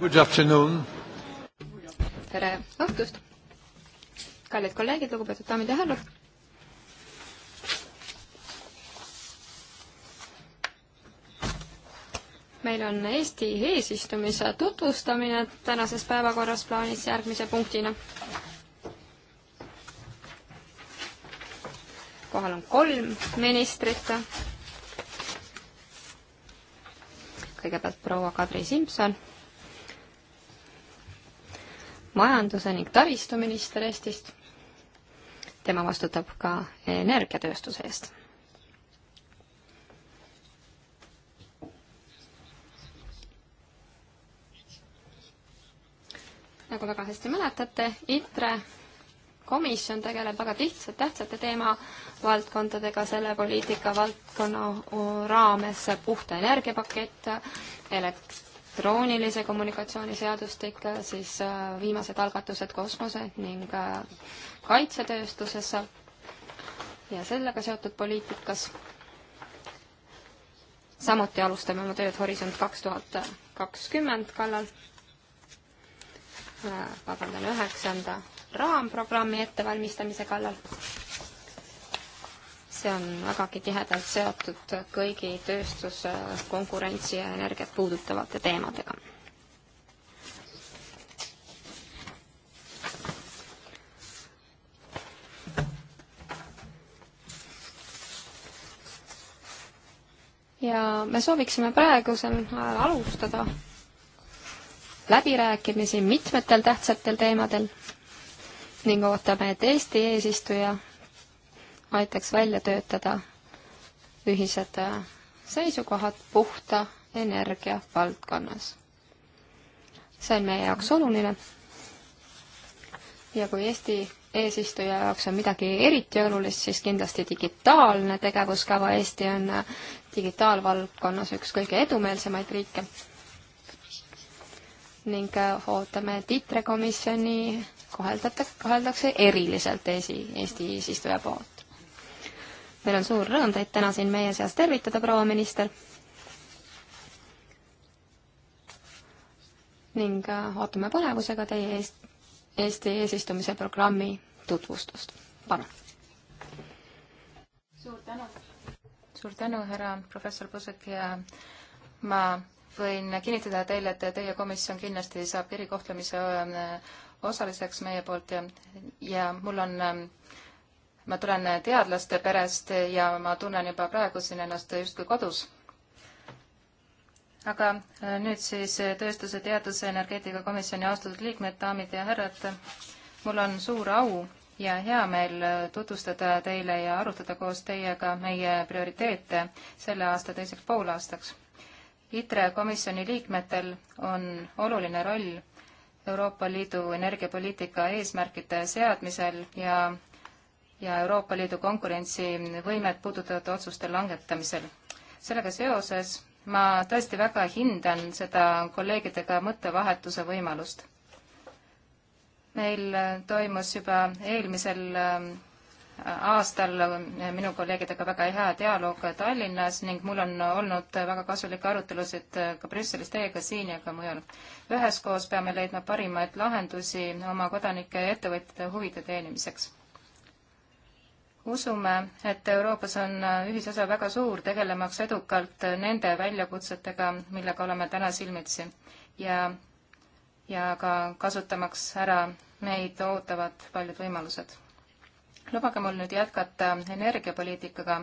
Good afternoon. tere õhtust, kallid kolleegid, lugupeetud daamid ja härrad. meil on Eesti eesistumise tutvustamine tänases päevakorras plaanis järgmise punktina. kohal on kolm ministrit kõigepealt proua Kadri Simson, majanduse ning taristuminister Eestist. tema vastutab ka energiatööstuse eest. nagu väga hästi mäletate, ITRE komisjon tegeleb väga lihtsalt tähtsate teemavaldkondadega selle poliitika valdkonna raames, puhta energiapakett, elektroonilise kommunikatsiooni seadustik, siis äh, viimased algatused kosmose ning äh, kaitsetööstuses ja sellega seotud poliitikas. samuti alustame oma tööd Horisont kaks tuhat kakskümmend kallal äh, vabandan, üheksanda raamprogrammi ettevalmistamise kallal. see on vägagi tihedalt seotud kõigi tööstus, konkurentsi ja energiat puudutavate teemadega. ja me sooviksime praegusel ajal alustada läbirääkimisi mitmetel tähtsatel teemadel ning ootame, et Eesti eesistuja aitaks välja töötada ühised äh, seisukohad puhta energia valdkonnas. see on meie jaoks oluline. ja kui Eesti eesistuja jaoks on midagi eriti olulist, siis kindlasti digitaalne tegevuskava. Eesti on äh, digitaalvaldkonnas üks kõige edumeelsemaid riike. ning äh, ootame tiitrekomisjoni koheldata, koheldakse eriliselt esi, Eesti eesistuja poolt. meil on suur rõõm teid täna siin meie seas tervitada, proua minister. ning äh, ootame põnevusega teie eest, Eesti eesistumise programmi tutvustust. palun. suur tänu. suur tänu, härra professor Pusek ja ma võin kinnitada teile, et teie komisjon kindlasti saab erikohtlemise äh, osaliseks meie poolt ja, ja mul on, ma tulen teadlaste perest ja ma tunnen juba praegu siin ennast justkui kodus. aga äh, nüüd siis äh, Tööstuse, Teaduse, Energeetika Komisjoni austatud liikmed, daamid ja härrad, mul on suur au ja hea meel äh, tutvustada teile ja arutada koos teiega meie prioriteete selle aasta teiseks poolaastaks. ITRE komisjoni liikmetel on oluline roll Euroopa Liidu energiapoliitika eesmärkide seadmisel ja, ja Euroopa Liidu konkurentsivõimet puudutavate otsuste langetamisel. sellega seoses ma tõesti väga hindan seda kolleegidega mõttevahetuse võimalust. meil toimus juba eelmisel ähm, aastal minu kolleegidega väga hea dialoog Tallinnas ning mul on olnud väga kasulikke arutelusid ka Brüsselis teiega siin ja ka mujal. üheskoos peame leidma parimaid lahendusi oma kodanike ja ettevõtjate huvide teenimiseks. usume, et Euroopas on ühisosa väga suur, tegelemaks edukalt nende väljakutsetega, millega oleme täna silmitsi ja, ja ka kasutamaks ära meid ootavad paljud võimalused lubage mul nüüd jätkata energiapoliitikaga.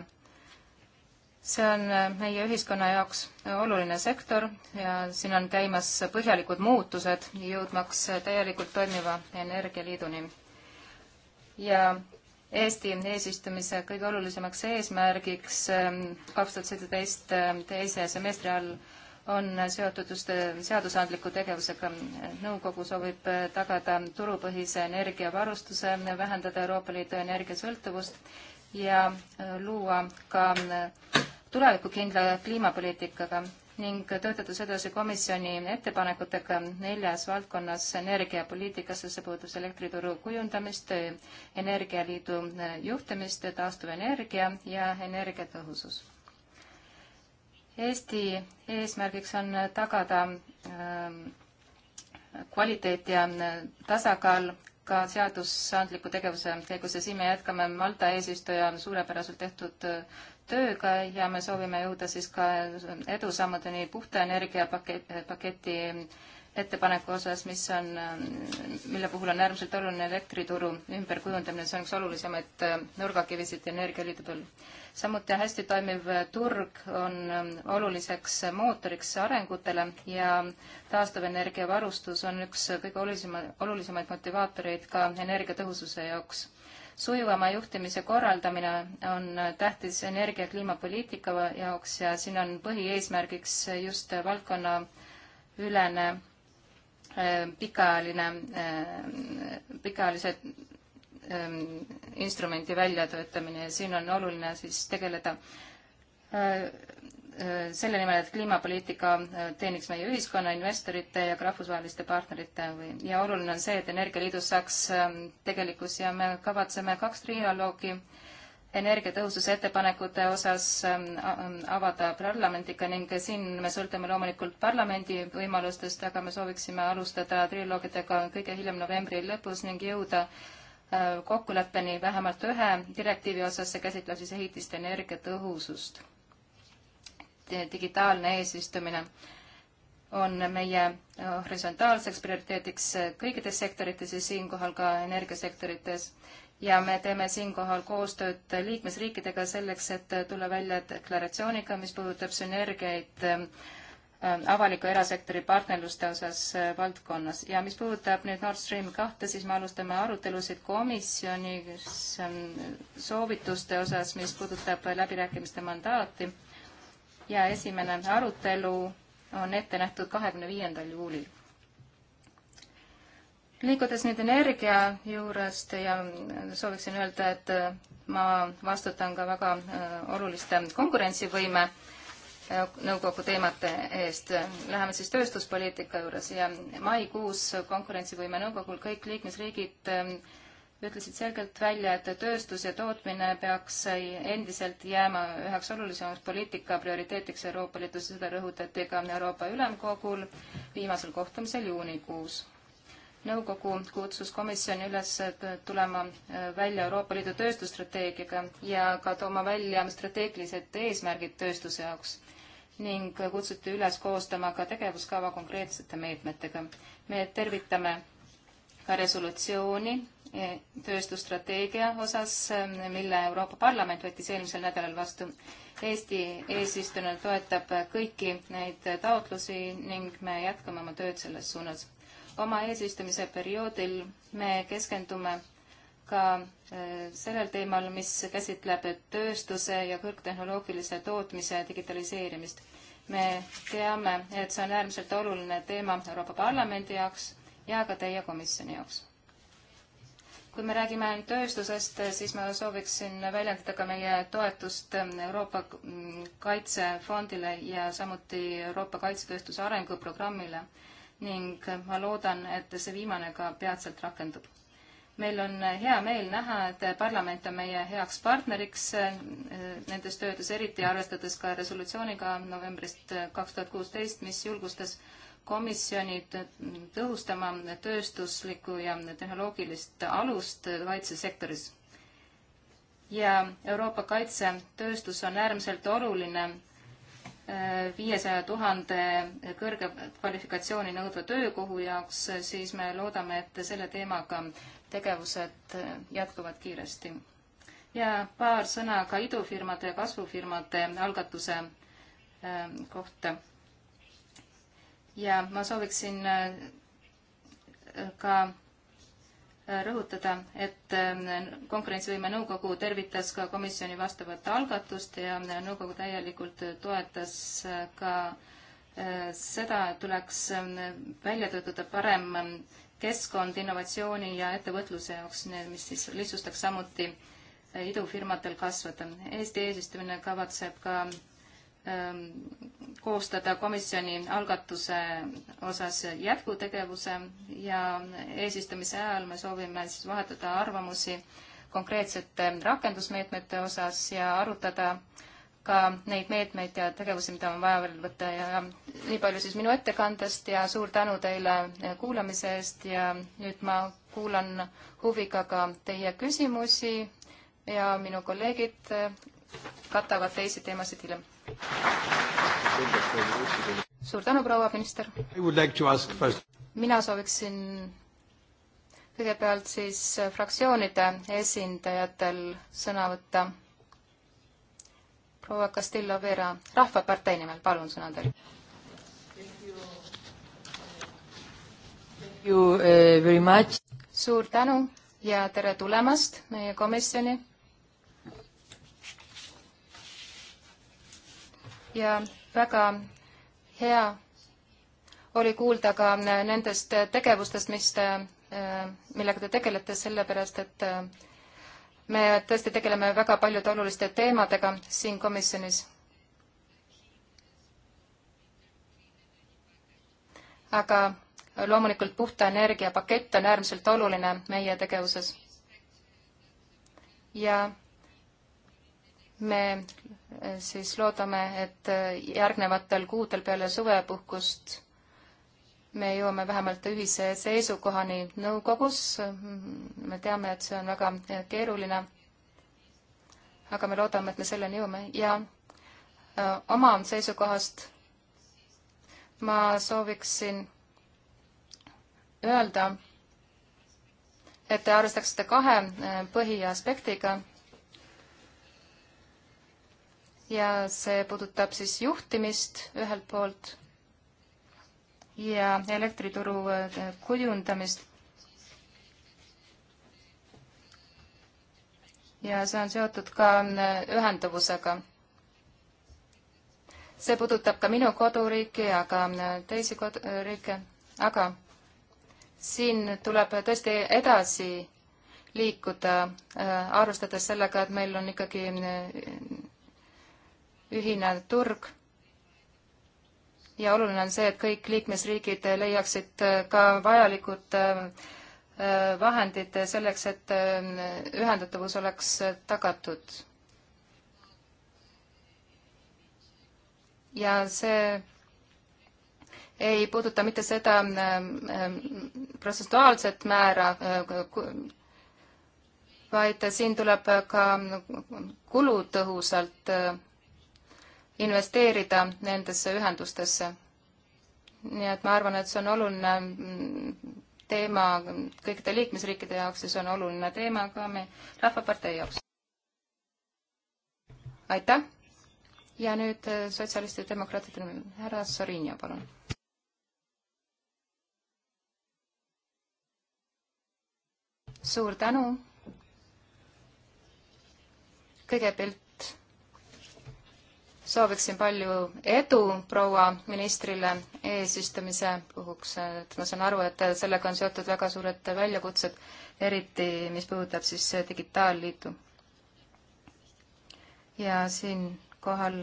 see on äh, meie ühiskonna jaoks oluline sektor ja siin on käimas põhjalikud muutused, jõudmaks äh, täielikult toimiva energialiiduni. ja Eesti eesistumise kõige olulisemaks eesmärgiks ähm, kaks tuhat seitseteist äh, teise semestri all on seotud just äh, seadusandliku tegevusega. nõukogu soovib äh, tagada turupõhise energiavarustuse, vähendada Euroopa Liidu energiasõltuvust ja äh, luua ka tulevikukindla kliimapoliitikaga ning töötades edasi komisjoni ettepanekutega neljas valdkonnas energiapoliitikasse, see puudutas elektrituru kujundamist, energialiidu juhtimist, taastuvenergia ja energiatõhusus Eesti eesmärgiks on tagada ähm, kvaliteet ja äh, tasakaal ka seadusandliku tegevuse käigus ja siin me jätkame Malta eesistuja suurepäraselt tehtud äh, tööga ja me soovime jõuda siis ka edusammudeni puhta energia paketi ettepaneku osas, mis on, mille puhul on äärmiselt oluline elektrituru ümberkujundamine, see on üks olulisemaid äh, nurgakivisid energialiidu turul. samuti hästi toimiv turg on ähm, oluliseks mootoriks arengutele ja taastuvenergia varustus on üks kõige olulisema, olulisemaid motivaatoreid ka energiatõhususe jaoks sujuvama juhtimise korraldamine on tähtis energia- ja kliimapoliitika jaoks ja siin on põhieesmärgiks just valdkonna ülene Äh, pikaajaline, äh, pikaajalise ähm, instrumendi väljatöötamine ja siin on oluline siis tegeleda äh, selle nimel, et kliimapoliitika teeniks meie ühiskonna, investorite ja ka rahvusvaheliste partnerite või, ja oluline on see, et Energialiidus saaks ähm, tegelikkus ja me kavatseme kaks trialoogi äh, energiatõhususe ettepanekute osas ähm, ähm, avada parlamendiga ning siin me sõltume loomulikult parlamendi võimalustest, aga me sooviksime alustada triloogidega kõige hiljem novembri lõpus ning jõuda äh, kokkuleppeni vähemalt ühe direktiivi osas, see käsitleb siis ehitiste energiatõhusust. digitaalne eesistumine on meie horisontaalseks prioriteediks kõikides sektorites ja siinkohal ka energiasektorites ja me teeme siinkohal koostööd liikmesriikidega selleks, et tulla välja deklaratsiooniga, mis puudutab sünergiaid ähm, ähm, avaliku erasektori partnerluste osas äh, valdkonnas ja mis puudutab nüüd Nord Stream kahte, siis me alustame arutelusid komisjonis ähm, soovituste osas, mis puudutab läbirääkimiste mandaati ja esimene arutelu on ette nähtud kahekümne viiendal juulil liikudes nüüd energia juurest ja sooviksin öelda, et äh, ma vastutan ka väga äh, oluliste konkurentsivõime äh, nõukogu teemade eest. Läheme siis tööstuspoliitika juures ja maikuus konkurentsivõime nõukogul kõik liikmesriigid ütlesid selgelt välja, et tööstus ja tootmine peaks endiselt jääma üheks olulisemaks poliitika prioriteetiks Euroopa Liidus ja seda rõhutati ka Euroopa Ülemkogul viimasel kohtumisel juunikuus nõukogu kutsus komisjoni üles tulema äh, välja Euroopa Liidu tööstusstrateegiaga ja ka tooma välja strateegilised eesmärgid tööstuse jaoks ning kutsuti üles koostama ka tegevuskava konkreetsete meetmetega. me tervitame ka resolutsiooni e, tööstusstrateegia osas, ähm, mille Euroopa Parlament võttis eelmisel nädalal vastu. Eesti eesistujana toetab kõiki neid taotlusi ning me jätkame oma tööd selles suunas oma eesistumise perioodil me keskendume ka äh, sellel teemal, mis käsitleb tööstuse ja kõrgtehnoloogilise tootmise digitaliseerimist. me teame, et see on äärmiselt oluline teema Euroopa Parlamendi jaoks ja ka teie komisjoni jaoks. kui me räägime ainult tööstusest, siis ma sooviksin väljendada ka meie toetust Euroopa Kaitsefondile ja samuti Euroopa Kaitsetööstuse arenguprogrammile ning ma loodan, et see viimane ka peatselt rakendub. meil on hea meel näha, et parlament on meie heaks partneriks äh, nendes töödes, eriti arvestades ka resolutsiooniga novembrist kaks tuhat kuusteist, mis julgustas komisjoni tõhustama tööstuslikku ja tehnoloogilist alust kaitsesektoris. ja Euroopa kaitsetööstus on äärmiselt oluline viiesaja tuhande kõrge kvalifikatsiooni nõudva töökohu jaoks, siis me loodame, et selle teemaga tegevused jätkuvad kiiresti. ja paar sõna ka idufirmade ja kasvufirmade algatuse ähm, kohta. ja ma sooviksin äh, ka rõhutada, et ähm, Konkurentsivõime Nõukogu tervitas ka komisjoni vastavat algatust ja äh, nõukogu täielikult toetas äh, ka äh, seda, et tuleks ähm, välja töötada parem ähm, keskkond innovatsiooni ja ettevõtluse jaoks, mis siis lihtsustaks samuti idufirmadel kasvada. Eesti eesistumine kavatseb ka Ähm, koostada komisjoni algatuse osas jätkutegevuse ja eesistumise ajal me soovime siis vahetada arvamusi konkreetsete rakendusmeetmete osas ja arutada ka neid meetmeid ja tegevusi, mida on vaja veel võtta ja nii palju siis minu ettekandest ja suur tänu teile kuulamise eest ja nüüd ma kuulan huviga ka teie küsimusi ja minu kolleegid katavad teisi teemasid hiljem. suur tänu, proua minister! mina sooviksin kõigepealt siis fraktsioonide esindajatel sõna võtta. proua Castillo Vera Rahvapartei nimel, palun, sõna on teil. Eh, suur tänu ja tere tulemast meie komisjoni ja väga hea oli kuulda ka nendest tegevustest, mis te, äh, millega te tegelete, sellepärast et äh, me tõesti tegeleme väga paljude oluliste teemadega siin komisjonis. aga loomulikult puhta energia pakett on äärmiselt oluline meie tegevuses. ja me eh, siis loodame, et eh, järgnevatel kuudel peale suvepuhkust me jõuame vähemalt ühise seisukohani nõukogus. me teame, et see on väga eh, keeruline. aga me loodame, et me selleni jõuame ja oma seisukohast ma sooviksin öelda, et te arvestaksite kahe põhiaspektiga ja see puudutab siis juhtimist ühelt poolt ja elektrituru äh, kujundamist. ja see on seotud ka äh, ühenduvusega. see puudutab ka minu koduriiki ja ka äh, teisi kod-, riike, aga siin tuleb tõesti edasi liikuda, arvestades sellega, et meil on ikkagi ühine turg. ja oluline on see, et kõik liikmesriigid leiaksid äh, ka vajalikud äh, äh, vahendid selleks, et ühendatavus oleks tagatud. ja see ei puuduta mitte seda protsessuaalset määra, vaid siin tuleb ka kulutõhusalt investeerida nendesse ühendustesse. nii et ma arvan, et see on oluline mm, teema kõikide liikmesriikide jaoks ja see on oluline teema ka meie Rahvapartei jaoks. aitäh ja nüüd äh, sotsialistide demokraatide nimel härra Sorinio, palun. suur tänu. kõigepealt sooviksin palju edu proua ministrile eesistumise puhuks, et ma saan aru, et sellega on seotud väga suured väljakutsed, eriti mis puudutab siis digitaalliitu. ja siinkohal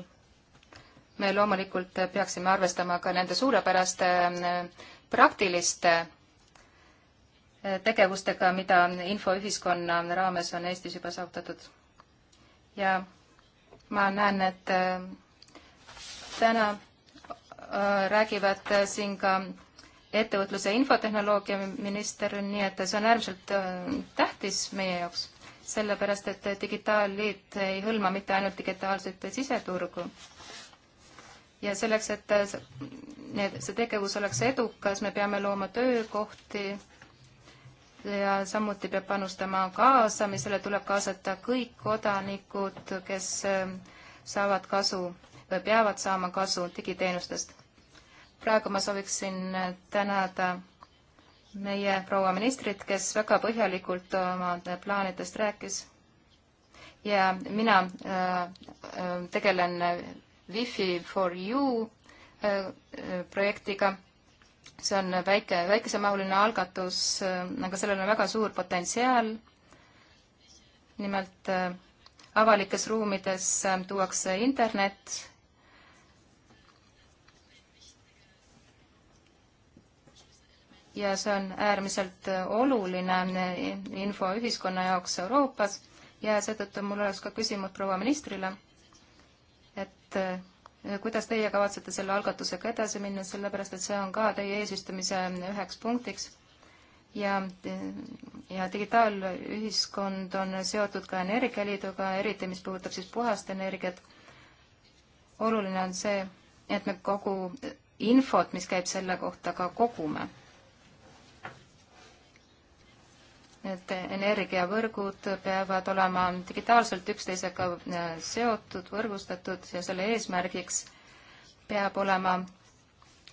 me loomulikult peaksime arvestama ka nende suurepäraste äh, praktiliste äh, tegevustega, mida infoühiskonna raames on Eestis juba saavutatud. ja ma näen, et äh, täna äh, räägivad äh, siin ka ettevõtluse infotehnoloogia minister, nii et see on äärmiselt tähtis meie jaoks, sellepärast et digitaalliit ei hõlma mitte ainult digitaalset siseturgu. ja selleks, et need, see tegevus oleks edukas, me peame looma töökohti ja samuti peab panustama kaasamisele, tuleb kaasata kõik kodanikud, kes ähm, saavad kasu või peavad saama kasu digiteenustest. praegu ma sooviksin äh, tänada meie proua ministrit, kes väga põhjalikult oma äh, plaanidest rääkis. ja mina äh, tegelen Wi-Fi for you projektiga see on väike, väikesemahuline algatus, aga sellel on väga suur potentsiaal. nimelt äh, avalikes ruumides äh, tuuakse internet ja see on äärmiselt äh, oluline info ühiskonna jaoks Euroopas ja seetõttu mul oleks ka küsimus proua ministrile, et kuidas teie kavatsete selle algatusega edasi minna, sellepärast et see on ka teie eesistumise üheks punktiks ja, ja digitaalühiskond on seotud ka energialiiduga, eriti mis puudutab siis puhast energiat. oluline on see, et me kogu infot, mis käib selle kohta, ka kogume. et energiavõrgud peavad olema digitaalselt üksteisega äh, seotud, võrgustatud ja selle eesmärgiks peab olema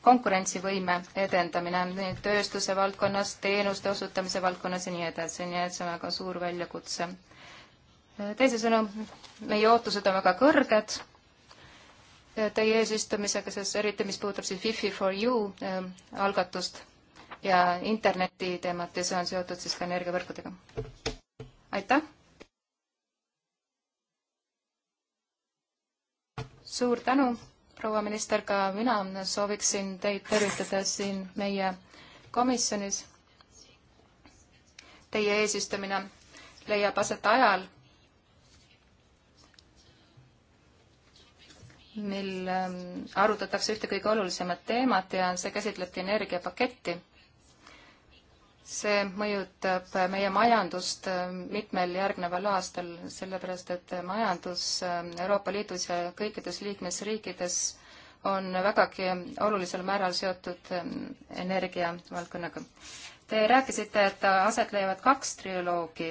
konkurentsivõime edendamine nii tööstuse valdkonnas, teenuste osutamise valdkonnas ja nii edasi, nii et see on väga suur väljakutse. Äh, teisisõnu, meie ootused on väga kõrged äh, teie eesistumisega, sest eriti mis puudutab siis Wi-Fi for you algatust ja interneti teemat ja see on seotud siis ka energiavõrkudega. aitäh! suur tänu, proua minister, ka mina sooviksin teid tervitada siin meie komisjonis. Teie eesistumine leiab aset ajal, mil ähm, arutatakse ühte kõige olulisemat teemat ja see käsitlebki energiapaketti see mõjutab meie majandust äh, mitmel järgneval aastal, sellepärast et majandus äh, Euroopa Liidus ja kõikides liikmesriikides on vägagi olulisel määral seotud äh, energiavaldkonnaga. Te rääkisite, et aset leiavad kaks trioloogi,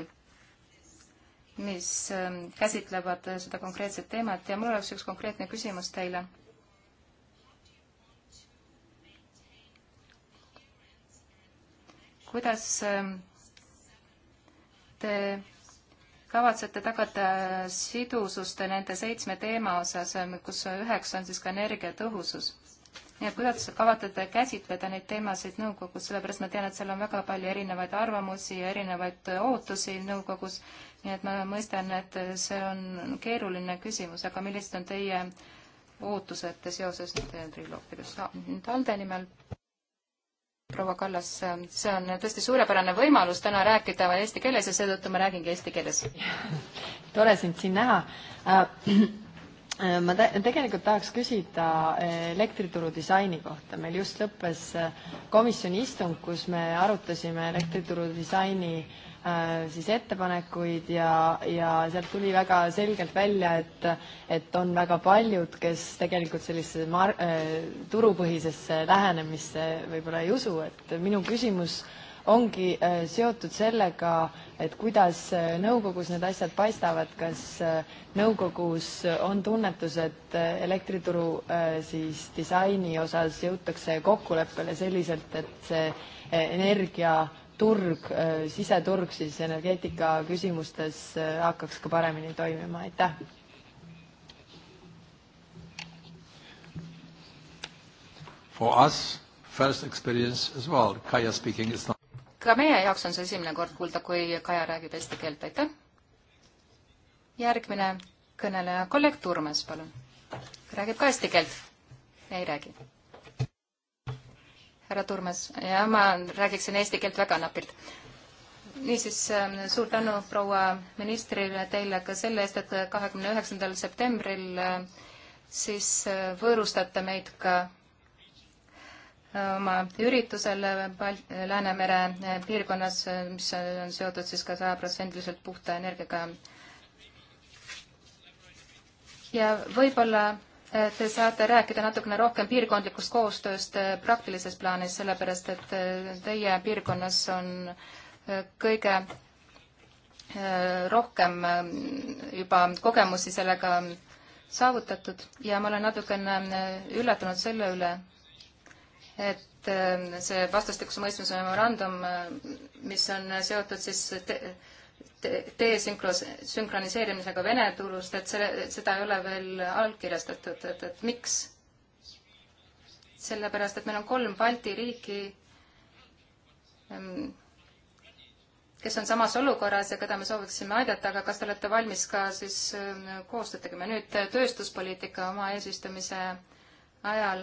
mis käsitlevad seda konkreetset teemat ja mul oleks üks konkreetne küsimus teile kuidas ähm, te kavatsete tagada sidusust nende seitsme teema osas, ähm, kus üheks on siis ka energiatõhusus? nii et kuidas kavatsete käsitleda neid teemasid nõukogus, sellepärast ma tean, et seal on väga palju erinevaid arvamusi ja erinevaid ootusi nõukogus, nii et ma mõistan, et see on keeruline küsimus, aga millised on teie ootused seoses nende triloogidega? nüüd Alde nimel proua Kallas, see on tõesti suurepärane võimalus täna rääkida eesti keeles ja seetõttu ma räägingi eesti keeles. tore sind siin näha äh, äh,. ma te tegelikult tahaks küsida äh, elektrituru disaini kohta. meil just lõppes äh, komisjoni istung, kus me arutasime elektrituru disaini äh, Äh, siis ettepanekuid ja, ja sealt tuli väga selgelt välja, et, et on väga paljud, kes tegelikult sellisesse mar-, äh, turupõhisesse lähenemisse võib-olla ei usu, et minu küsimus ongi äh, seotud sellega, et kuidas nõukogus need asjad paistavad, kas nõukogus on tunnetus, et elektrituru siis disaini osas jõutakse kokkuleppele selliselt, et see energia turg, äh, siseturg siis energeetika küsimustes äh, hakkaks ka paremini toimima, aitäh. For us first experience as well, Kaia speaking is not. ka meie jaoks on see esimene kord kuulda, kui Kaia räägib eesti keelt, aitäh. järgmine kõneleja, kolleeg Turmes, palun. räägib ka eesti keelt? ei räägi härra Turmes ja ma räägiksin eesti keelt väga napilt. niisiis ähm, suur tänu proua ministrile teile ka selle eest, et kahekümne üheksandal septembril äh, siis äh, võõrustate meid ka äh, oma üritusel Bal-, Läänemere piirkonnas, mis on seotud siis ka sajaprotsendiliselt puhta energiaga. ja võib-olla te saate rääkida natukene rohkem piirkondlikust koostööst eh, praktilises plaanis, sellepärast et eh, teie piirkonnas on eh, kõige rohkem juba kogemusi sellega saavutatud ja ma olen natukene üllatunud selle üle, et see vastastikuse mõistmise memorandum, mis on seotud siis te desünkroniseerimisega Vene turust, et selle, seda ei ole veel allkirjastatud, et, et miks? sellepärast, et meil on kolm Balti riiki, kes on samas olukorras ja keda me sooviksime aidata, aga kas te olete valmis ka siis koostööd tegema? nüüd tööstuspoliitika oma eesistumise ajal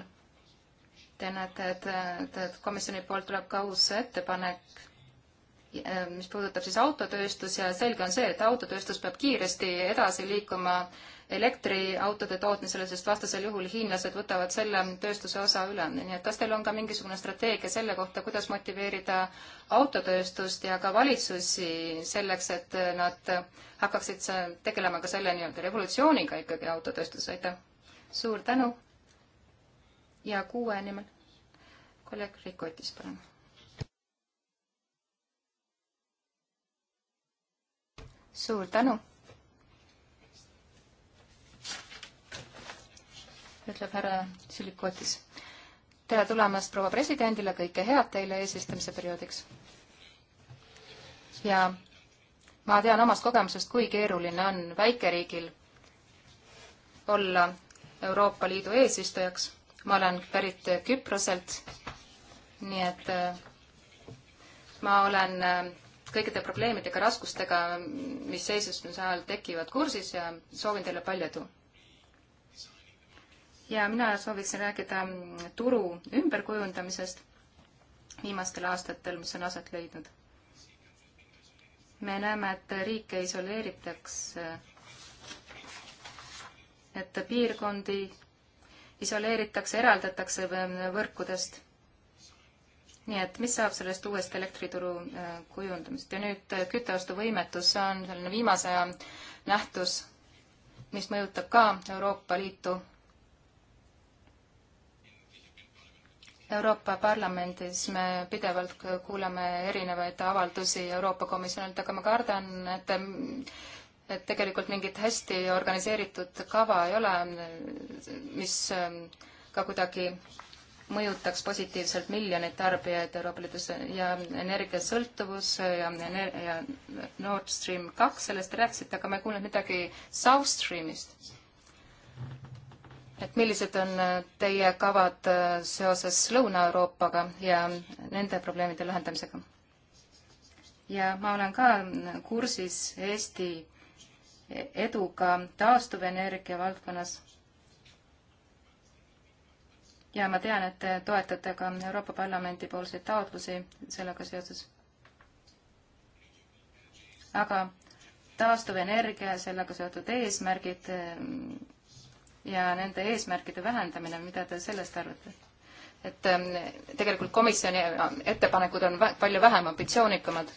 te näete, et, et, et komisjoni poolt tuleb ka uus ettepanek mis puudutab siis autotööstus ja selge on see, et autotööstus peab kiiresti edasi liikuma elektriautode tootmisele, sest vastasel juhul hiinlased võtavad selle tööstuse osa üle. nii et kas teil on ka mingisugune strateegia selle kohta, kuidas motiveerida autotööstust ja ka valitsusi selleks, et nad hakkaksid tegelema ka selle nii-öelda revolutsiooniga ikkagi autotööstuses, aitäh! suur tänu ja kuue nimel kolleeg Rikk Otis, palun! suur tänu, ütleb härra Silikotis. tere tulemast proua presidendile, kõike head teile eesistumise perioodiks. ja ma tean omast kogemusest, kui keeruline on väikeriigil olla Euroopa Liidu eesistujaks. ma olen pärit Küproselt, nii et äh, ma olen äh, kõikide probleemidega, raskustega, mis seisunduse ajal tekivad, kursis ja soovin teile palju edu. ja mina sooviksin rääkida mm, turu ümberkujundamisest viimastel aastatel, mis on aset leidnud. me näeme, et riike isoleeritakse, et piirkondi isoleeritakse, eraldatakse võrkudest nii et mis saab sellest uuest elektrituru äh, kujundamist ja nüüd äh, kütteostuvõimetus, see on selline viimase aja nähtus, mis mõjutab ka Euroopa Liitu. Euroopa Parlamendis me pidevalt kuuleme erinevaid avaldusi Euroopa Komisjonilt, aga ma kardan, et et tegelikult mingit hästi organiseeritud kava ei ole, mis äh, ka kuidagi mõjutaks positiivselt miljoneid tarbijaid Euroopa Liidus ja energiasõltuvus ja, ener ja Nord Stream kaks, sellest te rääkisite, aga ma ei kuulnud midagi South Streamist. et millised on teie kavad äh, seoses Lõuna-Euroopaga ja nende probleemide lahendamisega? ja ma olen ka kursis Eesti eduga taastuvenergia valdkonnas ja ma tean, et te toetate ka Euroopa Parlamendi poolseid taotlusi sellega seoses. aga taastuvenergia ja sellega seotud eesmärgid eh, ja nende eesmärkide vähendamine, mida te sellest arvate? et eh, tegelikult komisjoni eh, ettepanekud on palju vähem ambitsioonikamad.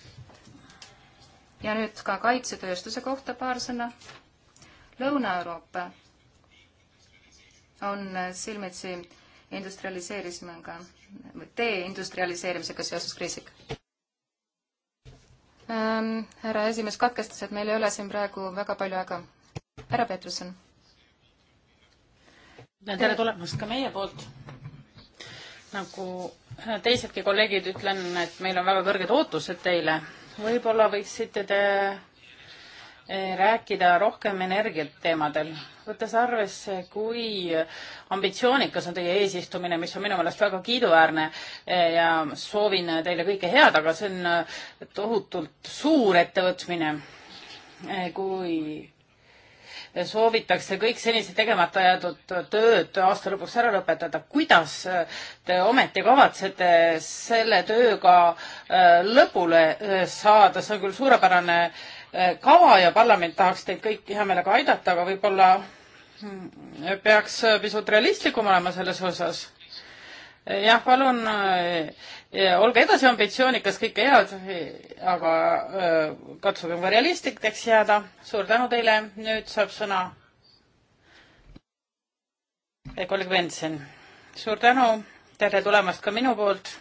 ja nüüd ka kaitsetööstuse kohta paar sõna. Lõuna-Euroopa on silmitsi industrialiseerimisega, deindustrialiseerimisega seoses kriisiga ähm,. härra esimees katkestas, et meil ei ole siin praegu väga palju aega. härra Peterson. tere tulemast ka meie poolt. nagu teisedki kolleegid, ütlen, et meil on väga kõrged ootused teile. võib-olla võiksite te Eh, rääkida rohkem energiat teemadel, võttes arvesse, kui ambitsioonikas on teie eesistumine, mis on minu meelest väga kiiduväärne eh, ja soovin teile kõike head, aga see on eh, tohutult suur ettevõtmine, kui soovitakse kõik senised tegemata jäetud tööd aasta lõpuks ära lõpetada. kuidas te ometi kavatsete selle tööga lõpule saada, see on küll suurepärane äh, Äh, kava ja parlament tahaks teid kõiki hea meelega aidata, aga võib-olla hmm, peaks äh, pisut realistlikum olema selles osas. Äh, jah, palun ja olge edasi ambitsioonikas, kõike head, aga katsuge ka realistlikeks jääda. suur tänu teile, nüüd saab sõna kolleeg Ventsen. suur tänu, tere tulemast ka minu poolt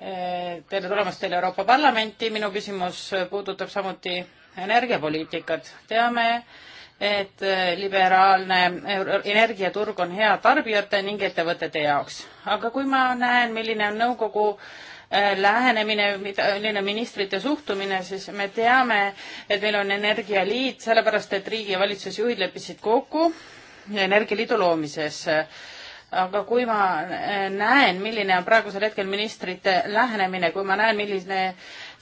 Eh, tere tulemast teile Euroopa Parlamenti, minu küsimus puudutab samuti energiapoliitikat. teame, et eh, liberaalne energiaturg on hea tarbijate ning ettevõtete jaoks. aga kui ma näen, milline on nõukogu eh, lähenemine, milline ministrite suhtumine, siis me teame, et meil on energialiit, sellepärast et riigi ja valitsusjuhid leppisid kokku energialiidu loomises aga kui ma eh, näen, milline on praegusel hetkel ministrite lähenemine, kui ma näen, milline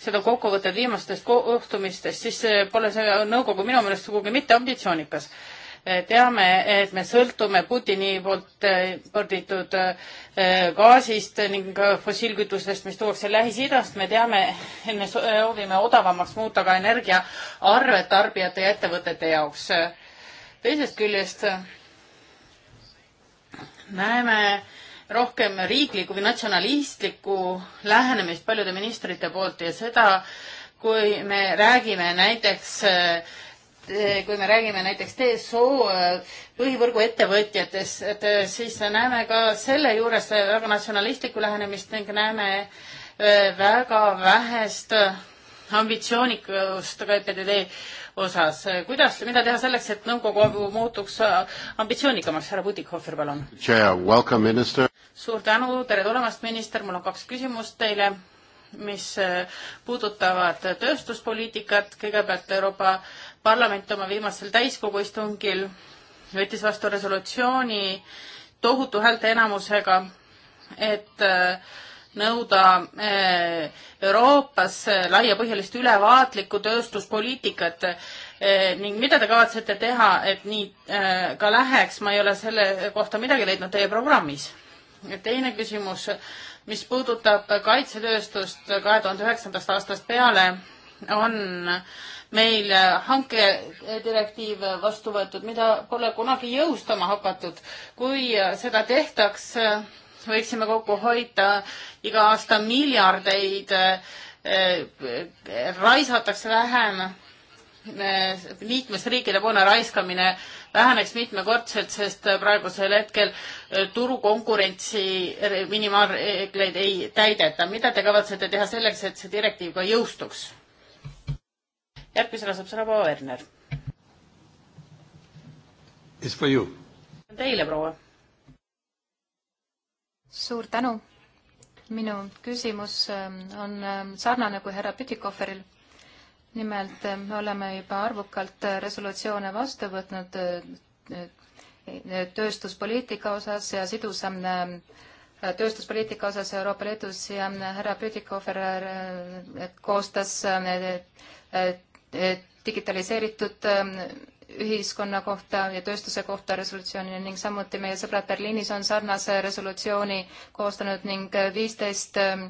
seda kokkuvõtted viimastest kohtumistest, siis eh, pole see nõukogu minu meelest sugugi mitte ambitsioonikas. teame, et me sõltume Putini poolt eh, imporditud gaasist ning fossiilkütustest, mis tuuakse Lähis-Idast, me teame, me soovime odavamaks muuta ka energiaarved tarbijate ja ettevõtete jaoks. teisest küljest näeme rohkem riiklikku või natsionalistlikku lähenemist paljude ministrite poolt ja seda, kui me räägime näiteks kui me räägime näiteks TSO põhivõrgu ettevõtjatest, et siis näeme ka selle juures väga natsionalistlikku lähenemist ning näeme väga vähest ambitsioonikust PDD osas. kuidas, mida teha selleks, et nõukogu muutuks ambitsioonikamaks? härra Putikhofer, palun. suur tänu, tere tulemast, minister, mul on kaks küsimust teile, mis äh, puudutavad tööstuspoliitikat. kõigepealt Euroopa Parlament oma viimasel täiskogu istungil võttis vastu resolutsiooni tohutu häälteenamusega, et äh, nõuda eh, Euroopas laiapõhjalist ülevaatlikku tööstuspoliitikat eh, ning mida te kavatsete teha, et nii eh, ka läheks, ma ei ole selle kohta midagi leidnud teie programmis. teine küsimus, mis puudutab kaitsetööstust kahe tuhande üheksandast aastast peale, on meil hankedirektiiv vastu võetud, mida pole kunagi jõustama hakatud. kui seda tehtaks, võiksime kokku hoida iga aasta miljardeid, eh, raisatakse vähem, liikmesriikide poolne raiskamine väheneks mitmekordselt, sest praegusel hetkel eh, turukonkurentsi eh, minimaalreegleid ei täideta. mida te kavatsete teha selleks, et see direktiiv ka jõustuks? järgmisena saab sõna proua Werner. Teile, proua suur tänu. minu küsimus ähm, on ähm, sarnane kui härra Pütikoferil. nimelt ähm, me oleme juba arvukalt äh, resolutsioone vastu võtnud äh, äh, tööstuspoliitika osas ja sidusam tööstuspoliitika osas Euroopa Liidus ja härra Pütikofer koostas digitaliseeritud ühiskonna kohta ja tööstuse kohta resolutsioonina ning samuti meie sõbrad Berliinis on sarnase resolutsiooni koostanud ning viisteist ähm,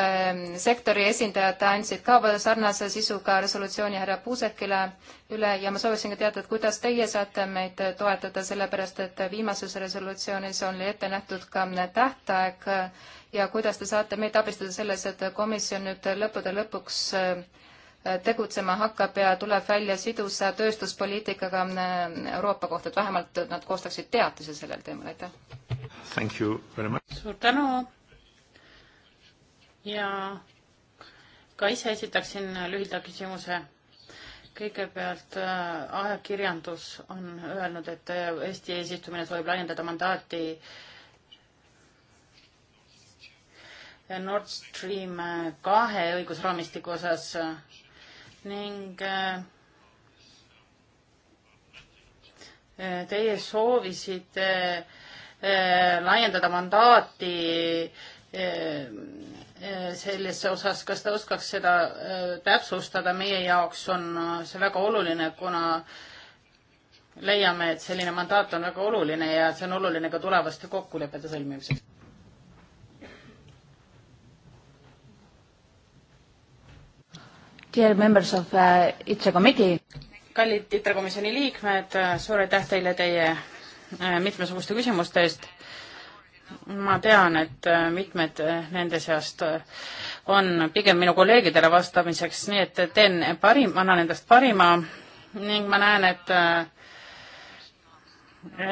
ähm, sektori esindajad andsid ka sarnase sisuga resolutsiooni härra Puusekile üle ja ma sooviksin ka teada, et kuidas teie saate meid toetada, sellepärast et viimases resolutsioonis oli ette nähtud ka tähtaeg ja kuidas te saate meid abistada selles, et komisjon nüüd lõppude lõpuks ähm, tegutsema hakkab ja tuleb välja sidusa tööstuspoliitikaga äh, Euroopa kohta, et vähemalt nad koostaksid teatise sellel teemal, aitäh! suur tänu ja ka ise esitaksin lühida küsimuse. kõigepealt äh, ajakirjandus on öelnud, et äh, Eesti eesistumine soovib laiendada mandaati Nord Stream kahe õigusraamistiku osas ning äh, äh, teie soovisite äh, laiendada mandaati selles osas, kas ta oskaks seda täpsustada, meie jaoks on see väga oluline, kuna leiame, et selline mandaat on väga oluline ja see on oluline ka tulevaste kokkulepete sõlmimiseks. Dear members of uh, ITSE committee. kallid ITRE komisjoni liikmed, äh, suur aitäh teile teie äh, mitmesuguste küsimuste eest. ma tean, et äh, mitmed nende seast on pigem minu kolleegidele vastamiseks, nii et teen parim, annan endast parima ning ma näen, et,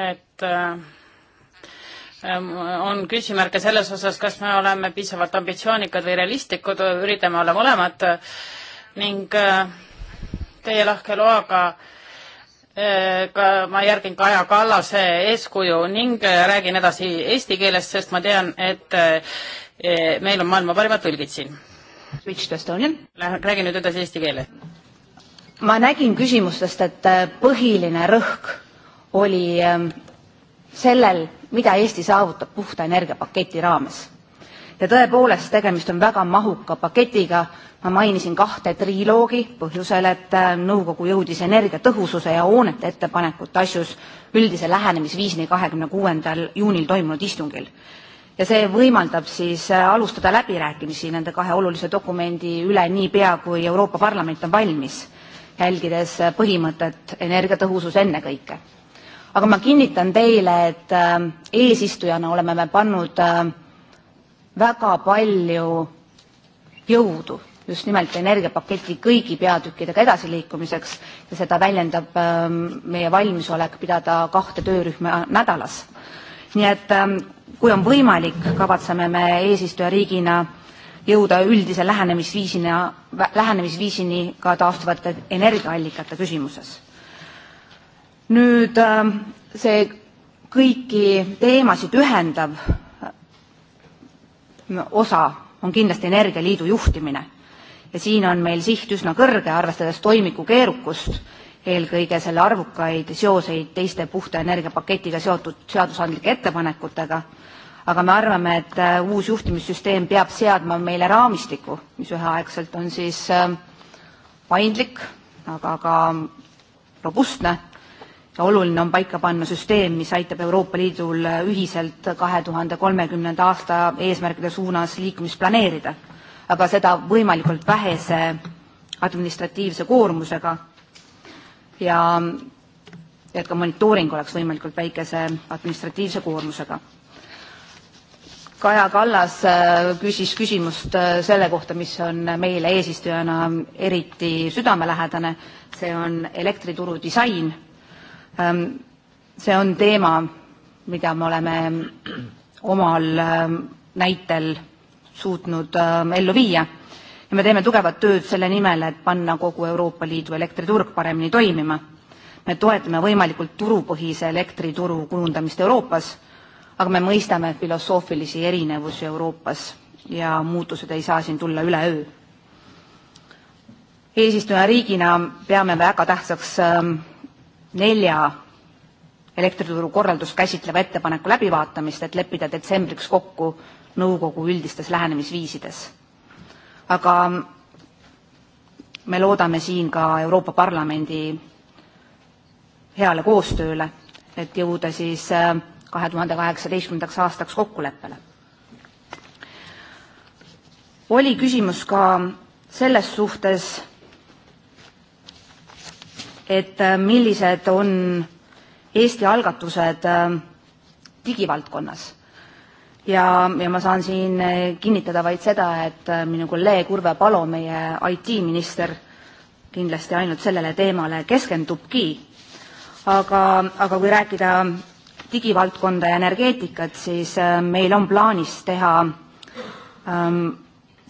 et on küsimärke selles osas, kas me oleme piisavalt ambitsioonikad või realistlikud, üritame olla mõlemad ning äh, teie lahke loaga äh, ka ma järgin Kaja Kallase eeskuju ning äh, räägin edasi eesti keeles, sest ma tean, et e, meil on maailma parimad tõlgid siin. Lähen, räägin nüüd edasi eesti keeles. ma nägin küsimustest, et põhiline rõhk oli ähm, sellel, mida Eesti saavutab puhta energiapaketi raames. ja tõepoolest, tegemist on väga mahuka paketiga ma mainisin kahte triloogi põhjusel, et äh, nõukogu jõudis energiatõhususe ja hoonete ettepanekute asjus üldise lähenemisviisini kahekümne kuuendal juunil toimunud istungil. ja see võimaldab siis äh, alustada läbirääkimisi nende kahe olulise dokumendi üle niipea, kui Euroopa Parlament on valmis, jälgides äh, põhimõtet energiatõhusus ennekõike. aga ma kinnitan teile, et eesistujana oleme me pannud väga palju jõudu just nimelt energiapaketi kõigi peatükkidega edasiliikumiseks ja seda väljendab ähm, meie valmisolek pidada kahte töörühma nädalas. nii et ähm, kui on võimalik, kavatseme me eesistujariigina jõuda üldise lähenemisviisina, lähenemisviisini ka taastuvate energiaallikate küsimuses. nüüd ähm, see kõiki teemasid ühendav äh, osa on kindlasti Energialiidu juhtimine ja siin on meil siht üsna kõrge, arvestades toimiku keerukust, eelkõige selle arvukaid seoseid teiste puhta energiapaketiga seotud seadusandlike ettepanekutega, aga me arvame, et äh, uus juhtimissüsteem peab seadma meile raamistiku, mis üheaegselt on siis äh, paindlik, aga ka robustne ja oluline on paika panna süsteem, mis aitab Euroopa Liidul äh, ühiselt kahe tuhande kolmekümnenda aasta eesmärkide suunas liikumist planeerida aga seda võimalikult vähese administratiivse koormusega ja et ka monitooring oleks võimalikult väikese administratiivse koormusega. Kaja Kallas äh, küsis küsimust äh, selle kohta, mis on meile eesistujana eriti südamelähedane, see on elektrituru disain. Ähm, see on teema, mida me oleme omal äh, näitel suutnud ähm, ellu viia ja me teeme tugevat tööd selle nimel, et panna kogu Euroopa Liidu elektriturg paremini toimima. me toetame võimalikult turupõhise elektrituru kujundamist Euroopas, aga me mõistame filosoofilisi erinevusi Euroopas ja muutused ei saa siin tulla üleöö. eesistujariigina peame väga tähtsaks ähm, nelja elektrituru korraldust käsitleva ettepaneku läbivaatamist, et leppida detsembriks kokku nõukogu üldistes lähenemisviisides. aga me loodame siin ka Euroopa Parlamendi heale koostööle, et jõuda siis äh, kahe tuhande kaheksateistkümnendaks aastaks kokkuleppele. oli küsimus ka selles suhtes, et äh, millised on Eesti algatused äh, digivaldkonnas ja, ja ma saan siin eh, kinnitada vaid seda, et eh, minu kolleeg Urve Palo, meie IT-minister, kindlasti ainult sellele teemale keskendubki. aga, aga kui rääkida digivaldkonda ja energeetikat, siis eh, meil on plaanis teha ähm,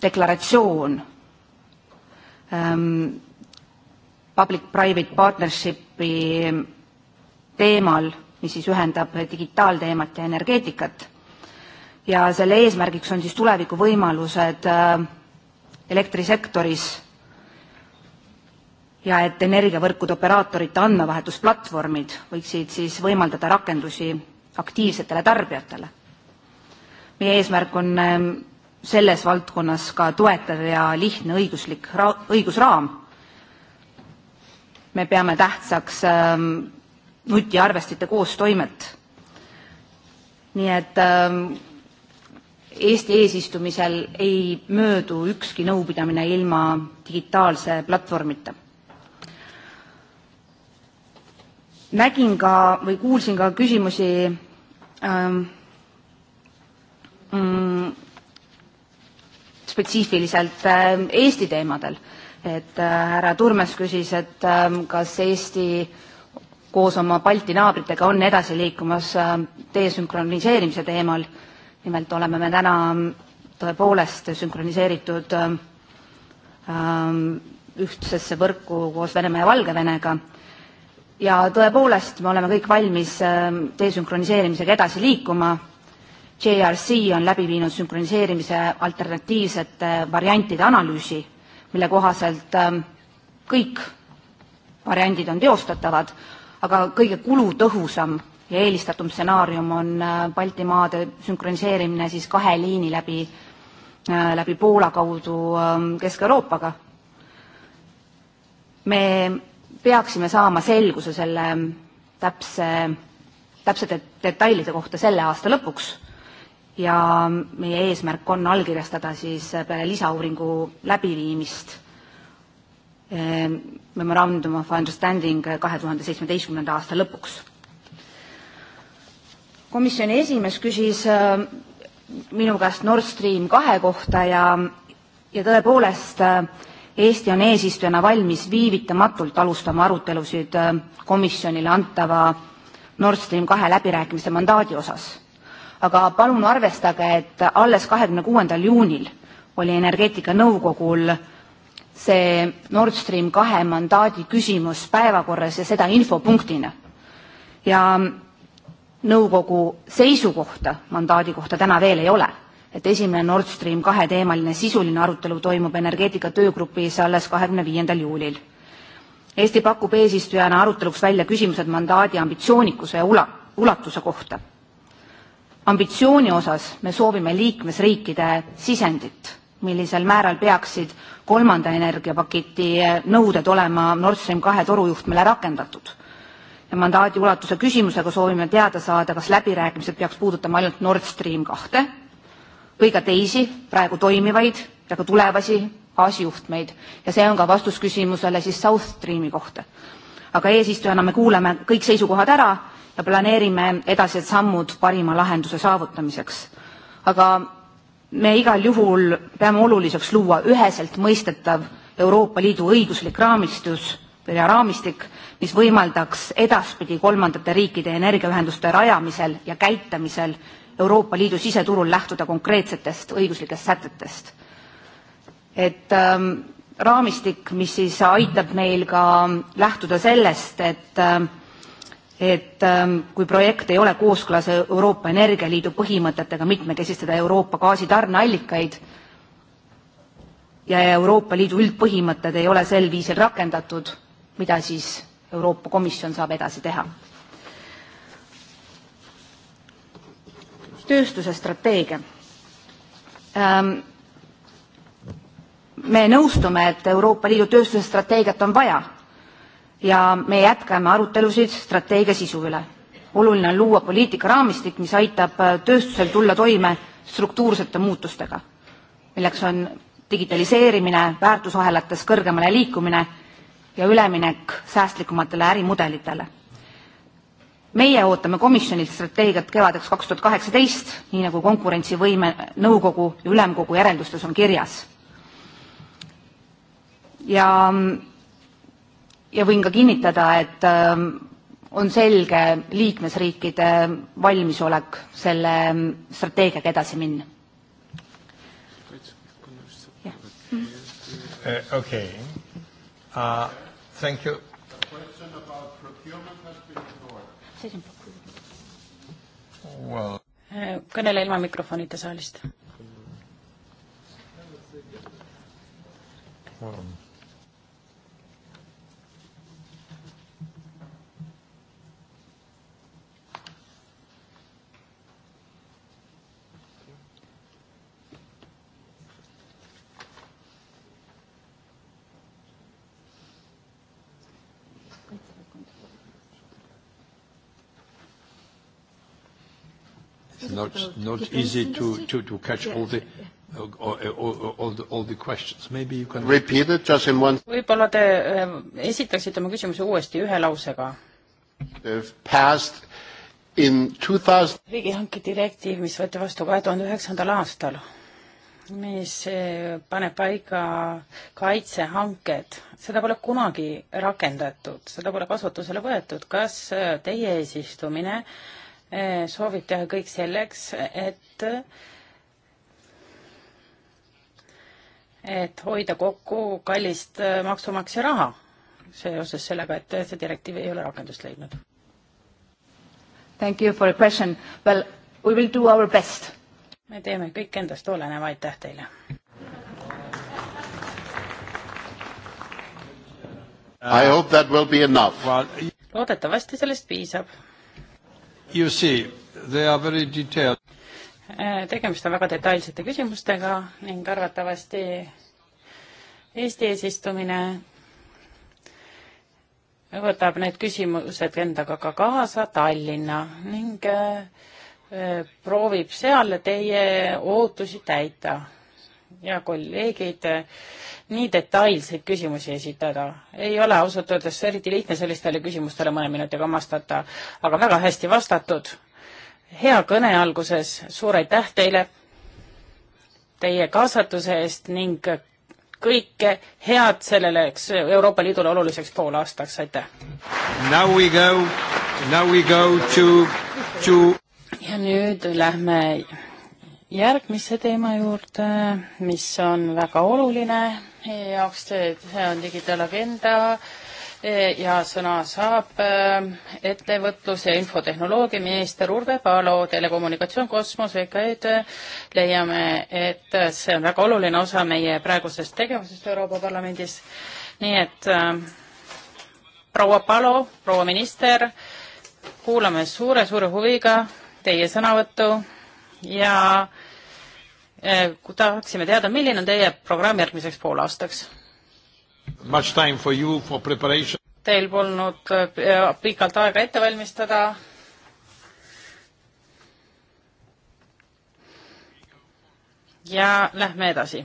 deklaratsioon ähm, public-private partnership'i teemal, mis siis ühendab digitaalteemat ja energeetikat ja selle eesmärgiks on siis tulevikuvõimalused äh, elektrisektoris ja et energiavõrkude operaatorite andmevahetusplatvormid võiksid siis võimaldada rakendusi aktiivsetele tarbijatele. meie eesmärk on ähm, selles valdkonnas ka toetav ja lihtne õiguslik ra-, õigusraam. me peame tähtsaks äh, nutiarvestite koostoimet. nii et äh, Eesti eesistumisel ei möödu ükski nõupidamine ilma digitaalse platvormita. nägin ka või kuulsin ka küsimusi ähm, mm, spetsiifiliselt äh, Eesti teemadel, et äh, härra Turmes küsis, et äh, kas Eesti koos oma Balti naabritega on edasi liikumas äh, desünkroniseerimise teemal äh, nimelt oleme me täna mm, tõepoolest sünkroniseeritud mm, mm, ühtsesse võrku koos Venemaa ja Valgevenega ja tõepoolest, me oleme kõik valmis desünkroniseerimisega edasi liikuma. JRC on läbi viinud sünkroniseerimise alternatiivsete variantide analüüsi, mille kohaselt kõik variandid on teostatavad, aga kõige kulutõhusam ja eelistatum stsenaarium on äh, Baltimaade sünkroniseerimine siis kahe liini läbi, äh, läbi Poola kaudu ähm, Kesk-Euroopaga. me peaksime saama selguse selle ähm, täpse, täpsete detailide kohta selle aasta lõpuks ja ähm, meie eesmärk on allkirjastada siis äh, peale lisauuringu läbiviimist Memorandum of Understanding kahe tuhande seitsmeteistkümnenda aasta lõpuks komisjoni esimees küsis äh, minu käest Nord Stream kahe kohta ja, ja tõepoolest äh, Eesti on eesistujana valmis viivitamatult alustama arutelusid äh, komisjonile antava Nord Stream kahe läbirääkimiste mandaadi osas. aga palun arvestage, et alles kahekümne kuuendal juunil oli Energeetikanõukogul see Nord Stream kahe mandaadi küsimus päevakorras ja seda infopunktina. ja nõukogu seisukohta mandaadi kohta täna veel ei ole. et esimene Nord Stream kahe teemaline sisuline arutelu toimub energeetika töögrupis alles kahekümne viiendal juulil. Eesti pakub eesistujana aruteluks välja küsimused mandaadi ambitsioonikuse ja ula-, ulatuse kohta. ambitsiooni osas me soovime liikmesriikide sisendit, millisel määral peaksid kolmanda energiapaketi nõuded olema Nord Stream kahe torujuhtmele rakendatud ja mandaadi ulatuse küsimusega soovime teada saada, kas läbirääkimised peaks puudutama ainult Nord Stream kahte või ka teisi praegu toimivaid ja ka tulevasi gaasijuhtmeid ja see on ka vastus küsimusele siis South Streami kohta. aga eesistujana me kuulame kõik seisukohad ära ja planeerime edasised sammud parima lahenduse saavutamiseks. aga me igal juhul peame oluliseks luua üheselt mõistetav Euroopa Liidu õiguslik raamistus ja raamistik mis võimaldaks edaspidi kolmandate riikide energiaühenduste rajamisel ja käitamisel Euroopa Liidu siseturul lähtuda konkreetsetest õiguslikest sätetest. et ähm, raamistik, mis siis aitab meil ka lähtuda sellest, et ähm, et ähm, kui projekt ei ole kooskõlas Euroopa Energialiidu põhimõtetega mitmekesistada Euroopa gaasitarneallikaid ja Euroopa Liidu üldpõhimõtted ei ole sel viisil rakendatud, mida siis Euroopa Komisjon saab edasi teha. tööstuse strateegia ähm, me nõustume, et Euroopa Liidu tööstuse strateegiat on vaja ja me jätkame arutelusid strateegia sisu üle. oluline on luua poliitikaraamistik, mis aitab tööstusel tulla toime struktuursete muutustega, milleks on digitaliseerimine, väärtusahelates kõrgemale liikumine ja üleminek säästlikumatele ärimudelitele. meie ootame komisjonilt strateegiat kevadeks kaks tuhat kaheksateist, nii nagu konkurentsivõime nõukogu ja ülemkogu järeldustes on kirjas. ja, ja võin ka kinnitada, et ähm, on selge liikmesriikide valmisolek selle ähm, strateegiaga edasi minna. Uh, okei. Uh, Thank you. The question about procurement has been ignored. Well. kõnele ilma mikrofonita saalist well.. It's not not easy to, to, to catch all the all, all, all the all the questions. Maybe you can repeat it just in one. võib-olla te ähm, esitaksite oma küsimuse uuesti ühe lausega. Passed in 2000. riigihanke direktiiv, mis võeti vastu kahe tuhande üheksandal aastal, mis äh, paneb paika kaitsehanked, seda pole kunagi rakendatud, seda pole kasutusele võetud. kas äh, teie eesistumine äh, Eh, soovib teha kõik selleks, et et hoida kokku kallist eh, maksumaksja raha seoses sellega, et see direktiiv ei ole rakendust leidnud. Thank you for the question. Well, we will do our best. me teeme kõik endast oleneva, aitäh teile. I hope that will be enough well,. loodetavasti sellest piisab You see, they are very detailed. Äh, tegemist on väga detailsete küsimustega ning arvatavasti Eesti eesistumine võtab need küsimused endaga ka kaasa Tallinna ning äh, äh, proovib seal teie ootusi täita ja kolleegid nii detailseid küsimusi esitada. ei ole ausalt öeldes eriti lihtne sellistele küsimustele mõne minutiga vastata, aga väga hästi vastatud. hea kõne alguses, suur aitäh teile teie kaasatuse eest ning kõike head sellele Euroopa Liidule oluliseks poolaastaks, aitäh! ja nüüd lähme järgmise teema juurde, mis on väga oluline meie jaoks, see on digitaalagenda e, ja sõna saab e, ettevõtlus- ja infotehnoloogiaminister Urve Palo, telekommunikatsioon, kosmos, VKE-d. leiame, et see on väga oluline osa meie praegusest tegevusest Euroopa Parlamendis. nii et e, proua Palo, proua minister, kuulame suure-suure huviga teie sõnavõttu ja Eh, tahaksime teada, milline on teie programm järgmiseks poolaastaks? Much time for you for preparation. Teil polnud eh, pikalt aega ette valmistada. ja lähme edasi.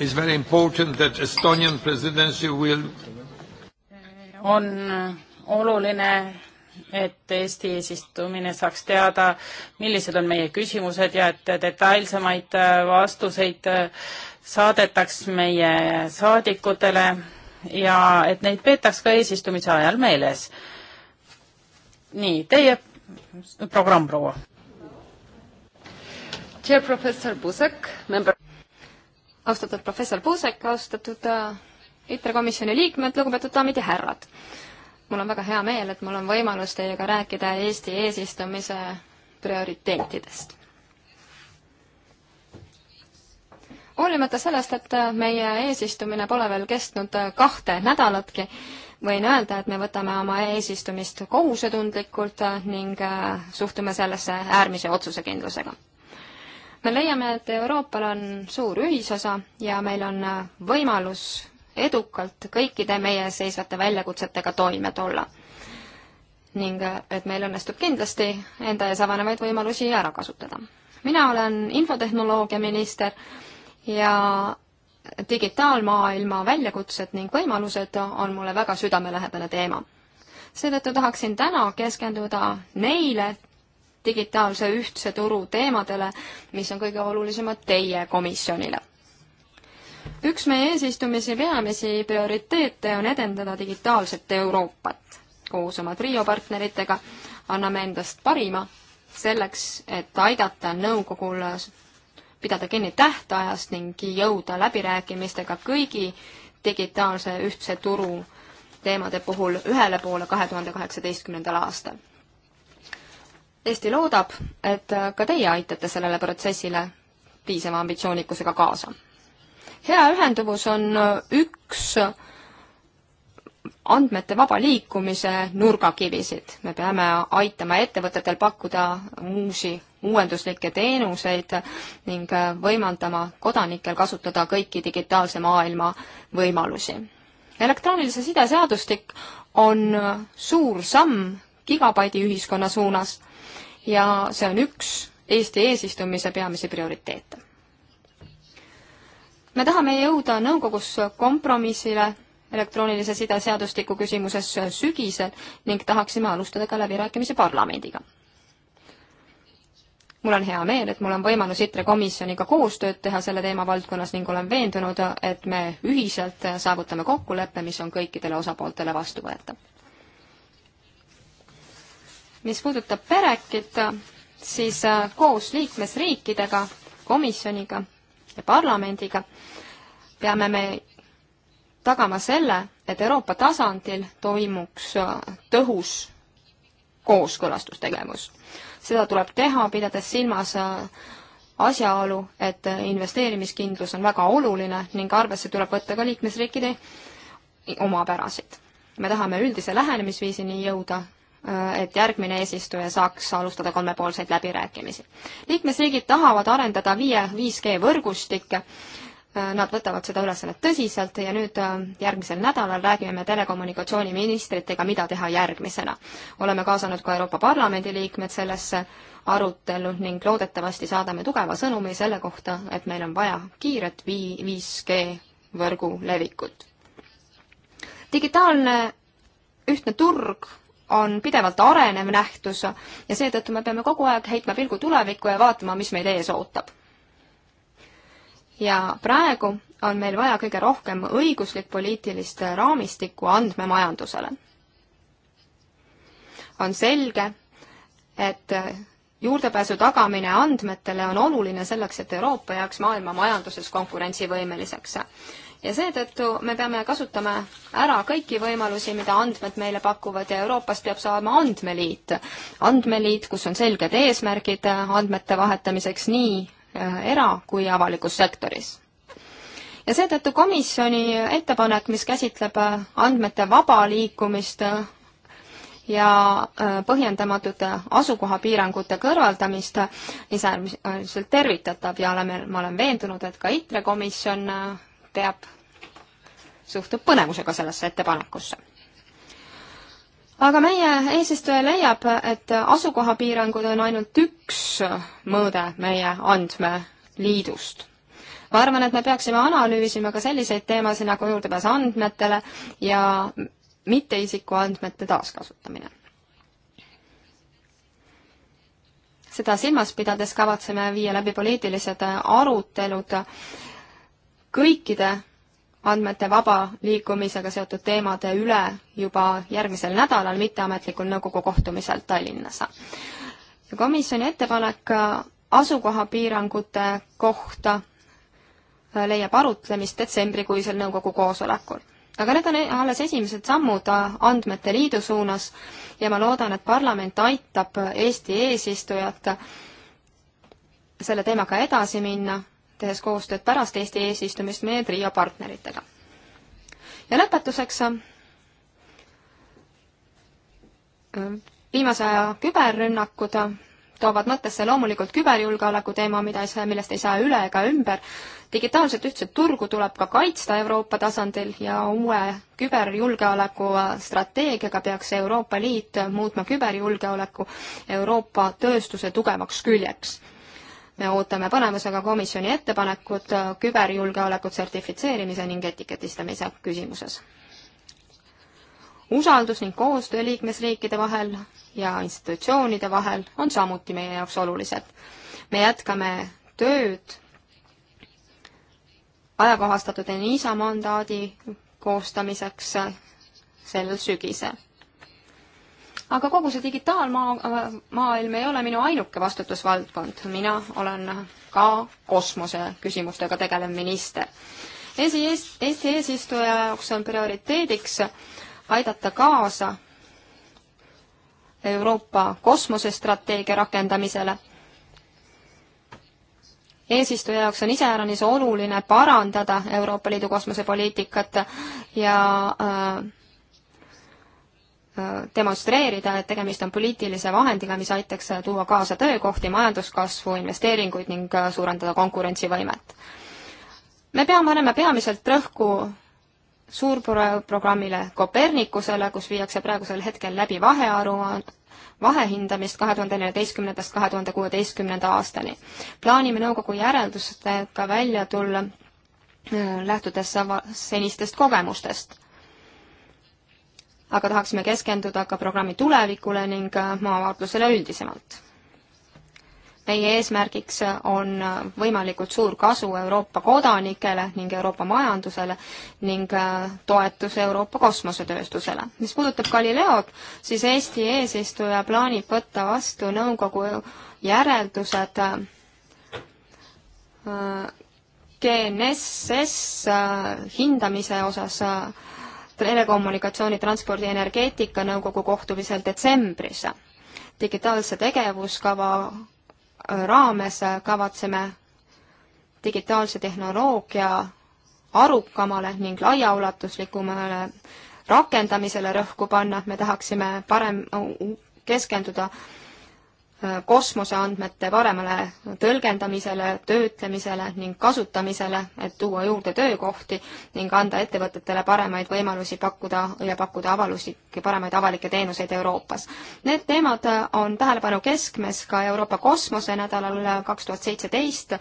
It's very important that Estonian presidency will on eh, oluline et Eesti eesistumine saaks teada, millised on meie küsimused ja et detailsemaid äh, vastuseid äh, saadetaks meie saadikutele ja et neid peetaks ka eesistumise ajal meeles. nii, teie programm, proua. Chair professor Pusek, member. austatud professor Pusek, austatud äh, ITRE komisjoni liikmed, lugupeetud daamid ja härrad mul on väga hea meel, et mul on võimalus teiega rääkida Eesti eesistumise prioriteetidest. hoolimata sellest, et meie eesistumine pole veel kestnud kahte nädalatki, võin öelda, et me võtame oma eesistumist kohusetundlikult ning äh, suhtume sellesse äärmise otsusekindlusega. me leiame, et Euroopal on suur ühisosa ja meil on äh, võimalus edukalt kõikide meie seisvate väljakutsetega toime tulla. ning et meil õnnestub kindlasti enda ees avanevaid võimalusi ära kasutada. mina olen infotehnoloogiaminister ja digitaalmaailma väljakutsed ning võimalused on mulle väga südamelähedane teema. seetõttu tahaksin täna keskenduda neile digitaalse ühtse turu teemadele, mis on kõige olulisemad teie komisjonile üks meie eesistumise peamisi prioriteete on edendada digitaalset Euroopat. koos oma trio partneritega anname endast parima selleks, et aidata nõukogul pidada kinni tähtajast ning jõuda läbirääkimistega kõigi digitaalse ühtse turu teemade puhul ühele poole kahe tuhande kaheksateistkümnendal aastal. Eesti loodab, et ka teie aitate sellele protsessile piisava ambitsioonikusega kaasa hea ühenduvus on äh, üks andmete vaba liikumise nurgakivisid. me peame aitama ettevõtetel pakkuda uusi uuenduslikke teenuseid ning äh, võimaldama kodanikel kasutada kõiki digitaalse maailma võimalusi. elektroonilise side seadustik on äh, suur samm gigabaidi ühiskonna suunas ja see on üks Eesti eesistumise peamisi prioriteete me tahame jõuda nõukogus kompromissile elektroonilise side seadustiku küsimuses sügisel ning tahaksime alustada ka läbirääkimisi parlamendiga. mul on hea meel, et mul on võimalus ITRE komisjoniga koostööd teha selle teemavaldkonnas ning olen veendunud, et me ühiselt saavutame kokkuleppe, mis on kõikidele osapooltele vastuvõetav. mis puudutab perekit, siis koos liikmesriikidega, komisjoniga ja parlamendiga, peame me tagama selle, et Euroopa tasandil toimuks äh, tõhus kooskõlastustegevus. seda tuleb teha, pidades silmas äh, asjaolu, et äh, investeerimiskindlus on väga oluline ning arvesse tuleb võtta ka liikmesriikide omapärasid. me tahame üldise lähenemisviisini jõuda Äh, et järgmine eesistuja saaks alustada kolmepoolseid läbirääkimisi. liikmesriigid tahavad arendada viie 5G võrgustikke, äh, nad võtavad seda ülesannet tõsiselt ja nüüd äh, järgmisel nädalal räägime me telekommunikatsiooniministritega, mida teha järgmisena. oleme kaasanud ka Euroopa Parlamendi liikmed sellesse arutellu ning loodetavasti saadame tugeva sõnumi selle kohta, et meil on vaja kiiret 5G võrgu levikut. digitaalne ühtne turg on pidevalt arenev nähtus ja seetõttu me peame kogu aeg heitma pilgu tulevikku ja vaatama, mis meid ees ootab. ja praegu on meil vaja kõige rohkem õiguslik-poliitilist raamistikku andmemajandusele. on selge, et juurdepääsu tagamine andmetele on oluline selleks, et Euroopa jääks maailma majanduses konkurentsivõimeliseks ja seetõttu me peame kasutama ära kõiki võimalusi, mida andmed meile pakuvad ja Euroopast peab saama andmeliit. andmeliit, kus on selged eesmärgid andmete vahetamiseks nii äh, era- kui avalikus sektoris ja seetõttu komisjoni ettepanek, mis käsitleb äh, andmete vaba liikumist äh, ja põhjendamatute asukohapiirangute kõrvaldamist, mis äärmiselt tervitatav ja oleme, ma olen veendunud, et ka ITRE komisjon peab, suhtub põnevusega sellesse ettepanekusse. aga meie eesistuja leiab, et asukohapiirangud on ainult üks mõõde meie andmeliidust ma arvan, et me peaksime analüüsima ka selliseid teemasid nagu juurdepääs andmetele ja mitteisiku andmete taaskasutamine. seda silmas pidades kavatseme viia läbi poliitilised arutelud kõikide andmete vaba liikumisega seotud teemade üle juba järgmisel nädalal mitteametlikul nõukogu kohtumisel Tallinnas. ja komisjoni ettepanek asukohapiirangute kohta leiab arutlemist detsembrikuisel nõukogu koosolekul. aga need on alles esimesed sammud Andmete Liidu suunas ja ma loodan, et parlament aitab Eesti eesistujat selle teemaga edasi minna tehes koostööd pärast Eesti eesistumist meie trio partneritega. ja lõpetuseks viimase aja küberrünnakud toovad mõttesse loomulikult küberjulgeoleku teema, mida ei saa, millest ei saa üle ega ümber. digitaalset ühtset turgu tuleb ka kaitsta Euroopa tasandil ja uue küberjulgeoleku strateegiaga peaks Euroopa Liit muutma küberjulgeoleku Euroopa tööstuse tugevaks küljeks me ootame põnevusega komisjoni ettepanekut küberjulgeoleku sertifitseerimise ning etiketistamise küsimuses. usaldus ning koostöö liikmesriikide vahel ja institutsioonide vahel on samuti meie jaoks olulised. me jätkame tööd ajakohastatud ENISA mandaadi koostamiseks sel sügisel aga kogu see digitaalmaa, äh, maailm ei ole minu ainuke vastutusvaldkond, mina olen ka kosmose küsimustega tegelev minister. Eesti, Eesti eesistuja jaoks on prioriteediks aidata kaasa Euroopa kosmosestrateegia rakendamisele. eesistuja jaoks on iseäranis oluline parandada Euroopa Liidu kosmosepoliitikat ja äh, demonstreerida, et tegemist on poliitilise vahendiga, mis aitaks tuua kaasa töökohti, majanduskasvu, investeeringuid ning suurendada konkurentsivõimet. me peame panema peamiselt rõhku suurprogrammile Kopernikusele, kus viiakse praegusel hetkel läbi vahearu, vahehindamist kahe tuhande neljateistkümnendast kahe tuhande kuueteistkümnenda aastani. plaanime nõukogu järeldustega välja tulla äh, lähtudes senistest kogemustest aga tahaksime keskenduda ka programmi tulevikule ning äh, maavaatlusele üldisemalt. meie eesmärgiks äh, on äh, võimalikult suur kasu Euroopa kodanikele ning Euroopa majandusele ning toetus Euroopa kosmosetööstusele. mis puudutab Galileod, siis Eesti eesistuja plaanib võtta vastu nõukogu järeldused GNSS hindamise osas telekommunikatsiooni, transpordi ja energeetika nõukogu kohtumisel detsembris. digitaalse tegevuskava äh, raames kavatseme digitaalse tehnoloogia arukamale ning laiaulatuslikumale rakendamisele rõhku panna, me tahaksime parem keskenduda kosmoseandmete paremale tõlgendamisele, töötlemisele ning kasutamisele, et tuua juurde töökohti ning anda ettevõtetele paremaid võimalusi pakkuda ja pakkuda avalusi, paremaid avalikke teenuseid Euroopas. Need teemad on tähelepanu keskmes ka Euroopa kosmosenädalal kaks tuhat seitseteist,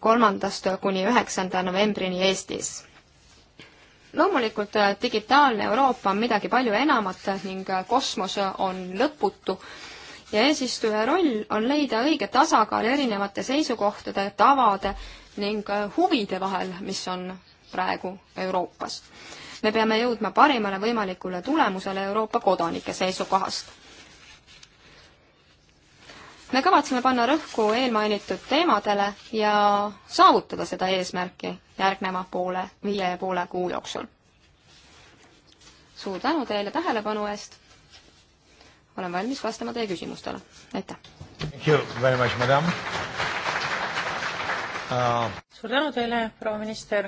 kolmandast kuni üheksanda novembrini Eestis loomulikult digitaalne Euroopa on midagi palju enamat ning kosmos on lõputu ja eesistuja roll on leida õige tasakaal erinevate seisukohtade, tavade ning äh, huvide vahel, mis on praegu Euroopas. me peame jõudma parimale võimalikule tulemusele Euroopa kodanike seisukohast. me kavatseme panna rõhku eelmainitud teemadele ja saavutada seda eesmärki järgneva poole, viie ja poole kuu jooksul. suur tänu teile tähelepanu eest olen valmis vastama teie küsimustele, aitäh! Uh... suur tänu teile, proua minister,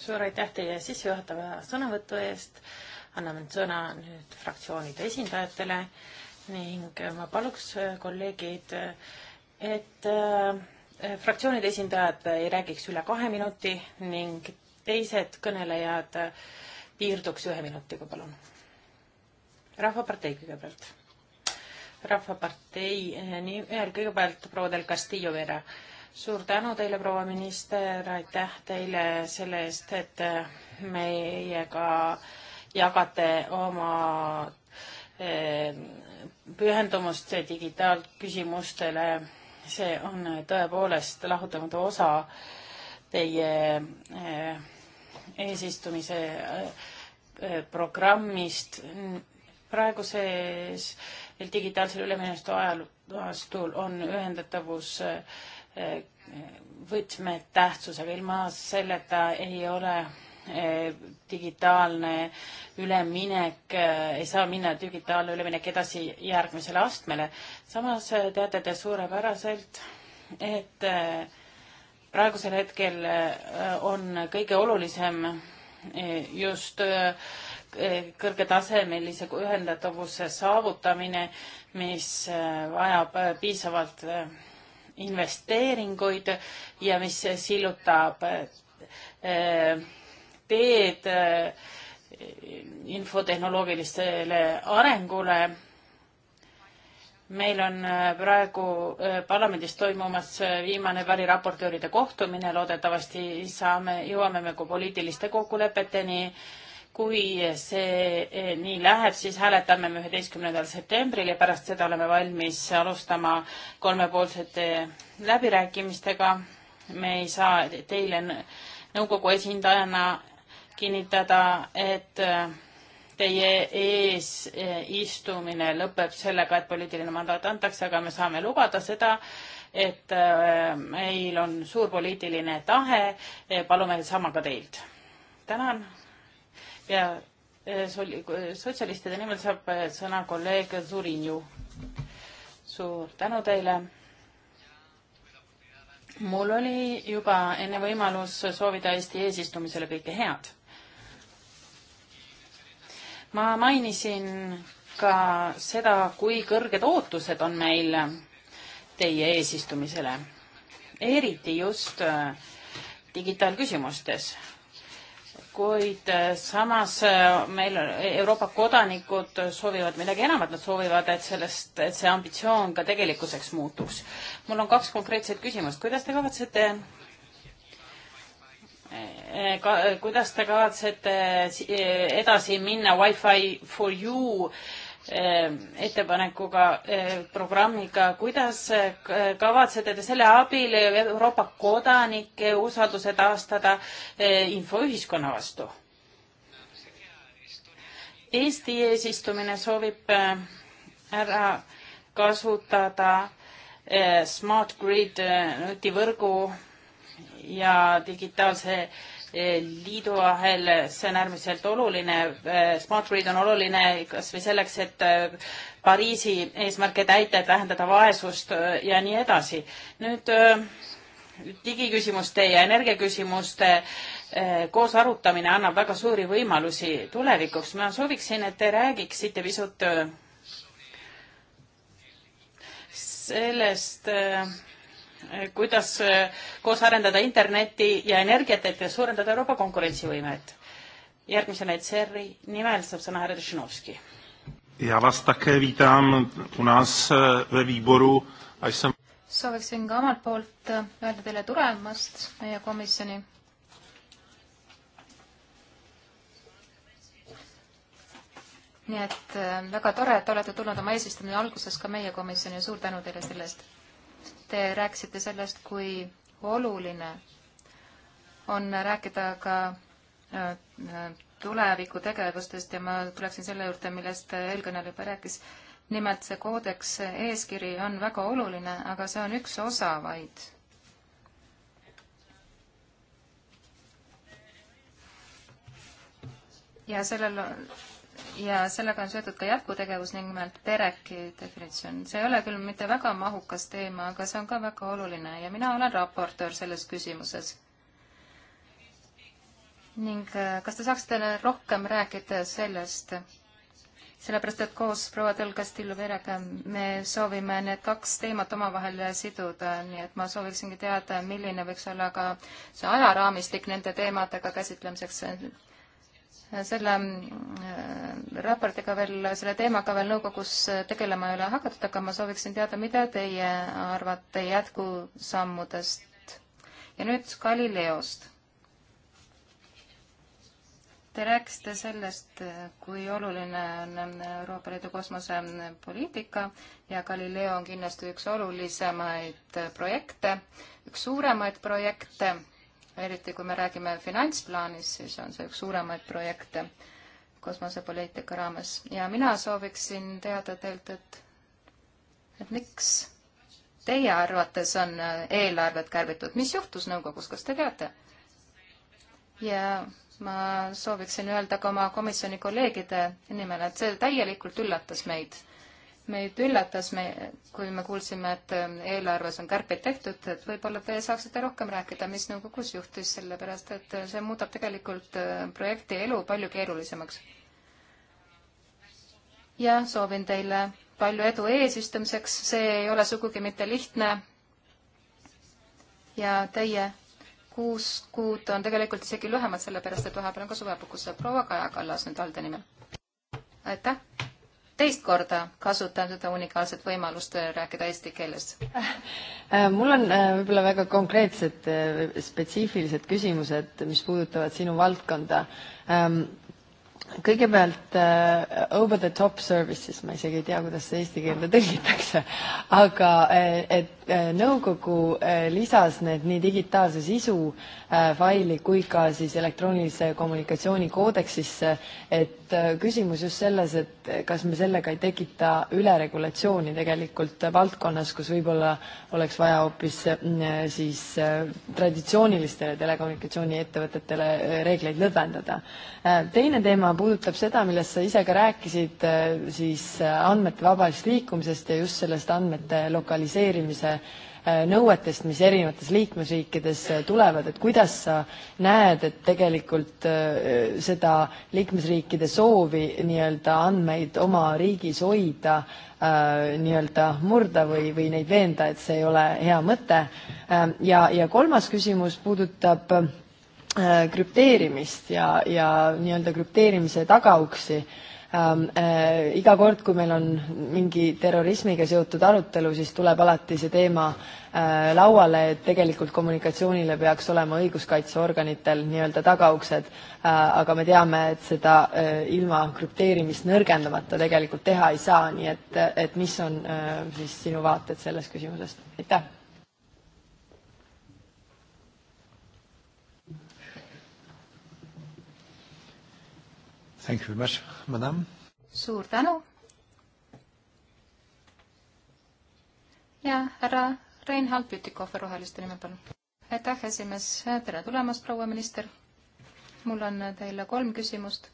suur aitäh teie sissejuhatava sõnavõtu eest, anname nüüd sõna nüüd fraktsioonide esindajatele ning ma paluks äh, kolleegid, et äh, fraktsioonide esindajad ei räägiks üle kahe minuti ning teised kõnelejad piirduks ühe minutiga, palun. rahvapartei kõigepealt Rahvapartei eh, nimel kõigepealt proua del Castillo Vera. suur tänu teile, proua minister, aitäh teile selle eest, et eh, meiega jagate oma eh, pühendumust digitaalküsimustele. see on tõepoolest lahutamatu osa teie eesistumise programmist praeguses veel digitaalsel ülemineku ajastul on ühendatavus eh, võtmetähtsusega, ilma selleta ei ole eh, digitaalne üleminek, eh, ei saa minna digitaalne üleminek edasi järgmisele astmele. samas teate te suurepäraselt, et praegusel hetkel on kõige olulisem just kõrgetasemelise ühendatavuse saavutamine, mis äh, vajab äh, piisavalt äh, investeeringuid ja mis sillutab teed infotehnoloogilistele arengule. meil on praegu parlamendis toimumas viimane variraportööride kohtumine, loodetavasti saame, jõuame me ka poliitiliste kokkulepeteni kui see eh, nii läheb, siis hääletame me üheteistkümnendal septembril ja pärast seda oleme valmis alustama kolmepoolsete läbirääkimistega. me ei saa teile nõukogu esindajana kinnitada, et eh, teie ees eh, istumine lõpeb sellega, et poliitiline mandaat antakse, aga me saame lubada seda, et meil on suur poliitiline tahe. palume sama ka teilt. tänan ja eh, sotsialistide nimel saab eh, sõna kolleeg Zurinju. suur tänu teile. mul oli juba enne võimalus soovida Eesti eesistumisele kõike head. ma mainisin ka seda, kui kõrged ootused on meil teie eesistumisele, eriti just eh, digitaalküsimustes kuid äh, samas äh, meil e, Euroopa kodanikud soovivad midagi enamat, nad soovivad, et sellest, et see ambitsioon ka tegelikkuseks muutuks. mul on kaks konkreetset küsimust, kuidas te kavatsete e, e, ka, kuidas te kavatsete edasi minna Wi-Fi for you äh, Ehm, ettepanekuga, ehm, programmiga, kuidas eh, kavatsete te selle abil Euroopa kodanike usalduse taastada eh, infoühiskonna vastu? Eesti eesistumine soovib eh, ära kasutada smart grid nutivõrgu ja digitaalse liidu vahel, see on äärmiselt oluline, äh, smart grid on oluline kas või selleks, et äh, Pariisi eesmärke täita, et vähendada vaesust äh, ja nii edasi. nüüd digiküsimuste ja energiaküsimuste koos arutamine annab väga suuri võimalusi tulevikuks. ma sooviksin, et te räägiksite pisut sellest, kuidas eh, koos arendada Internetti ja energiat, et suurendada Euroopa konkurentsivõimet. järgmisena ETSR-i nimel saab sõna härra Dešinovski. Ja vás také vítám u nás eh, ve výboru, až jsem... Sooviksin ka omalt poolt eh, öelda teile tulemast meie komisjoni. Nii et väga tore, et olete tulnud oma eesistamine alguses ka meie komisjoni ja suur tänu teile sellest. Te rääkisite sellest, kui oluline on rääkida ka äh, tuleviku tegevustest ja ma tuleksin selle juurde, millest eelkõneleja juba rääkis. nimelt see koodeks, eeskiri on väga oluline, aga see on üks osa vaid. ja sellel ja sellega on seotud ka jätkutegevus, nimelt pereki definitsioon. see ei ole küll mitte väga mahukas teema, aga see on ka väga oluline ja mina olen raportöör selles küsimuses. ning äh, kas te saaksite rohkem rääkida sellest, sellepärast et koos proua Tõlgastillu Verega me soovime need kaks teemat omavahel siduda, nii et ma sooviksingi teada, milline võiks olla ka see ajaraamistik nende teemadega käsitlemiseks selle äh, raportiga veel, selle teemaga veel nõukogus äh, tegelema ei ole hakatud, aga ma sooviksin teada, mida teie arvate jätkusammudest. ja nüüd Galileost. Te rääkisite sellest, äh, kui oluline on Euroopa Liidu kosmosepoliitika ja Galileo on kindlasti üks olulisemaid projekte, üks suuremaid projekte eriti kui me räägime finantsplaanist, siis on see üks suuremaid projekte kosmosepoliitika raames ja mina sooviksin teada teilt, et, et miks teie arvates on eelarvet kärbitud, mis juhtus nõukogus, kas te teate? ja ma sooviksin öelda ka oma komisjoni kolleegide nimel, et see täielikult üllatas meid meid üllatas, me, kui me kuulsime, et ähm, eelarves on kärpeid tehtud, et võib-olla te saaksite rohkem rääkida, mis nõukogus juhtus, sellepärast et äh, see muudab tegelikult äh, projekti elu palju keerulisemaks. ja soovin teile palju edu eesistumiseks, see ei ole sugugi mitte lihtne. ja teie kuus kuud on tegelikult isegi lühemad, sellepärast et vahepeal on ka suvepuhkus. proua Kaja Kallas nüüd Alde nimel. aitäh! teist korda kasutan seda unikaalset võimalust äh, rääkida eesti keeles. Äh, mul on äh, võib-olla väga konkreetsed spetsiifilised küsimused, mis puudutavad sinu valdkonda. Ähm, kõigepealt over the top services, ma isegi ei tea, kuidas see eesti keelde tõlgitakse, aga et nõukogu lisas need nii digitaalse sisu faili kui ka siis elektroonilise kommunikatsiooni koodeksisse, et et äh, küsimus just selles, et kas me sellega ei tekita üleregulatsiooni tegelikult valdkonnas, kus võib-olla oleks vaja hoopis äh, siis äh, traditsioonilistele telekommunikatsiooniettevõtetele reegleid lõdvendada. teine teema puudutab seda, millest sa ise ka rääkisid, siis andmete vabast liikumisest ja just sellest andmete lokaliseerimise Äh, nõuetest, mis erinevates liikmesriikides äh, tulevad, et kuidas sa näed, et tegelikult äh, seda liikmesriikide soovi nii-öelda andmeid oma riigis hoida nii-öelda murda või, või neid veenda, et see ei ole hea mõte. Ähm, ja, ja kolmas küsimus puudutab krüpteerimist ja, ja nii-öelda krüpteerimise tagauksi Ähm, äh, iga kord, kui meil on mingi terrorismiga seotud arutelu, siis tuleb alati see teema äh, lauale, et tegelikult kommunikatsioonile peaks olema õiguskaitseorganitel nii-öelda tagauksed äh,, aga me teame, et seda äh, ilma krüpteerimist nõrgendamata tegelikult teha ei saa, nii et, et mis on äh, siis sinu vaated selles küsimuses? aitäh Thank you very much, madam. suur tänu. ja härra Reinhard Pütikofer Roheliste nime, palun. aitäh, esimees, tere tulemast, proua minister. mul on teile kolm küsimust.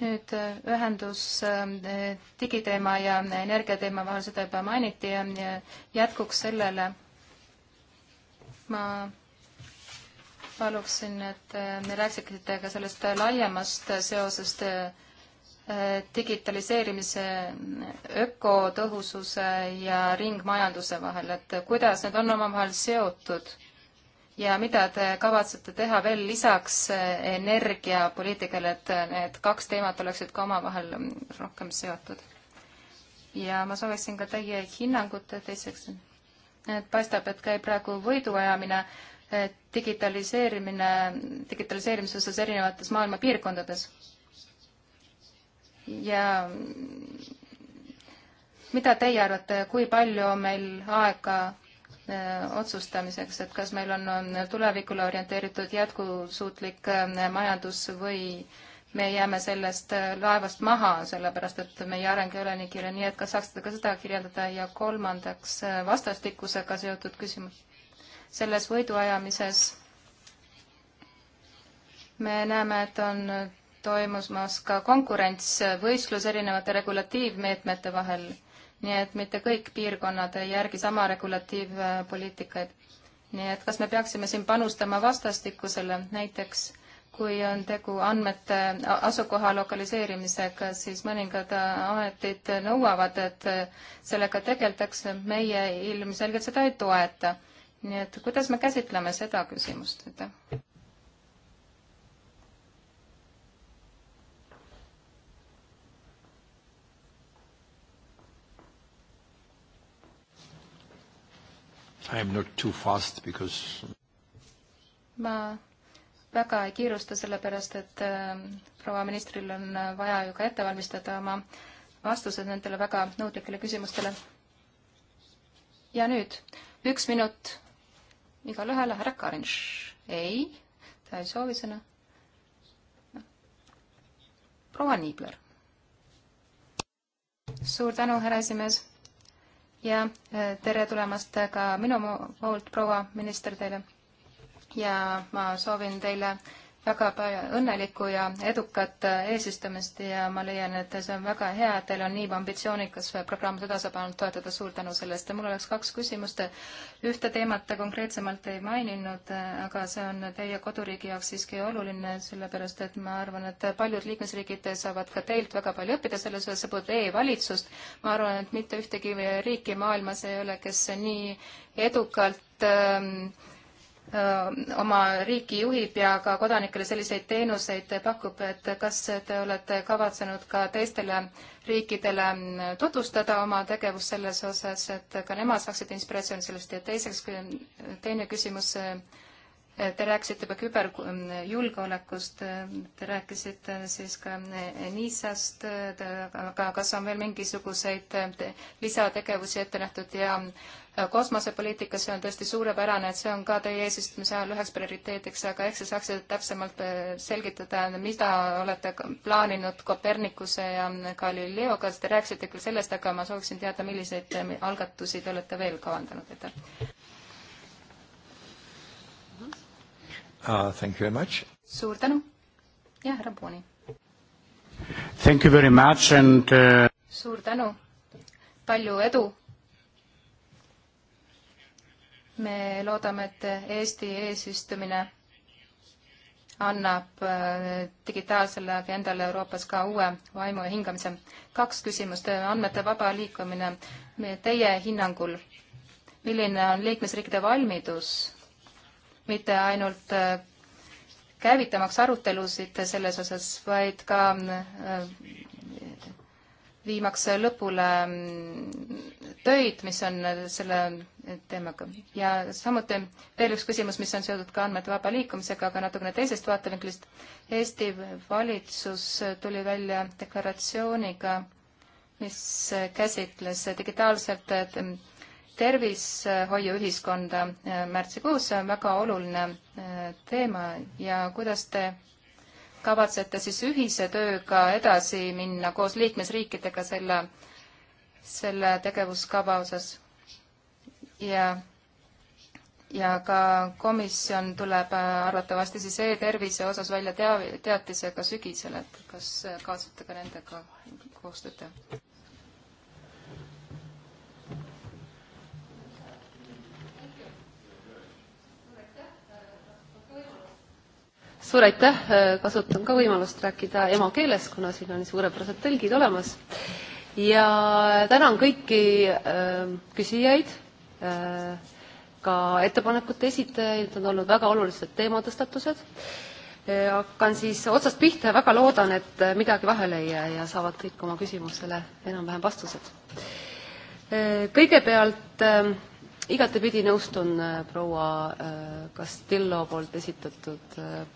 nüüd äh, ühendus äh, digiteema ja energiateema vahel, seda juba mainiti ja jätkuks sellele ma paluksin, et äh, rääkisite ka sellest laiemast seosest äh, digitaliseerimise, äh, ökotõhususe ja ringmajanduse vahel, et kuidas need on omavahel seotud ja mida te kavatsete teha veel lisaks energiapoliitikale, et need kaks teemat oleksid ka omavahel mm, rohkem seotud? ja ma sooviksin ka teie hinnangut teiseks, et paistab, et käib praegu võiduajamine digitaliseerimine, digitaliseerimise osas erinevates maailma piirkondades. ja mida teie arvate, kui palju on meil aega äh, otsustamiseks, et kas meil on, on tulevikule orienteeritud jätkusuutlik äh, majandus või me jääme sellest äh, laevast maha, sellepärast et meie areng ei ole nii kiire, nii et kas saaksite ka seda kirjeldada ja kolmandaks vastastikusega seotud küsimus selles võiduajamises me näeme, et on toimumas ka konkurents, võistlus erinevate regulatiivmeetmete vahel, nii et mitte kõik piirkonnad ei järgi sama regulatiivpoliitikaid. nii et kas me peaksime siin panustama vastastikusele, näiteks kui on tegu andmete asukoha lokaliseerimisega, siis mõningad ametid nõuavad, et sellega tegeldakse, meie ilmselgelt seda ei toeta nii et kuidas me käsitleme seda küsimust, aitäh? I am not too fast because ma väga ei kiirusta, sellepärast et äh, proua ministril on äh, vaja ju ka ette valmistada oma vastused nendele väga nõudlikele küsimustele. ja nüüd üks minut igalühele, härra Karinš? ei, ta ei soovi sõna. proua Niibler. suur tänu, härra esimees ja äh, tere tulemast ka minu poolt, proua minister, teile. ja ma soovin teile äh, väga õnnelikku ja edukat eesistumist ja ma leian, et see on väga hea, et teil on nii ambitsioonikas programm, seda saab ainult toetada, suur tänu selle eest. mul oleks kaks küsimust. ühte teemat te konkreetsemalt ei maininud, aga see on teie koduriigi jaoks siiski oluline, sellepärast et ma arvan, et paljud liikmesriigid saavad ka teilt väga palju õppida selles osas, see puudutab e-valitsust. ma arvan, et mitte ühtegi riiki maailmas ei ole, kes nii edukalt ähm, oma riiki juhib ja ka kodanikele selliseid teenuseid pakub, et kas te olete kavatsenud ka teistele riikidele mm, tutvustada oma tegevust selles osas, et ka nemad saaksid inspiratsiooni sellest ja teiseks, teine küsimus Te rääkisite juba küberjulgeolekust, te rääkisite siis ka NISA-st, aga kas on veel mingisuguseid lisategevusi ette nähtud ja kosmosepoliitika, see on tõesti suurepärane, et see on ka teie eesistumise ajal üheks prioriteediks, aga ehk sa saaksid täpsemalt äh, selgitada, mida olete plaaninud Kopernikuse ja Galileoga, sest te rääkisite küll sellest, aga ma sooviksin teada, milliseid äh, algatusi te olete veel kavandanud, aitäh! uh,. Thank you very much. suur tänu ja härra Booni. Thank you very much and uh.... suur tänu, palju edu. me loodame, et Eesti eesistumine annab uh, digitaalsele agendale Euroopas ka uue vaimu ja hingamise. kaks küsimust, andmete vaba liikumine. Teie hinnangul, milline on liikmesriikide valmidus mitte ainult äh, käivitamaks arutelusid selles osas, vaid ka äh, viimaks lõpule mm, töid, mis on selle teemaga. ja samuti veel üks küsimus, mis on seotud ka andmete vaba liikumisega, aga natukene teisest vaatevinklist. Eesti valitsus tuli välja deklaratsiooniga, mis käsitles digitaalselt mm, tervishoiuühiskonda äh, märtsikuus, see on väga oluline äh, teema ja kuidas te kavatsete siis ühise tööga edasi minna koos liikmesriikidega selle, selle tegevuskava osas? ja, ja ka komisjon tuleb äh, arvatavasti siis e-tervise osas välja tea-, teatisega sügisel, et kas kavatsete ka nendega koostööd teha? suur aitäh, äh, kasutan ka võimalust rääkida emakeeles, kuna siin on suurepärased tõlgid olemas. ja tänan kõiki ähm, küsijaid, äh, ka ettepanekute esitajaid, on olnud väga olulised teematõstatused. Äh, hakkan siis otsast pihta ja väga loodan, et midagi vahele ei jää ja saavad kõik oma küsimusele enam-vähem vastused. kõigepealt ähm, igatepidi nõustun äh, proua äh, Castillo poolt esitatud, äh,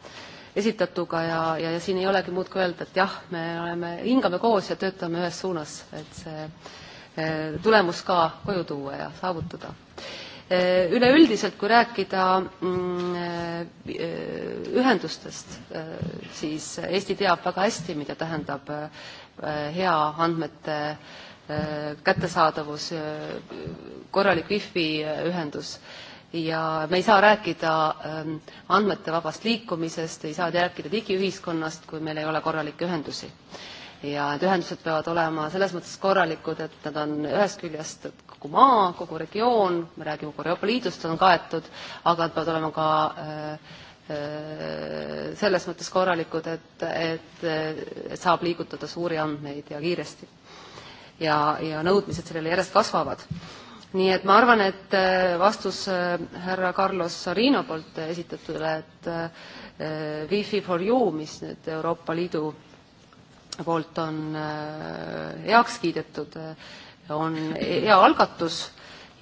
esitatuga ja, ja, ja siin ei olegi muud kui öelda, et jah, me oleme, hingame koos ja töötame ühes suunas, et see tulemus ka koju tuua ja saavutada. Üleüldiselt, kui rääkida mm, ühendustest, siis Eesti teab väga hästi, mida tähendab hea andmete äh, Äh, kättesaadavus, äh, korralik wifi äh, ühendus ja me ei saa rääkida ähm, andmete vabast liikumisest, ei saa rääkida digiühiskonnast, kui meil ei ole korralikke ühendusi. ja need ühendused peavad olema selles mõttes korralikud, et nad on ühest küljest kogu maa, kogu regioon, me räägime kogu Euroopa Liidust, on kaetud, aga nad peavad olema ka äh, selles mõttes korralikud, et, et, et saab liigutada suuri andmeid ja kiiresti ja, ja nõudmised sellele järjest kasvavad. nii et ma arvan, et äh, vastus äh, härra Carlos Sarino poolt esitatule, et äh, Wi-Fi for you, mis nüüd Euroopa Liidu poolt on heaks kiidetud, on hea algatus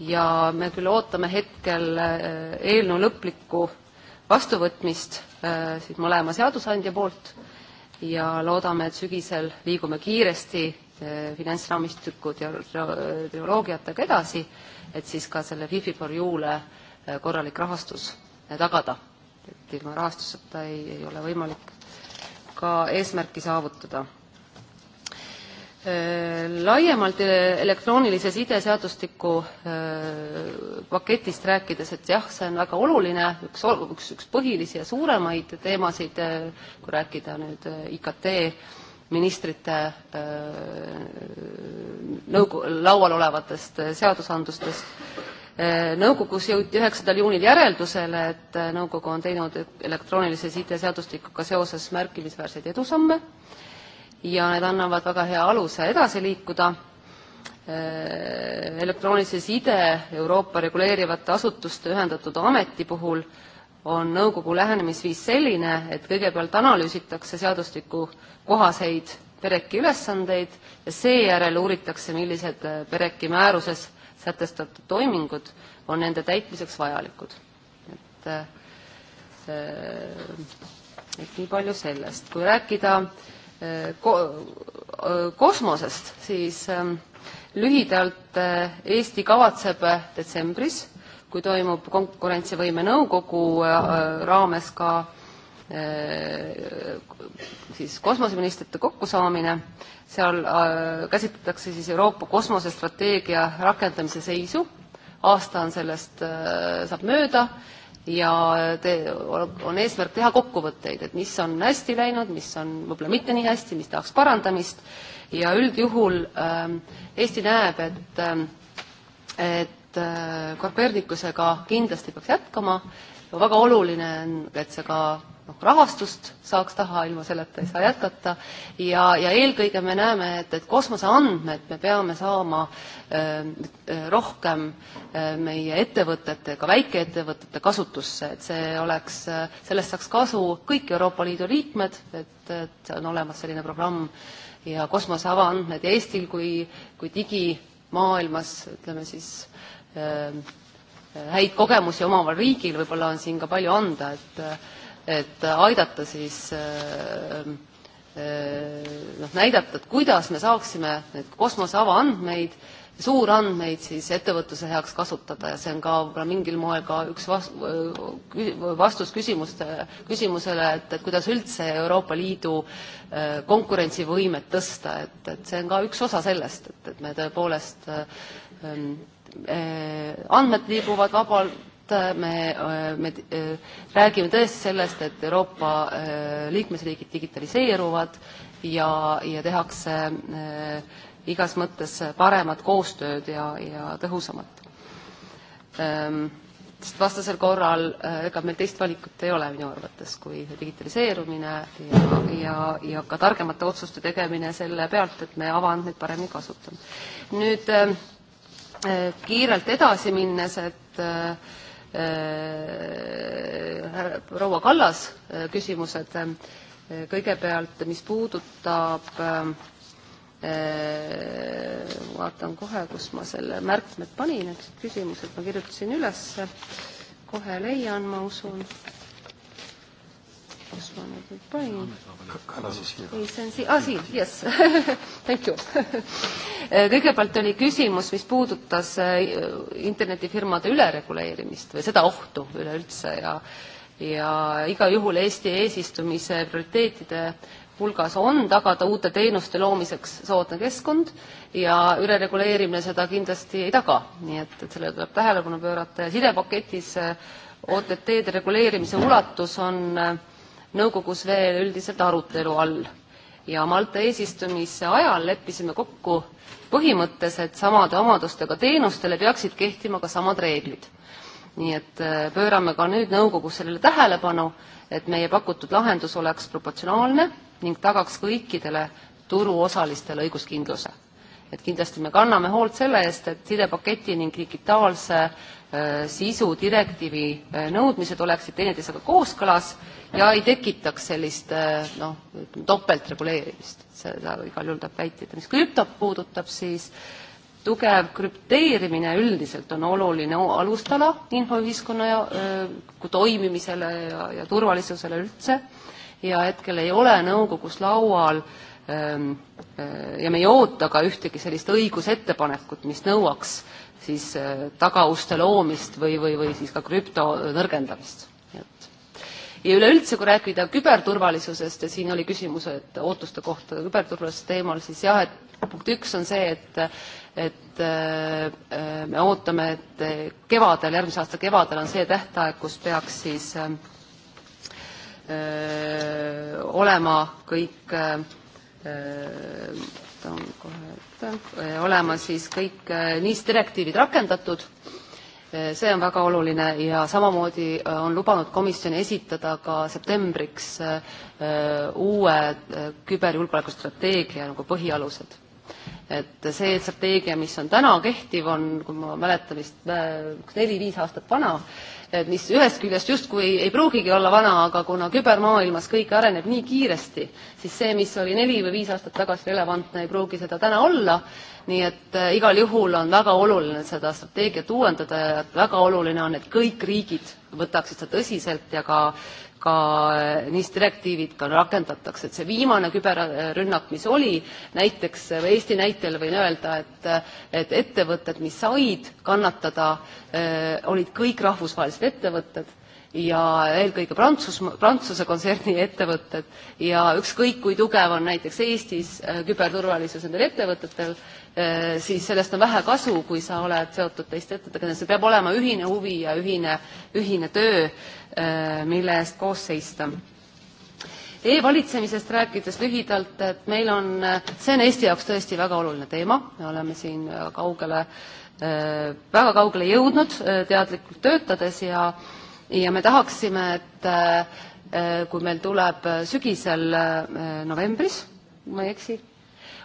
ja me küll ootame hetkel eelnõu lõplikku vastuvõtmist siis mõlema seadusandja poolt ja loodame, et sügisel liigume kiiresti Eh, finantsraamistiku teoloogiatega edasi, et siis ka selle Fifi for You'le eh, korralik rahastus eh, tagada. et ilma rahastuseta ei, ei ole võimalik ka eesmärki saavutada. Laiemalt elektroonilise sideseadustiku paketist rääkides, et jah, see on väga oluline, üks, üks, üks põhilisi ja suuremaid teemasid, kui rääkida nüüd IKT ministrite äh, nõukogu, laual olevatest äh, seadusandlustest. Äh, nõukogus jõuti üheksandal juunil järeldusele, et nõukogu on teinud elektroonilise sideseadustikuga seoses märkimisväärseid edusamme ja need annavad väga hea aluse edasi liikuda elektroonilise side Euroopa reguleerivate asutuste ühendatud ameti puhul äh, on nõukogu lähenemisviis selline, et kõigepealt analüüsitakse seadustiku kohaseid pereki ülesandeid ja seejärel uuritakse, millised äh, pereki määruses sätestatud toimingud on nende täitmiseks vajalikud. et, äh, äh, et nii palju sellest. kui rääkida ko-, kosmosest, siis ähm, lühidalt Eesti kavatseb detsembris kui toimub konkurentsivõime nõukogu äh, raames ka äh, siis kosmoseministrite kokkusaamine, seal äh, käsitletakse siis Euroopa kosmosestrateegia rakendamise seisu, aasta on sellest, saab mööda ja te, on eesmärk teha kokkuvõtteid, et mis on hästi läinud, mis on võib-olla mitte nii hästi, mis tahaks parandamist ja üldjuhul äh, Eesti näeb, et äh, et et äh, korperdikusega kindlasti peaks jätkama ja väga oluline on, et see ka noh, rahastust saaks taha, ilma selleta ei saa jätkata, ja, ja eelkõige me näeme, et, et kosmoseandmed me peame saama äh, äh, rohkem äh, meie ettevõtete, ka väikeettevõtete kasutusse, et see oleks äh,, sellest saaks kasu kõik Euroopa Liidu liikmed, et, et on olemas selline programm ja kosmose avaandmed ja Eestil kui, kui digimaailmas, ütleme siis äh, Äh, äh, häid kogemusi omaval riigil, võib-olla on siin ka palju anda, et et aidata siis äh, noh, näidata, et kuidas me saaksime neid kosmose avaandmeid, suurandmeid siis ettevõtluse heaks kasutada ja see on ka võib-olla mingil moel ka üks vas-, vastus küsimuste, küsimusele, et, et kuidas üldse Euroopa Liidu konkurentsivõimet tõsta, et, et see on ka üks osa sellest, et, et me tõepoolest ähm, Äh, andmed liiguvad vabalt, äh, me, äh, me räägime tõesti sellest, et Euroopa liikmesriigid digitaliseeruvad ja, ja tehakse igas mõttes paremat koostööd ja, ja tõhusamat. Ähm, sest vastasel korral ega meil teist valikut ei ole minu arvates, kui digitaliseerumine ja, ja, ja ka targemate otsuste tegemine selle pealt, et me avaandmeid paremini kasutame. nüüd ähm, Äh, kiirelt edasi minnes, et äh, äh, proua Kallas küsimused kõigepealt, mis puudutab vaatan kohe, kus ma selle märkmed panin, eks küsimused ma kirjutasin üles, kohe leian, ma usun was one of the points. Recency, ah siin, yes thank you äh, kõigepealt oli küsimus, mis puudutas äh, internetifirmade ülereguleerimist või seda ohtu üleüldse ja ja igal juhul Eesti eesistumise prioriteetide hulgas on tagada uute teenuste loomiseks soodne keskkond ja ülereguleerimine seda kindlasti ei taga, nii et, et sellele tuleb tähelepanu pöörata ja sidepaketis äh, OTT-de reguleerimise ulatus on äh, nõukogus veel üldiselt arutelu all. ja Malta eesistumise ajal leppisime kokku põhimõttes, et samade omadustega teenustele peaksid kehtima ka samad reeglid. nii et äh, pöörame ka nüüd nõukogus sellele tähelepanu, et meie pakutud lahendus oleks proportsionaalne ning tagaks kõikidele turuosalistele õiguskindluse. et kindlasti me kanname hoolt selle eest, et sidepaketi ning digitaalse äh, sisu direktiivi äh, nõudmised oleksid teineteisega kooskõlas ja ei tekitaks sellist eh, noh, ütleme topeltreguleerimist, seda igal juhul tuleb vältida. mis krüptot puudutab, siis tugev krüpteerimine üldiselt on oluline alustala infoühiskonna ja, öö, eh, toimimisele ja, ja turvalisusele üldse ja hetkel ei ole nõukogus laual öö, ehm, eh, ja me ei oota ka ühtegi sellist õigusettepanekut, mis nõuaks siis tagauste loomist või, või, või siis ka krüpto nõrgendamist. et ja üleüldse, kui rääkida küberturvalisusest ja siin oli küsimus, et ootuste kohta küberturvalisuse teemal, siis jah, et punkt üks on see, et et äh, me ootame, et kevadel, järgmise aasta kevadel on see tähtaeg, kus peaks siis öö, äh, olema kõik öö, võtan kohe ette, olema siis kõik äh, NIS direktiivid rakendatud öö, Eh, see on väga oluline ja samamoodi eh, on lubanud komisjon esitada ka septembriks eh, uue küberjulgeoleku strateegia nagu põhialused. et see strateegia, mis on täna kehtiv, on, kui ma mäletan, vist neli-viis aastat vana mis ühest küljest justkui ei pruugigi olla vana, aga kuna kübermaailmas kõik areneb nii kiiresti, siis see, mis oli neli või viis aastat tagasi relevantne, ei pruugi seda täna olla, nii et äh, igal juhul on väga oluline seda strateegiat uuendada ja väga oluline on, et kõik riigid võtaksid seda tõsiselt ja ka ka eh, NIS direktiivid ka rakendatakse, et see viimane küberrünnak, mis oli, näiteks Eesti näitel võin öelda, et et ettevõtted, mis said kannatada, eh, olid kõik rahvusvahelised ettevõtted ja eelkõige Prantsus, Prantsuse kontserni ettevõtted ja ükskõik, kui tugev on näiteks Eestis eh, küberturvalisus nendel ettevõtetel, Äh, siis sellest on vähe kasu, kui sa oled seotud teiste ettevõtetega, see peab olema ühine huvi ja ühine, ühine töö, äh, mille eest koos seista E-valitsemisest rääkides lühidalt, et meil on, see on Eesti jaoks tõesti väga oluline teema, me oleme siin kaugele, äh, väga kaugele jõudnud teadlikult töötades ja, ja me tahaksime, et kui meil tuleb sügisel novembris, kui ma ei eksi,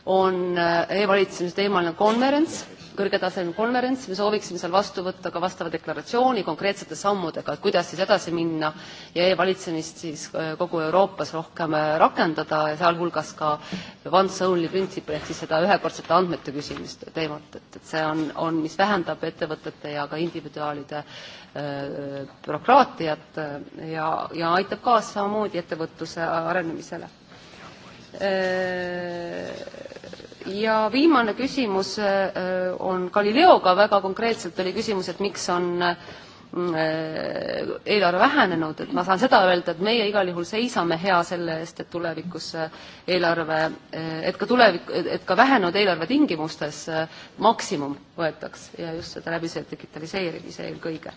on äh, e-valitsemise teemaline konverents, kõrgetasemeline konverents, me sooviksime seal vastu võtta ka vastava deklaratsiooni konkreetsete sammudega, et kuidas siis edasi minna ja e-valitsemist siis äh, kogu Euroopas rohkem äh, rakendada ja sealhulgas ka once only printsiipi ehk siis seda ühekordsete andmete küsimist teemat, et, et see on, on, mis vähendab ettevõtete ja ka individuaalide bürokraatiat ja, ja aitab kaasa samamoodi ettevõtluse arenemisele Äh, ja viimane küsimus äh, on Galileoga, väga konkreetselt oli küsimus, et miks on äh, eelarve vähenenud, et ma saan seda öelda, et meie igal juhul seisame hea selle eest, et tulevikus eelarve, et ka tulevik, et ka vähenenud eelarve tingimustes maksimum võetaks ja just seda läbi see digitaliseerimise eelkõige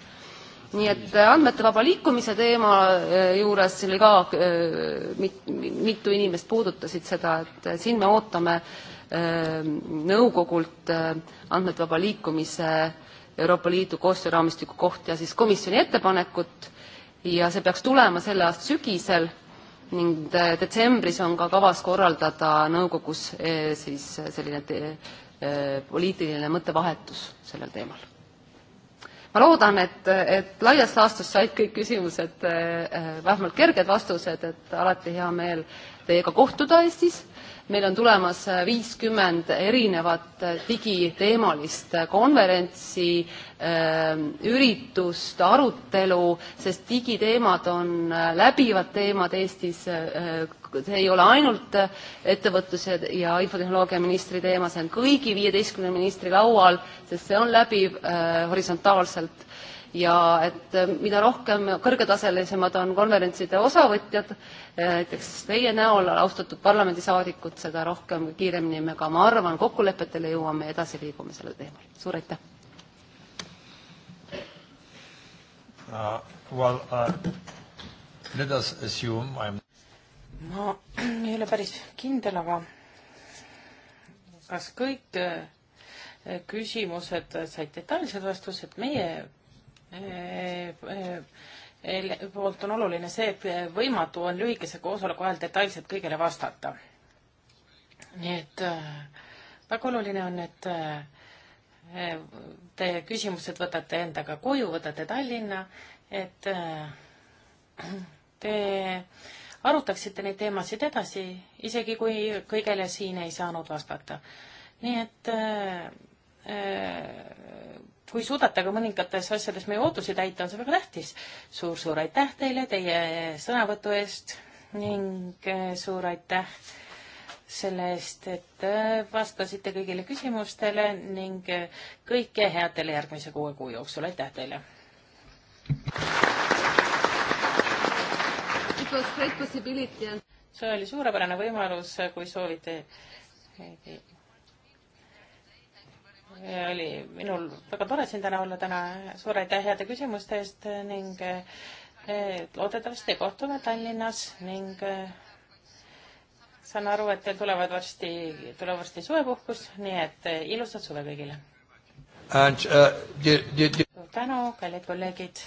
nii et äh, andmete vaba liikumise teema äh, juures oli ka äh, mit, mitu inimest puudutasid seda, et siin me ootame ähm, nõukogult andmete vaba liikumise Euroopa Liidu koostööraamistiku kohta ja siis komisjoni ettepanekut ja see peaks tulema selle aasta sügisel ning detsembris on ka kavas korraldada nõukogus siis selline te, poliitiline mõttevahetus sellel teemal ma loodan, et, et laias laastus said kõik küsimused eh, eh, vähemalt kerged vastused, et alati hea meel teiega kohtuda Eestis. meil on tulemas eh, viiskümmend erinevat digiteemalist konverentsi, üritust, arutelu, sest digiteemad on läbivad teemad Eestis volinikkud, ei ole ainult äh, ettevõtluse ja infotehnoloogia ministri teema, see on kõigi viieteistkümne ministri laual, sest see on läbiv äh, horisontaalselt ja et äh, mida rohkem kõrgetaselisemad on konverentside osavõtjad, äh, näiteks teie näol, austatud parlamendisaadikud, seda rohkem, kiiremini me ka, ma arvan, kokkulepetele jõuame ja edasi liigume sellel teemal. suur aitäh uh,! Well, uh, let us assume I am ma ei ole päris kindel, aga kas kõik äh, küsimused said detailsed vastused, meie äh, äh, poolt on oluline see, et võimatu on lühikese koosoleku ajal detailselt kõigele vastata. nii et väga oluline on, et te küsimused võtate endaga koju, võtate Tallinna, et te arutaksite neid teemasid edasi, isegi kui kõigele siin ei saanud vastata. nii et äh, äh kui suudate ka mõningates asjades meie ootusi täita, on see väga tähtis suur,. suur-suur aitäh teile teie sõnavõtu eest ning äh, suur aitäh selle eest, et äh, vastasite kõigile küsimustele ning kõike head teile järgmise kuue kuu jooksul, aitäh teile! see oli suurepärane võimalus, kui soovite. oli minul väga tore siin täna olla, täna suur aitäh heade küsimuste eest ning loodetavasti kohtume Tallinnas ning saan aru, et teil tulevad varsti, tuleb varsti suvepuhkus, nii et ilusat suve kõigile! Uh, suur tänu, kallid kolleegid!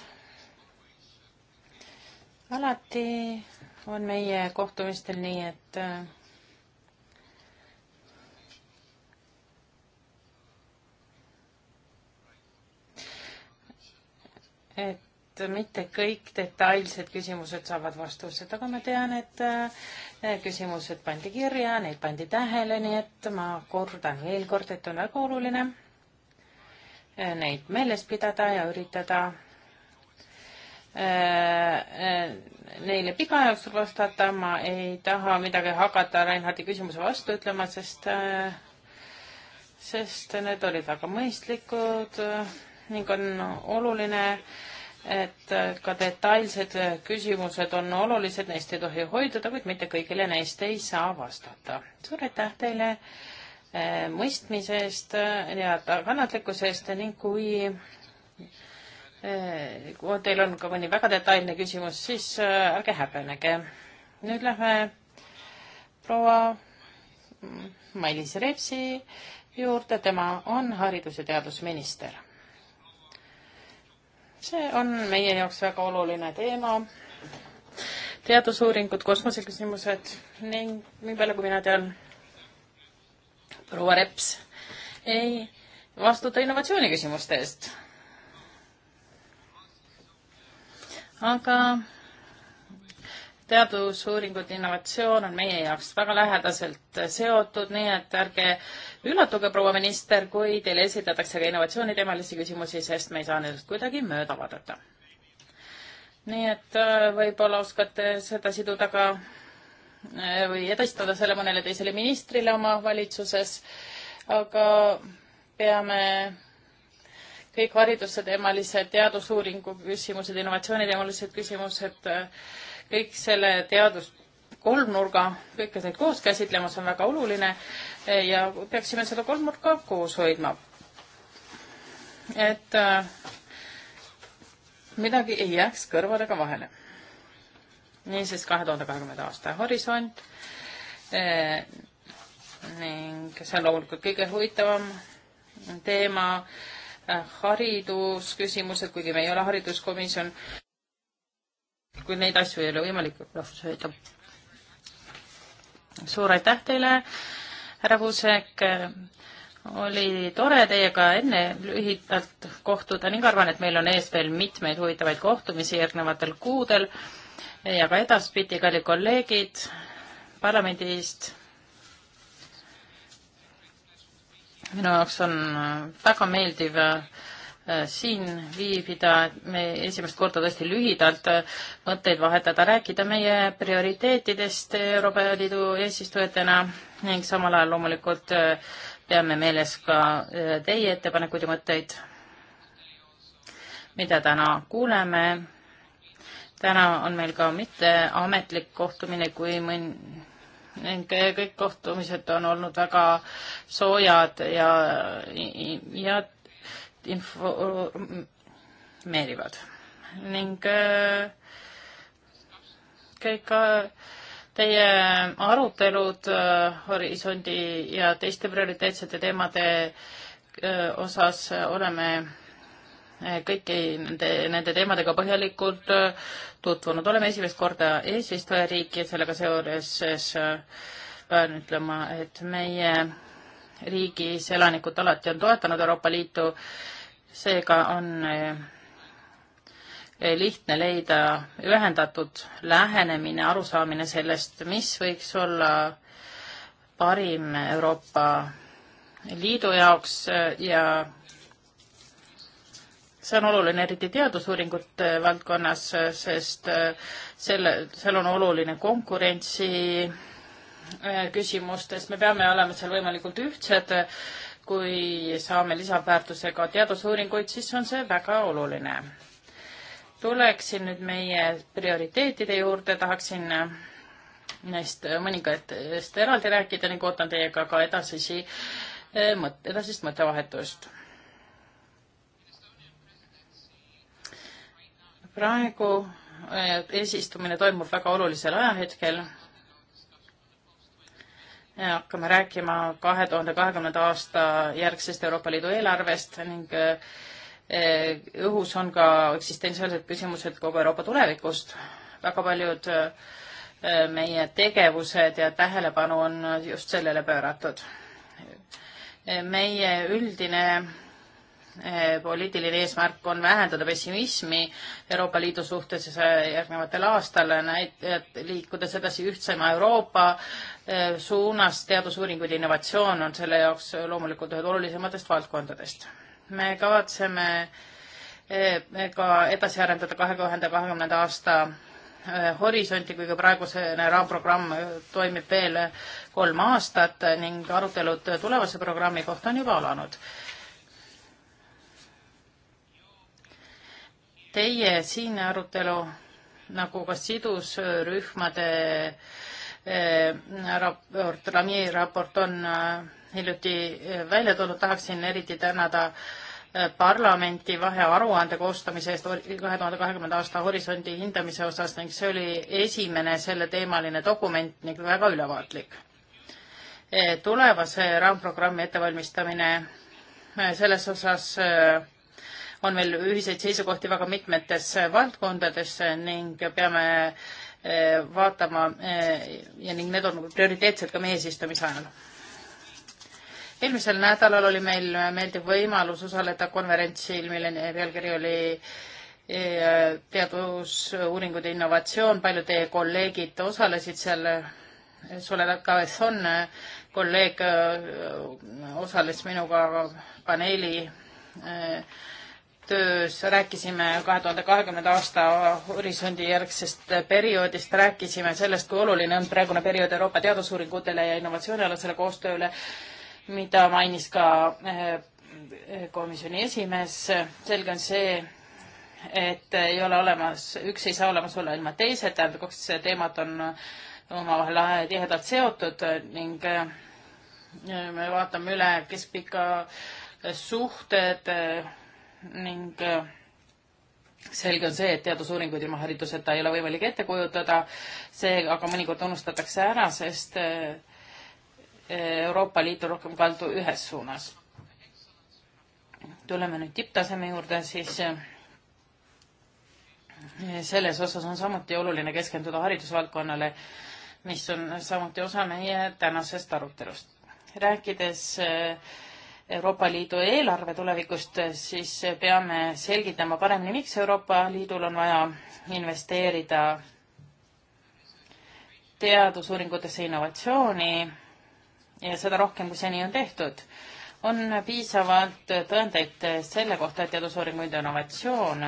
alati on meie kohtumistel nii, et et mitte kõik detailsed küsimused saavad vastused, aga ma tean, et eh, küsimused pandi kirja, neid pandi tähele, nii et ma kordan veel kord, et on väga oluline eh, neid meeles pidada ja üritada Äh, äh, neile pika aja jooksul vastata, ma ei taha midagi hakata Reinhardi küsimuse vastu ütlema, sest, äh, sest need olid väga mõistlikud ning on oluline, et ka detailsed küsimused on olulised, neist ei tohi hoiduda, kuid mitte kõigile neist ei saa vastata. suur aitäh teile mõistmise eest ja kannatlikkuse eest ning kui Eh, kui teil on ka mõni väga detailne küsimus, siis eh, ärge häbenege. nüüd lähme proua Mailis Repsi juurde, tema on haridus- ja teadusminister. see on meie jaoks väga oluline teema, teadusuuringud, kosmoseküsimused ning nii palju, kui mina tean, proua Reps ei vastuta innovatsiooni küsimuste eest aga teadusuuringud, innovatsioon on meie jaoks väga lähedaselt seotud, nii et ärge üllatuge, proua minister, kui teile esitatakse ka innovatsiooniteemalisi küsimusi, sest me ei saa nendest kuidagi mööda vaadata. nii et äh, võib-olla oskate seda siduda ka äh, või edastada selle mõnele teisele ministrile oma valitsuses, aga peame kõik hariduseteemalised teadusuuringu küsimused, innovatsiooniteemalised küsimused, kõik selle teadus, kolmnurga, kõike neid koos käsitlema, see on väga oluline ja peaksime seda kolmnurka koos hoidma. et äh, midagi ei jääks kõrvadega vahele. niisiis kahe tuhande kahekümnenda aasta horisont äh, ning see on loomulikult kõige huvitavam teema Äh, haridusküsimused, kuigi me ei ole hariduskomisjon, kuid neid asju ei ole võimalik rahvus hoida. suur aitäh teile, härra Puusek, oli tore teiega enne lühidalt kohtuda ning arvan, et meil on ees veel mitmeid huvitavaid kohtumisi järgnevatel kuudel ja ka edaspidi, kallid kolleegid parlamendist minu jaoks on äh, väga meeldiv äh, siin viibida, et me esimest korda tõesti lühidalt äh, mõtteid vahetada, rääkida meie prioriteetidest Euroopa Liidu eesistujatena ning samal ajal loomulikult peame meeles ka teie ettepanekuid ja mõtteid, mida täna kuuleme. täna on meil ka mitteametlik kohtumine, kui mõn-, ning kõik kohtumised on olnud väga soojad ja, ja informeerivad ning äh, kõik teie arutelud äh, horisondi ja teiste prioriteetsete teemade äh, osas oleme kõiki nende, nende teemadega põhjalikult äh, tutvunud. oleme esimest korda eesistujariik ja sellega seoses äh, pean ütlema, et meie riigis elanikud alati on toetanud Euroopa Liitu, seega on äh, lihtne leida ühendatud lähenemine, arusaamine sellest, mis võiks olla parim Euroopa Liidu jaoks ja see on oluline eriti teadusuuringute valdkonnas, sest äh, selle, seal on oluline konkurentsi äh, küsimustes, me peame olema seal võimalikult ühtsed, kui saame lisaväärtusega teadusuuringuid, siis on see väga oluline. tuleksin nüüd meie prioriteetide juurde, tahaksin neist mõningatest eraldi rääkida ning ootan teiega ka edasisi äh, mõt-, edasist mõttevahetust praegu eesistumine toimub väga olulisel ajahetkel. hakkame rääkima kahe tuhande kahekümnenda aasta järgsest Euroopa Liidu eelarvest ning eh, õhus on ka eksistentsiaalsed küsimused kogu Euroopa tulevikust. väga paljud eh, meie tegevused ja tähelepanu on just sellele pööratud. meie üldine Eh, poliitiline eesmärk on vähendada pessimismi Euroopa Liidu suhtes järgnevatel aastal, näit-, liikudes edasi ühtsema Euroopa eh, suunas, teadusuuringud ja innovatsioon on selle jaoks loomulikult ühed olulisematest valdkondadest. me kavatseme eh, ka edasi arendada kahe tuhande kahekümnenda aasta horisonti, kuigi praegusene raamprogramm toimib veel kolm aastat ning arutelud tulevase programmi kohta on juba alanud. Teie siinne arutelu nagu ka sidusrühmade eh, raport, Rami raport on eh, hiljuti eh, välja tulnud, tahaksin eriti tänada parlamenti vahearuande koostamise eest kahe tuhande kahekümnenda aasta horisondi hindamise osas ning see oli esimene selleteemaline dokument ning väga ülevaatlik. tulevase raamprogrammi ettevalmistamine selles osas on meil ühiseid seisukohti väga mitmetes valdkondades ning peame eh, vaatama eh, ja ning need on prioriteetsed ka meie eesistumise ajal. eelmisel nädalal oli meil meeldiv võimalus osaleda konverentsil, mille pealkiri oli eh, teadusuuringud ja innovatsioon, paljud teie kolleegid osalesid seal, Soledad Kaveson, kolleeg osales minuga paneeli töös rääkisime kahe tuhande kahekümnenda aasta horisondi järgsest perioodist, rääkisime sellest, kui oluline on praegune periood Euroopa teadusuuringutele ja innovatsioonialasele koostööle, mida mainis ka eh, komisjoni esimees. selge on see, et ei ole olemas, üks ei saa olemas olla ilma teiseta, tähendab, kaks teemat on omavahel tihedalt seotud ning eh, me vaatame üle keskpika suhted eh, ning äh, selge on see, et teadusuuringuid ilma hariduseta ei ole võimalik ette kujutada, see aga mõnikord unustatakse ära, sest äh, äh, Euroopa Liit on rohkem kaldu ühes suunas. tuleme nüüd tipptaseme juurde, siis selles osas on samuti oluline keskenduda haridusvaldkonnale, mis on samuti osa meie tänasest arutelust. rääkides äh, Euroopa Liidu eelarve tulevikust, siis peame selgitama paremini, miks Euroopa Liidul on vaja investeerida teadusuuringutesse innovatsiooni ja seda rohkem, kui seni on tehtud. on piisavalt tõendeid selle kohta, et teadusuuringuid ja innovatsioon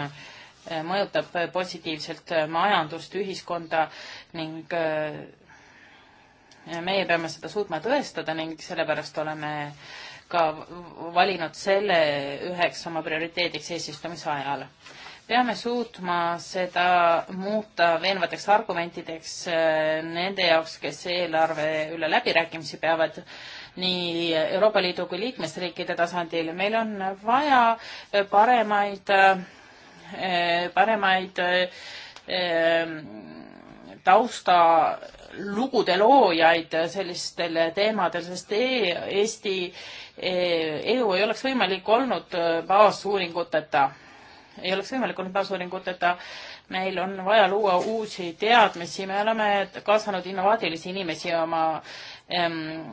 mõjutab positiivselt majandust, ühiskonda ning äh, meie peame seda suutma tõestada ning sellepärast oleme ka valinud selle üheks oma prioriteediks eesistumise ajal. peame suutma seda muuta veenvateks argumentideks äh, nende jaoks, kes eelarve üle läbirääkimisi peavad nii Euroopa Liidu kui liikmesriikide tasandil. meil on vaja paremaid, äh, paremaid äh, tausta lugude loojaid sellistel teemadel, sest e Eesti edu eh, ei oleks võimalik olnud äh, baasuuringuteta, ei oleks võimalik olnud baasuuringuteta. meil on vaja luua uusi teadmisi, me oleme kaasanud innovaatilisi inimesi oma ähm,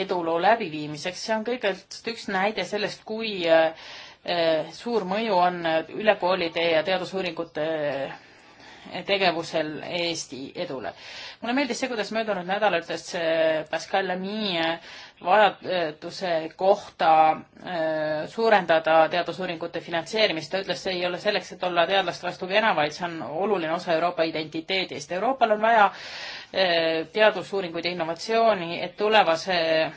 eduloo läbiviimiseks, see on kõigepealt üks näide sellest, kui äh, äh suur mõju on ülekoolide ja teadusuuringute äh, tegevusel Eesti edule. mulle meeldis see, kuidas möödunud nädalal ütles Pascal Lamy vajaduse kohta äh, suurendada teadusuuringute finantseerimist. ta ütles, see ei ole selleks, et olla teadlaste vastu kena, vaid see on oluline osa Euroopa identiteedist. Euroopal on vaja äh, teadusuuringuid ja innovatsiooni, et tulevase äh,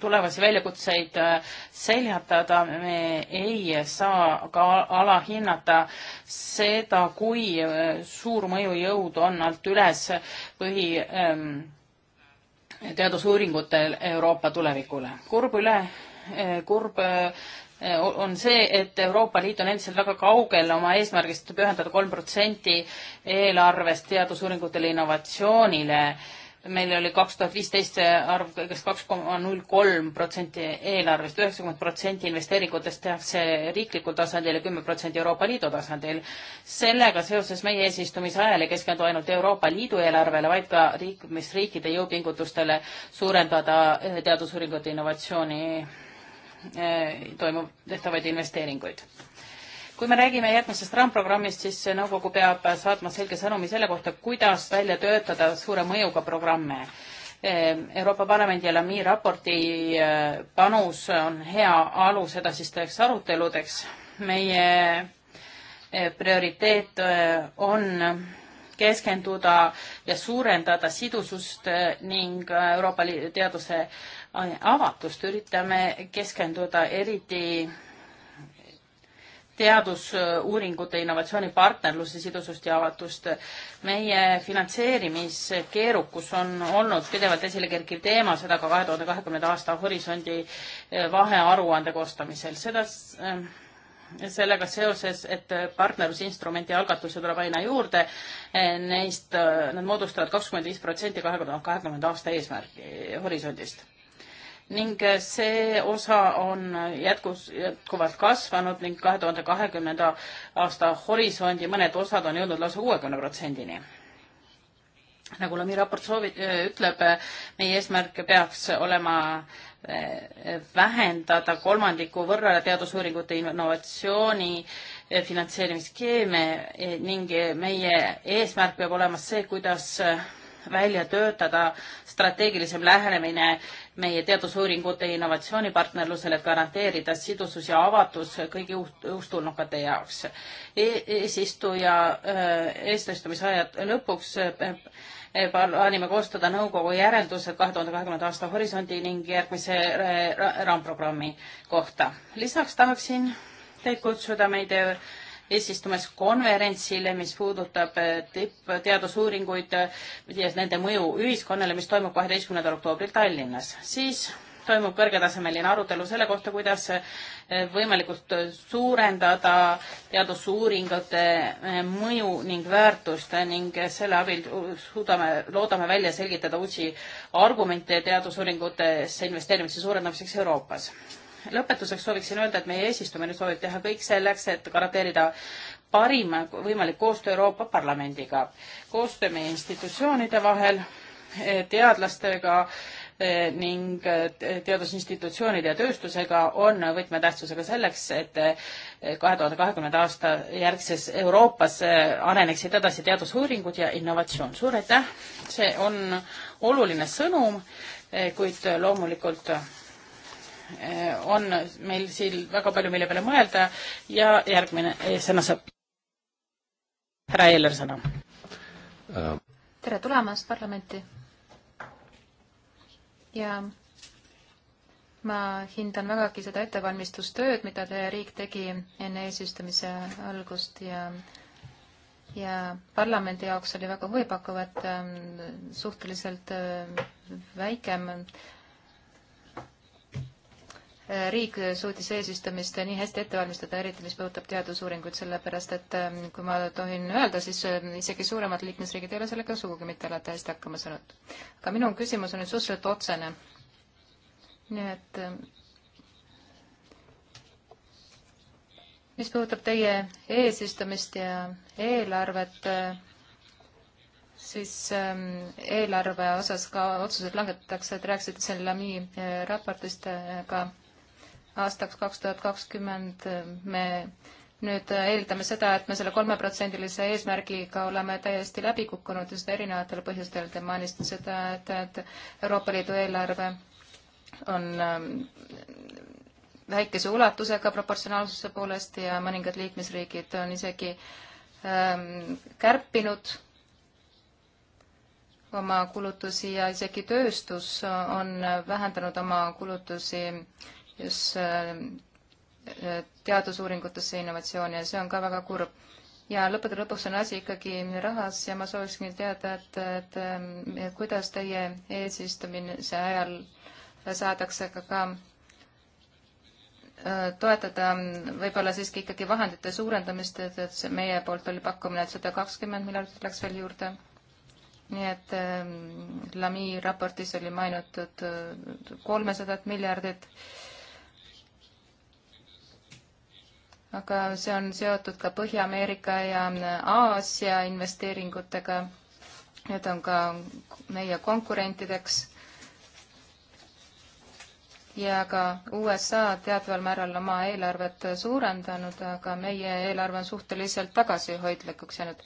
tulevasi väljakutseid seljatada, me ei saa ka alahinnata seda, kui suur mõjujõud on alt üles põhi ähm, teadusuuringutel Euroopa tulevikule. kurb üle, eh, kurb eh, on see, et Euroopa Liit on endiselt väga kaugel oma eesmärgist pühendada kolm protsenti eelarvest teadusuuringutele, innovatsioonile meil oli kaks tuhat viisteist see arv kõigest kaks koma null kolm protsenti eelarvest, üheksakümmend protsenti investeeringutest tehakse riiklikul tasandil ja kümme protsenti Euroopa Liidu tasandil. sellega seoses meie eesistumise ajal ei keskendu ainult Euroopa Liidu eelarvele, vaid ka liikmesriikide jõupingutustele suurendada eh, teadusuuringute innovatsiooni eh, toimub, tehtavaid investeeringuid kui me räägime järgmisest raamprogrammist, siis nõukogu peab saatma selge sõnumi selle kohta, kuidas välja töötada suure mõjuga programme. Ehm, Euroopa Parlamendi ja LAMI raporti ehm, panus on hea alus edasisteks aruteludeks. meie ehm, prioriteet on keskenduda ja suurendada sidusust ning Euroopa Liidu teaduse avatust. üritame keskenduda eriti teadusuuringute innovatsioonipartnerlusi, sidusust ja avatust. meie finantseerimiskeerukus on olnud pidevalt esile kerkiv teema, seda ka kahe tuhande kahekümnenda aasta horisondi eh, vahearuande koostamisel. seda eh, sellega seoses, et partnerlusinstrumenti algatusi tuleb aina juurde, eh, neist, nad moodustavad kakskümmend viis protsenti kahekümne, kahekümnenda aasta eesmärgi horisondist ning see osa on jätkus, jätkuvalt kasvanud ning kahe tuhande kahekümnenda aasta horisondi mõned osad on jõudnud lausa kuuekümne protsendini. nagu Lami raport soovi-, ütleb, meie eesmärk peaks olema eh, vähendada kolmandiku võrra teadusuuringute innovatsiooni eh, finantseerimisskeeme eh, ning meie eesmärk peab olema see, kuidas välja töötada strateegilisem lähenemine äh, meie teadusuuringute ja innovatsioonipartnerlusele, et garanteerida sidusus ja avatus kõigi uustulnukate jaoks e. eesistuja äh, eesistumise aja lõpuks äh, plaanime koostada nõukogu järeldused kahe tuhande kahekümnenda aasta horisondi ning järgmise äh, raamprogrammi kohta. lisaks tahaksin teid kutsuda meid eesistumiskonverentsile, mis puudutab eh, tippteadusuuringuid ja nende mõju ühiskonnale, mis toimub kaheteistkümnendal oktoobril Tallinnas. siis toimub kõrgetasemeline arutelu selle kohta, kuidas eh, võimalikult suurendada teadusuuringute eh, mõju ning väärtust ning selle abil suudame, loodame välja selgitada uusi argumente teadusuuringutesse investeerimise suurendamiseks Euroopas lõpetuseks sooviksin öelda, et meie eesistumine soovib teha kõik selleks, et garanteerida parima võimalik koostöö Euroopa Parlamendiga, koostöö meie institutsioonide vahel, eh, teadlastega eh, ning eh, teadusinstitutsioonide ja tööstusega on võtmetähtsusega selleks, et kahe tuhande kahekümnenda aasta järgses Euroopas areneksid edasi teadusuuringud ja innovatsioon. suur aitäh, see on oluline sõnum, kuid loomulikult Eh, on meil siin väga palju, mille peale mõelda ja järgmine eh, sõna saab härra Eeler sõna. tere tulemast parlamenti. ja ma hindan vägagi seda ettevalmistustööd, mida teie riik tegi enne eesistumise algust ja ja parlamendi jaoks oli väga huvipakkuv, et ähm, suhteliselt äh, väikem riik suutis eesistumist nii hästi ette valmistada, eriti mis puudutab teadusuuringuid, sellepärast et ähm, kui ma tohin öelda, siis ähm, isegi suuremad liikmesriigid ei ole sellega sugugi mitte alati hästi hakkama saanud. aga minu küsimus on nüüd suhteliselt otsene. nii et ähm, mis puudutab teie eesistumist ja eelarvet, äh, siis eelarve osas ka otsused langetatakse, te rääkisite selle Lami äh, raportist, aga äh, aastaks kaks tuhat kakskümmend äh, me nüüd äh, eeldame seda, et me selle kolmeprotsendilise eesmärgiga oleme täiesti läbi kukkunud ja seda erinevatel põhjustel. Te mainisite seda, et, et Euroopa Liidu eelarve on ähm, väikese ulatusega proportsionaalsuse poolest ja mõningad liikmesriigid on isegi ähm, kärpinud oma kulutusi ja isegi tööstus on vähendanud oma kulutusi äh, just äh, äh, teadusuuringutesse innovatsiooni ja see on ka väga kurb. ja lõppude lõpuks on asi ikkagi rahas ja ma sooviksingi teada, et, et, et äh, kuidas teie eesistumise ajal saadakse ka, ka toetada võib-olla siiski ikkagi vahendite suurendamist, et, et see meie poolt oli pakkumine, et sada kakskümmend miljardit läks veel juurde. nii et ähm, Lami raportis oli mainitud kolmesadat miljardit äh, aga see on seotud ka Põhja-Ameerika ja Aasia investeeringutega. Need on ka meie konkurentideks. ja ka USA teadval määral oma eelarvet suurendanud, aga meie eelarve on suhteliselt tagasihoidlikuks jäänud.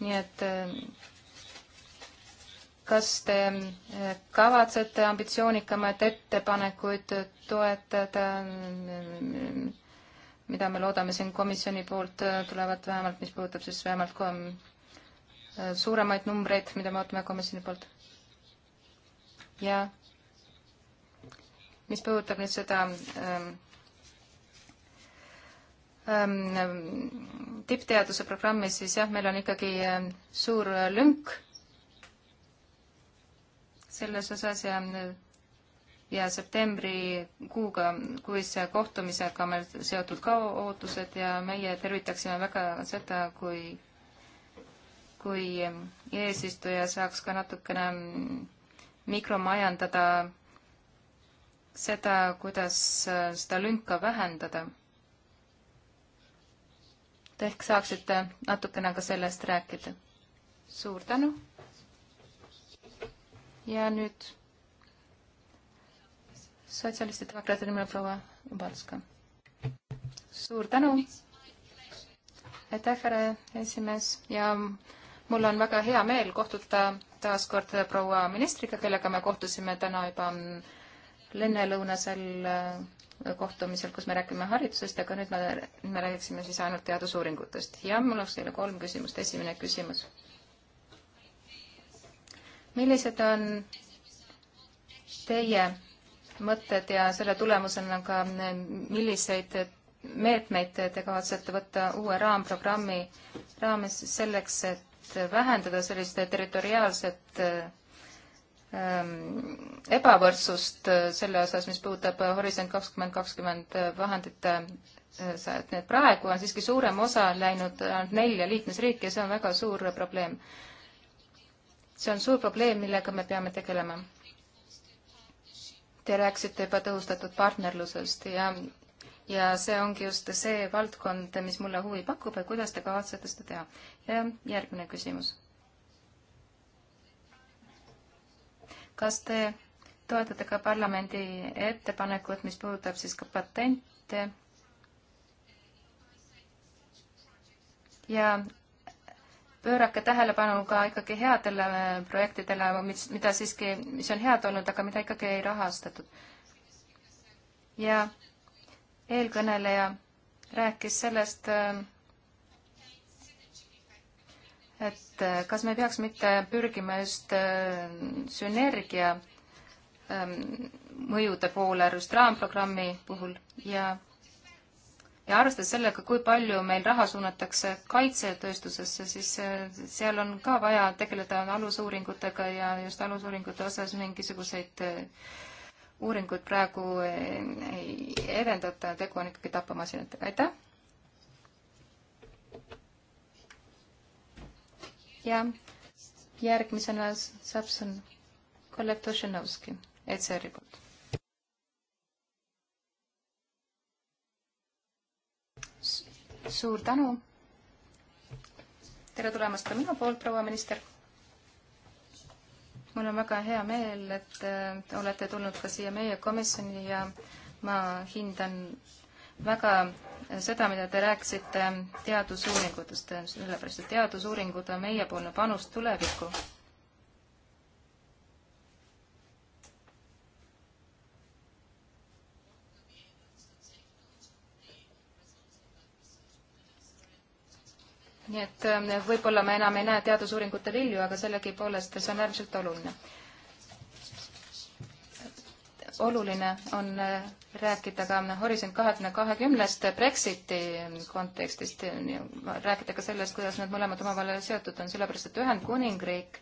nii et kas te kavatsete ambitsioonikamaid ettepanekuid toetada? mida me loodame siin komisjoni poolt äh, tulevat vähemalt, mis puudutab siis vähemalt kom-, äh, suuremaid numbreid, mida me ootame komisjoni poolt. ja mis puudutab nüüd seda ähm, ähm, tippteaduse programmi, siis jah, meil on ikkagi ähm, suur lünk selles osas ja äh, ja septembrikuuga, kuise kohtumisega meil seotud ka ootused ja meie tervitaksime väga seda, kui, kui eesistuja saaks ka natukene mikromajandada seda, kuidas seda lünka vähendada. Te ehk saaksite natukene ka sellest rääkida. suur tänu. ja nüüd sotsialistide demokraatide nimel proua Balska. suur tänu. aitäh, härra esimees ja mul on väga hea meel kohtuda taas kord proua ministriga, kellega me kohtusime täna juba lennelõunasel äh, kohtumisel, kus me räägime haridusest, aga nüüd me, me räägiksime siis ainult teadusuuringutest. ja mul oleks teile kolm küsimust. esimene küsimus. millised on teie mõtted ja selle tulemusena ka, milliseid meetmeid te kavatsete võtta uue raamprogrammi raames selleks, et vähendada sellist territoriaalset ähm, ebavõrdsust selle osas, mis puudutab Horisont kakskümmend kakskümmend vahendite äh, et need praegu on siiski suurem osa läinud ainult nelja liikmesriiki ja see on väga suur probleem. see on suur probleem, millega me peame tegelema Te rääkisite juba tõhustatud partnerlusest ja, ja see ongi just see valdkond, mis mulle huvi pakub ja kuidas te kavatsete seda teha. ja järgmine küsimus. kas te toetate ka parlamendi ettepanekut, mis puudutab siis ka patente ja pöörake tähelepanu ka ikkagi headele äh, projektidele, mis, mida siiski, mis on head olnud, aga mida ikkagi ei rahastatud. ja eelkõneleja rääkis sellest, äh, et äh, kas me peaks mitte pürgima just sünergia ähm, mõjude poole just raamprogrammi puhul ja ja arvestades sellega, kui palju meil raha suunatakse kaitsetööstusesse, siis eh, seal on ka vaja tegeleda alusuuringutega ja just alusuuringute osas mingisuguseid eh, uuringuid praegu eh, ei edendata, tegu on ikkagi tapamasinatega, aitäh! ja järgmisena saab sõna kolleeg Tošenovski ECR-i poolt. suur tänu. tere tulemast ka minu poolt, proua minister. mul on väga hea meel, et äh, olete tulnud ka siia meie komisjoni ja ma hindan väga seda, mida te rääkisite teadusuuringutest, sellepärast et teadusuuringud on meiepoolne panus tulevikku nii et ähm, võib-olla me enam ei näe teadusuuringute vilju, aga sellegipoolest see on äärmiselt oluline. oluline on äh, rääkida ka ähm, Horisont kahekümne kahekümnest äh, Brexiti ähm, kontekstist, rääkida ka sellest, kuidas need mõlemad omavahel seotud on, sellepärast et Ühendkuningriik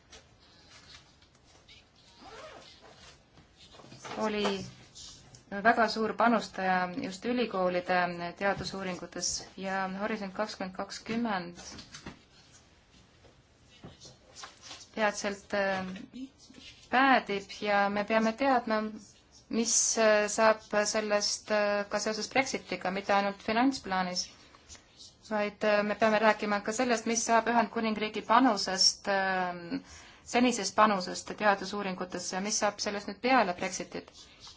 oli väga suur panustaja just ülikoolide teadusuuringutes ja Horisont kakskümmend kakskümmend peatselt äh, päädib ja me peame teadma, mis äh, saab sellest äh, ka seoses Brexitiga, mitte ainult finantsplaanis, vaid me peame rääkima ka sellest, mis saab Ühendkuningriigi panusest äh, senisest panusest teadusuuringutesse ja mis saab sellest nüüd peale Brexitit?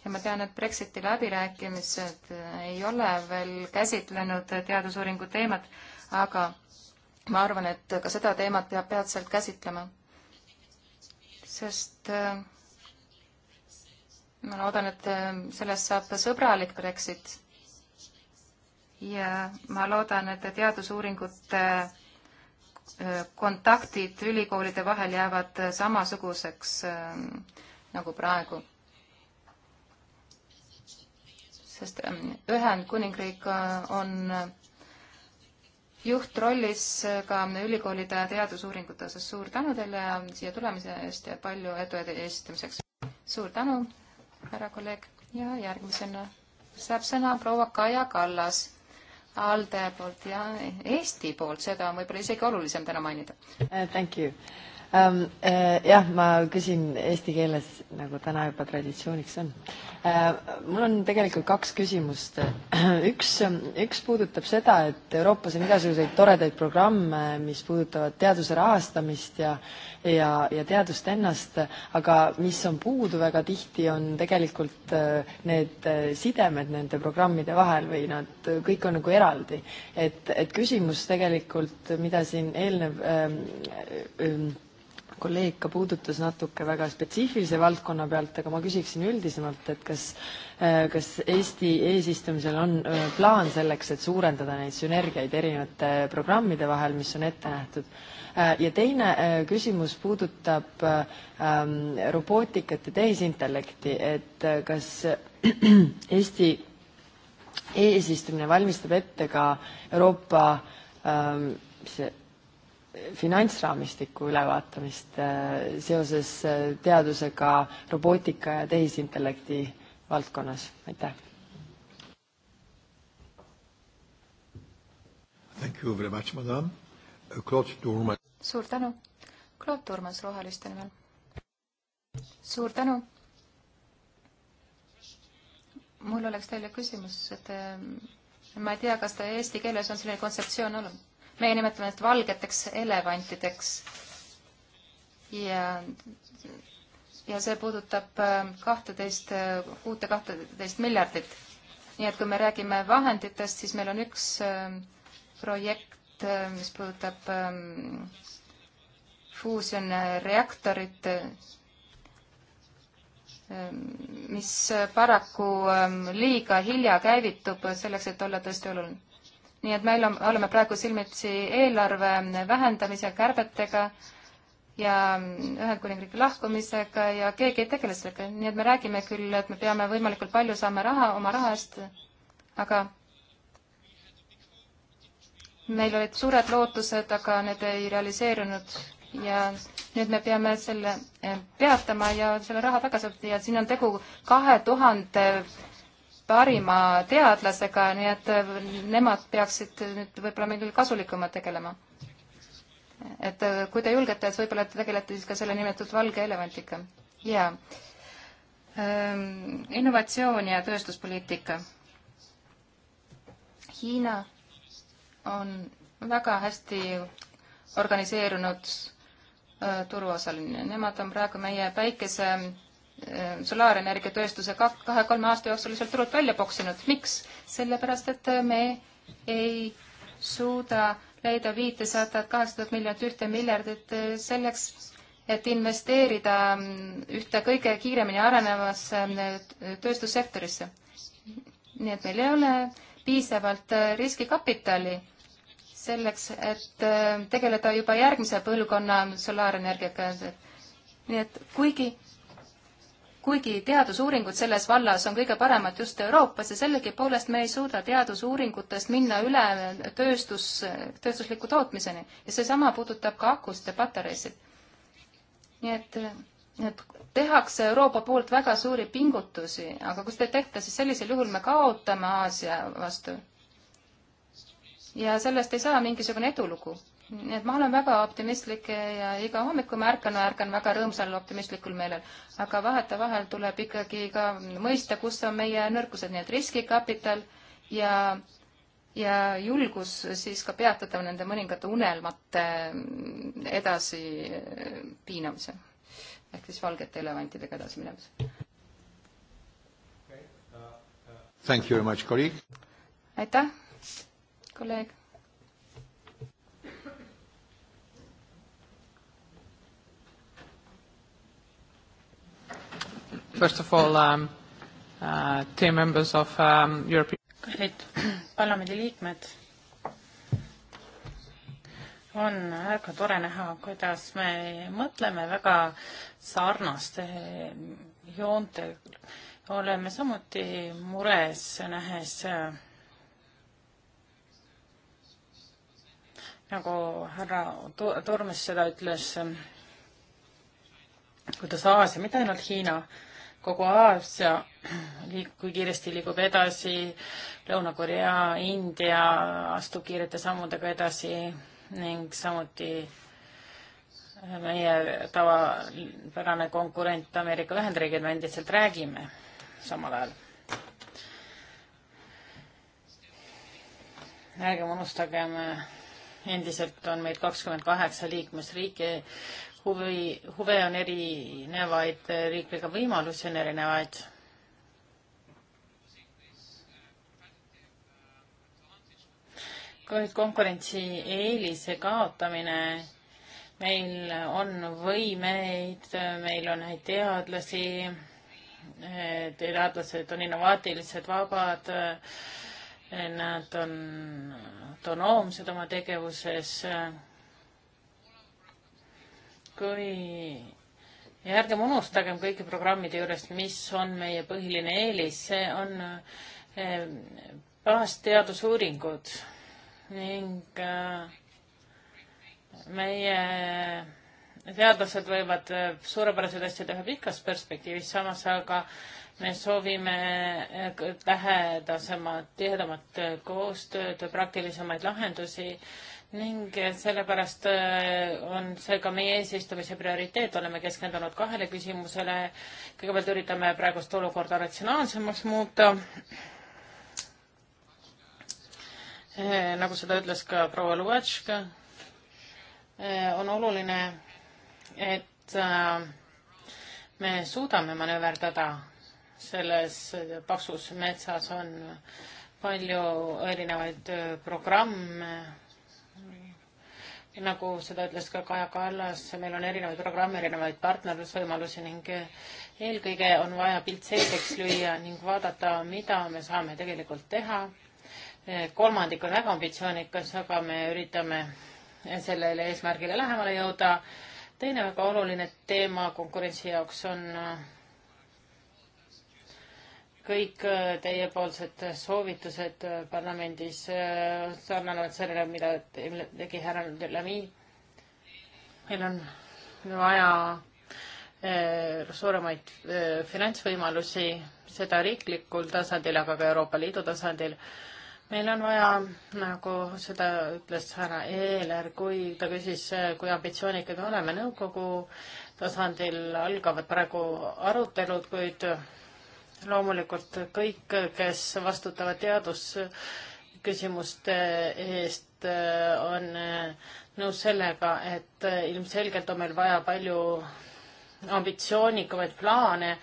ja ma tean, et Brexiti läbirääkimised ei ole veel käsitlenud teadusuuringu teemat, aga ma arvan, et ka seda teemat peab peatselt käsitlema. sest äh, ma loodan, et äh, sellest saab sõbralik Brexit. ja ma loodan, et teadusuuringute kontaktid ülikoolide vahel jäävad samasuguseks ähm, nagu praegu. sest ähm, Ühendkuningriik äh, on äh, juhtrollis äh, ka ülikoolide teadusuuringute osas. suur tänu teile siia tulemise eest ja palju edu esitamiseks. suur tänu, härra kolleeg ja järgmisena saab sõna proua Kaja Kallas ALDE poolt ja Eesti poolt, seda on võib-olla isegi olulisem täna mainida uh,. Thank you ähm,. Äh, jah, ma küsin eesti keeles, nagu täna juba traditsiooniks on äh,. mul on tegelikult kaks küsimust. üks, üks puudutab seda, et Euroopas on igasuguseid toredaid programme, mis puudutavad teaduse rahastamist ja ja, ja teadust ennast, aga mis on puudu väga tihti, on tegelikult äh, need äh, sidemed nende programmide vahel või nad äh, kõik on nagu eraldi. et, et küsimus tegelikult, mida siin eelnev ähm, ähm, kolleeg ka puudutas natuke väga spetsiifilise valdkonna pealt, aga ma küsiksin üldisemalt, et kas, äh, kas Eesti eesistumisel on äh, plaan selleks, et suurendada neid sünergiaid erinevate programmide vahel, mis on ette nähtud? Äh, ja teine küsimus puudutab ähm, robootikat ja tehisintellekti, et kas Eesti eesistumine valmistab ette ka Euroopa ähm, mis see finantsraamistiku ülevaatamist äh, seoses äh, teadusega robootika ja tehisintellekti valdkonnas, aitäh! Uh, suur tänu, Claude Turmas Roheliste nimel. suur tänu! mul oleks teile küsimus, et äh, ma ei tea, kas ta eesti keeles on selline kontseptsioon olnud meie nimetame neid valgeteks elevantideks. ja, ja see puudutab äh, kahteteist, kuute äh, kahteteist miljardit. nii et kui me räägime vahenditest, siis meil on üks ähm, projekt, äh, mis puudutab ähm, fuusionreaktorit, ähm, mis paraku liiga hilja käivitub selleks, et olla tõesti oluline nii et meil on, oleme praegu silmitsi eelarve vähendamise kärbetega ja Ühendkuningriigi lahkumisega ja keegi ei tegele sellega, nii et me räägime küll, et me peame võimalikult palju saama raha oma raha eest, aga meil olid suured lootused, aga need ei realiseerunud ja nüüd me peame selle eh, peatama ja selle raha tagasi võtma ja siin on tegu kahe tuhande parima teadlasega, nii et nemad peaksid nüüd võib-olla mingi kasulikumat tegelema. et äh, kui te julgete, et võib-olla te tegelete siis ka selle nimetatud valge elevandiga. jaa. Ähm, innovatsioon ja tööstuspoliitika. Hiina on väga hästi organiseerunud äh, turuosaline, nemad on praegu meie päikese Äh, solaarenergiatööstuse kahe-kolme aasta jooksul sealt turult välja poksinud. miks? sellepärast, et me ei suuda leida viitesadat, kaheksasadat miljonit, ühte miljardit äh, selleks, et investeerida mm, ühte kõige kiiremini arenevasse mm, tööstussektorisse. nii et meil ei ole piisavalt äh, riskikapitali selleks, et tegeleda juba järgmise põlvkonna solaarenergiaga. nii et kuigi kuigi teadusuuringud selles vallas on kõige paremad just Euroopas ja sellegipoolest me ei suuda teadusuuringutest minna üle tööstus, tööstusliku tootmiseni. ja seesama puudutab ka akust ja patareisid. nii et, et tehakse Euroopa poolt väga suuri pingutusi, aga kui seda te ei tehta, siis sellisel juhul me kaotame Aasia vastu. ja sellest ei saa mingisugune edulugu nii et ma olen väga optimistlik ja iga hommiku ma ärkan, ärkan väga rõõmsal optimistlikul meelel. aga vahetevahel tuleb ikkagi ka mõista, kus on meie nõrkused, nii et riskikapital ja, ja julgus siis ka peatada nende mõningate unelmate edasi piinamise. ehk siis valgete elevantidega edasi minemise. aitäh, kolleeg first of all um, uh, dear members of um, European kallid parlamendi liikmed, on väga tore näha, kuidas me mõtleme väga sarnaste joonte. oleme samuti mures, nähes nagu härra Turmes seda ütles, kuidas Aasia, mitte ainult Hiina, kogu Aasia, kui kiiresti liigub edasi, Lõuna-Korea, India astub kiirete sammudega edasi ning samuti meie tavapärane konkurent Ameerika Ühendriigid, me endiselt räägime samal ajal. ärgem unustagem, endiselt on meid kakskümmend kaheksa liikmesriiki, huvi, huve on erinevaid, riiklikke võimalusi on erinevaid. kuid konkurentsieelise kaotamine meil on võimeid, meil on häid teadlasi, teadlased on innovaatilised, vabad, nad on autonoomsed oma tegevuses kui ja ärgem unustagem kõigi programmide juures, mis on meie põhiline eelis, see on eh, baasteadusuuringud ning eh, meie teadlased võivad eh, suurepäraseid asju teha pikas perspektiivis, samas aga me soovime lähedasemat, tihedamat koostööd, praktilisemaid lahendusi ning sellepärast äh, on see ka meie eesistumise prioriteet, oleme keskendunud kahele küsimusele. kõigepealt üritame praegust olukorda ratsionaalsemaks muuta. Äh, nagu seda ütles ka proua Luvatška, äh, on oluline, et me suudame manööverdada selles paksus metsas on palju erinevaid programme nagu seda ütles ka Kaja Kallas, meil on erinevaid programme, erinevaid partnerlusvõimalusi ning eelkõige on vaja pilt selgeks lüüa ning vaadata, mida me saame tegelikult teha. kolmandik on väga ambitsioonikas, aga me üritame sellele eesmärgile lähemale jõuda. teine väga oluline teema konkurentsi jaoks on kõik äh, teiepoolsed soovitused äh, parlamendis äh, sarnanevad sellele, mida tegi härra Lami. meil on vaja suuremaid finantsvõimalusi, seda riiklikul tasandil, aga ka Euroopa Liidu tasandil. meil on vaja, nagu seda ütles härra Eeler, kui ta küsis, kui ambitsioonikad me oleme nõukogu tasandil, algavad praegu arutelud, kuid loomulikult kõik, kes vastutavad teadusküsimuste eest, on nõus sellega, et ilmselgelt on meil vaja palju ambitsioonikamaid plaane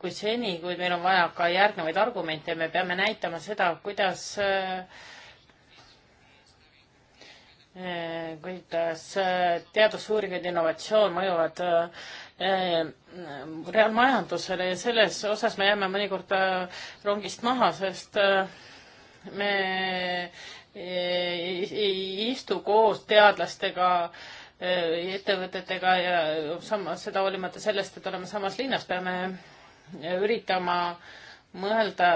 kui seni, kuid meil on vaja ka järgnevaid argumente ja me peame näitama seda, kuidas kuidas teadusuuringud ja innovatsioon mõjuvad Äh, reaalmajandusele ja selles osas me jääme mõnikord äh, rongist maha, sest äh, me ei istu koos teadlastega, ettevõtetega ja samas seda hoolimata sellest, et oleme samas linnas, peame üritama mõelda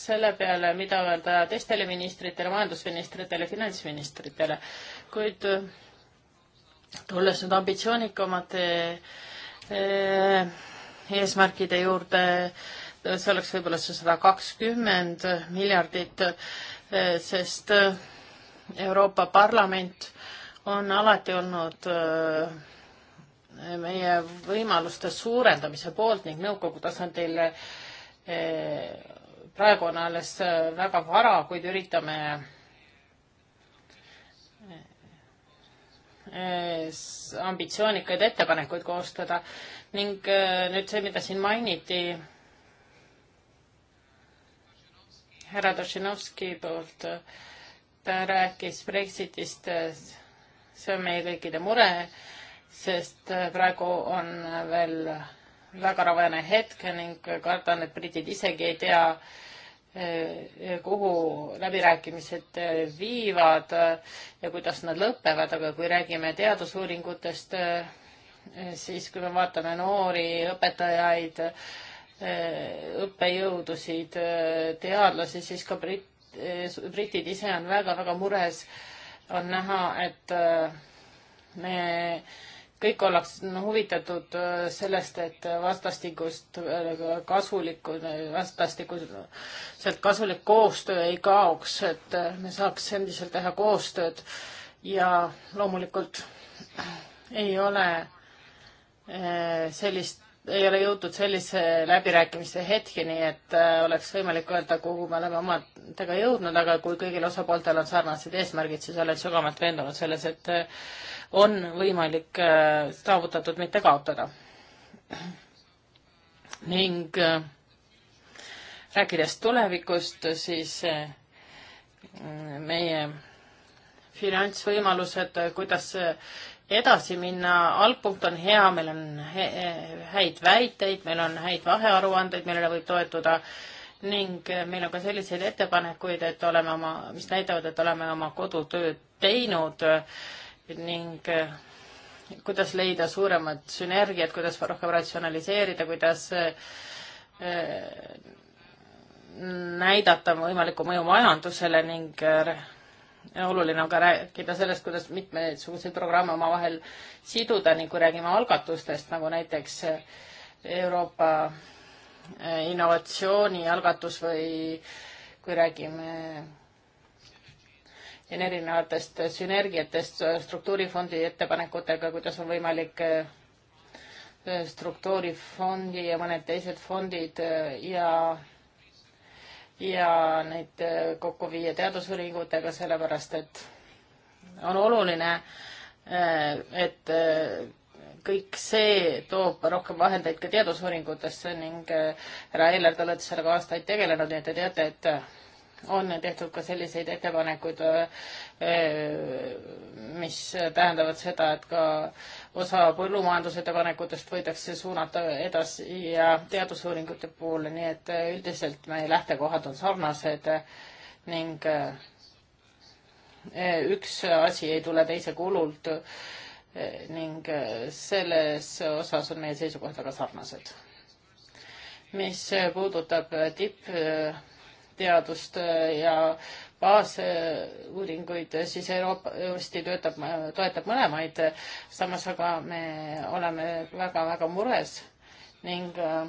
selle peale, mida öelda teistele ministritele, majandusministritele, finantsministritele, kuid tulles nüüd ambitsioonikamate Äh, eesmärkide juurde, see oleks võib-olla see sada kakskümmend miljardit, äh, sest äh, Euroopa Parlament on alati olnud meie võimaluste suurendamise poolt ning nõukogu tasandil praegu on alles väga vara, kuid üritame ambitsioonikaid ettepanekuid koostada ning äh, nüüd see, mida siin mainiti härra Došinovski poolt, ta rääkis Brexitist, see on meie kõikide mure, sest äh, praegu on veel väga ravene hetk ning kardan, et britid isegi ei tea, Eh, kuhu läbirääkimised eh, viivad eh, ja kuidas nad lõpevad, aga kui räägime teadusuuringutest, siis kui me vaatame noori õpetajaid, õppejõudusid, teadlasi, siis ka brit-, britid ise on väga-väga mures. on näha, et me kõik ollakse no, huvitatud äh, sellest, et vastastikust äh, kasulikku, vastastikuselt kasulik koostöö ei kaoks, et äh, me saaks endiselt teha koostööd ja loomulikult ei ole sellist ei ole jõutud sellise läbirääkimiste hetkeni, et äh, oleks võimalik öelda, kuhu me oleme omadega jõudnud, aga kui kõigil osapooltel on sarnased eesmärgid, siis olen sügavalt veendunud selles, et äh, on võimalik äh, saavutatud mitte kaotada. ning rääkides tulevikust, siis meie finantsvõimalused, kuidas edasi minna, algpunkt on hea, meil on häid väiteid, meil on häid vahearuandeid, millele võib toetuda ning meil on ka selliseid ettepanekuid, et oleme oma, mis näitavad, et oleme oma kodutööd teinud ning kuidas leida suuremat sünergiat, kuidas rohkem ratsionaliseerida, kuidas näidata võimalikku mõju majandusele ning oluline on ka rääkida sellest, kuidas mitmesuguseid programme omavahel siduda ning kui räägime algatustest, nagu näiteks Euroopa eh, innovatsioonialgatus või kui räägime erinevatest sünergiatest struktuurifondi ettepanekutega, kuidas on võimalik eh, struktuurifondi ja mõned teised fondid eh, ja ja neid äh, kokku viia teadusuuringutega, sellepärast et on oluline, äh, et äh, kõik see toob rohkem vahendeid ka teadusuuringutesse ning härra Eiler, te olete sellega aastaid tegelenud, nii et te teate, et on tehtud ka selliseid ettepanekuid, äh, äh, mis tähendavad seda, et ka osa põllumajandusettepanekutest võidakse suunata edasi ja teadusuuringute poole, nii et äh, üldiselt meie lähtekohad on sarnased ning üks asi ei tule teise kulult ning selles osas on meie seisukohad väga sarnased. mis puudutab tipp teadust äh, ja baasuuringuid, äh, siis Euroopa Eesti töötab, toetab mõlemaid. samas aga me oleme väga-väga mures ning äh,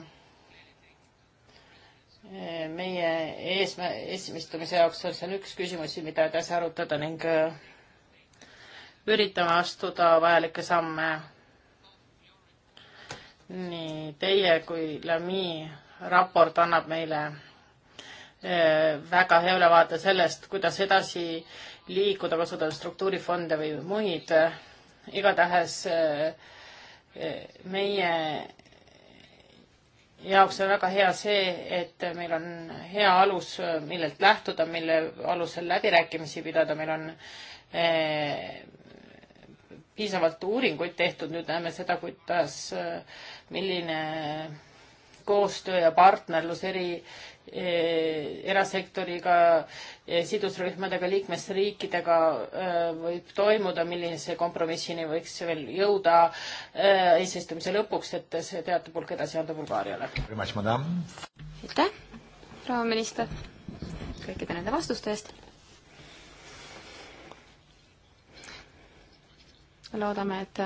meie eesmä-, esimestamise jaoks on seal üks küsimusi, mida edasi arutada ning üritame astuda vajalikke samme nii teie kui Lami raport annab meile Äh, väga hea ülevaade sellest, kuidas edasi liikuda, kasutades struktuurifonde või muid. igatahes äh, äh, meie jaoks on väga hea see, et meil on hea alus, millelt lähtuda, mille alusel läbirääkimisi pidada, meil on piisavalt uuringuid tehtud, nüüd näeme seda, kuidas, milline koostöö ja partnerlus eri eh, erasektoriga, eh, sidusrühmadega, liikmesriikidega eh, võib toimuda, millise kompromissini võiks veel jõuda eesistumise lõpuks, et see teatud hulk edasi anda Bulgaariale. aitäh, proua minister, kõikide nende vastuste eest. loodame, et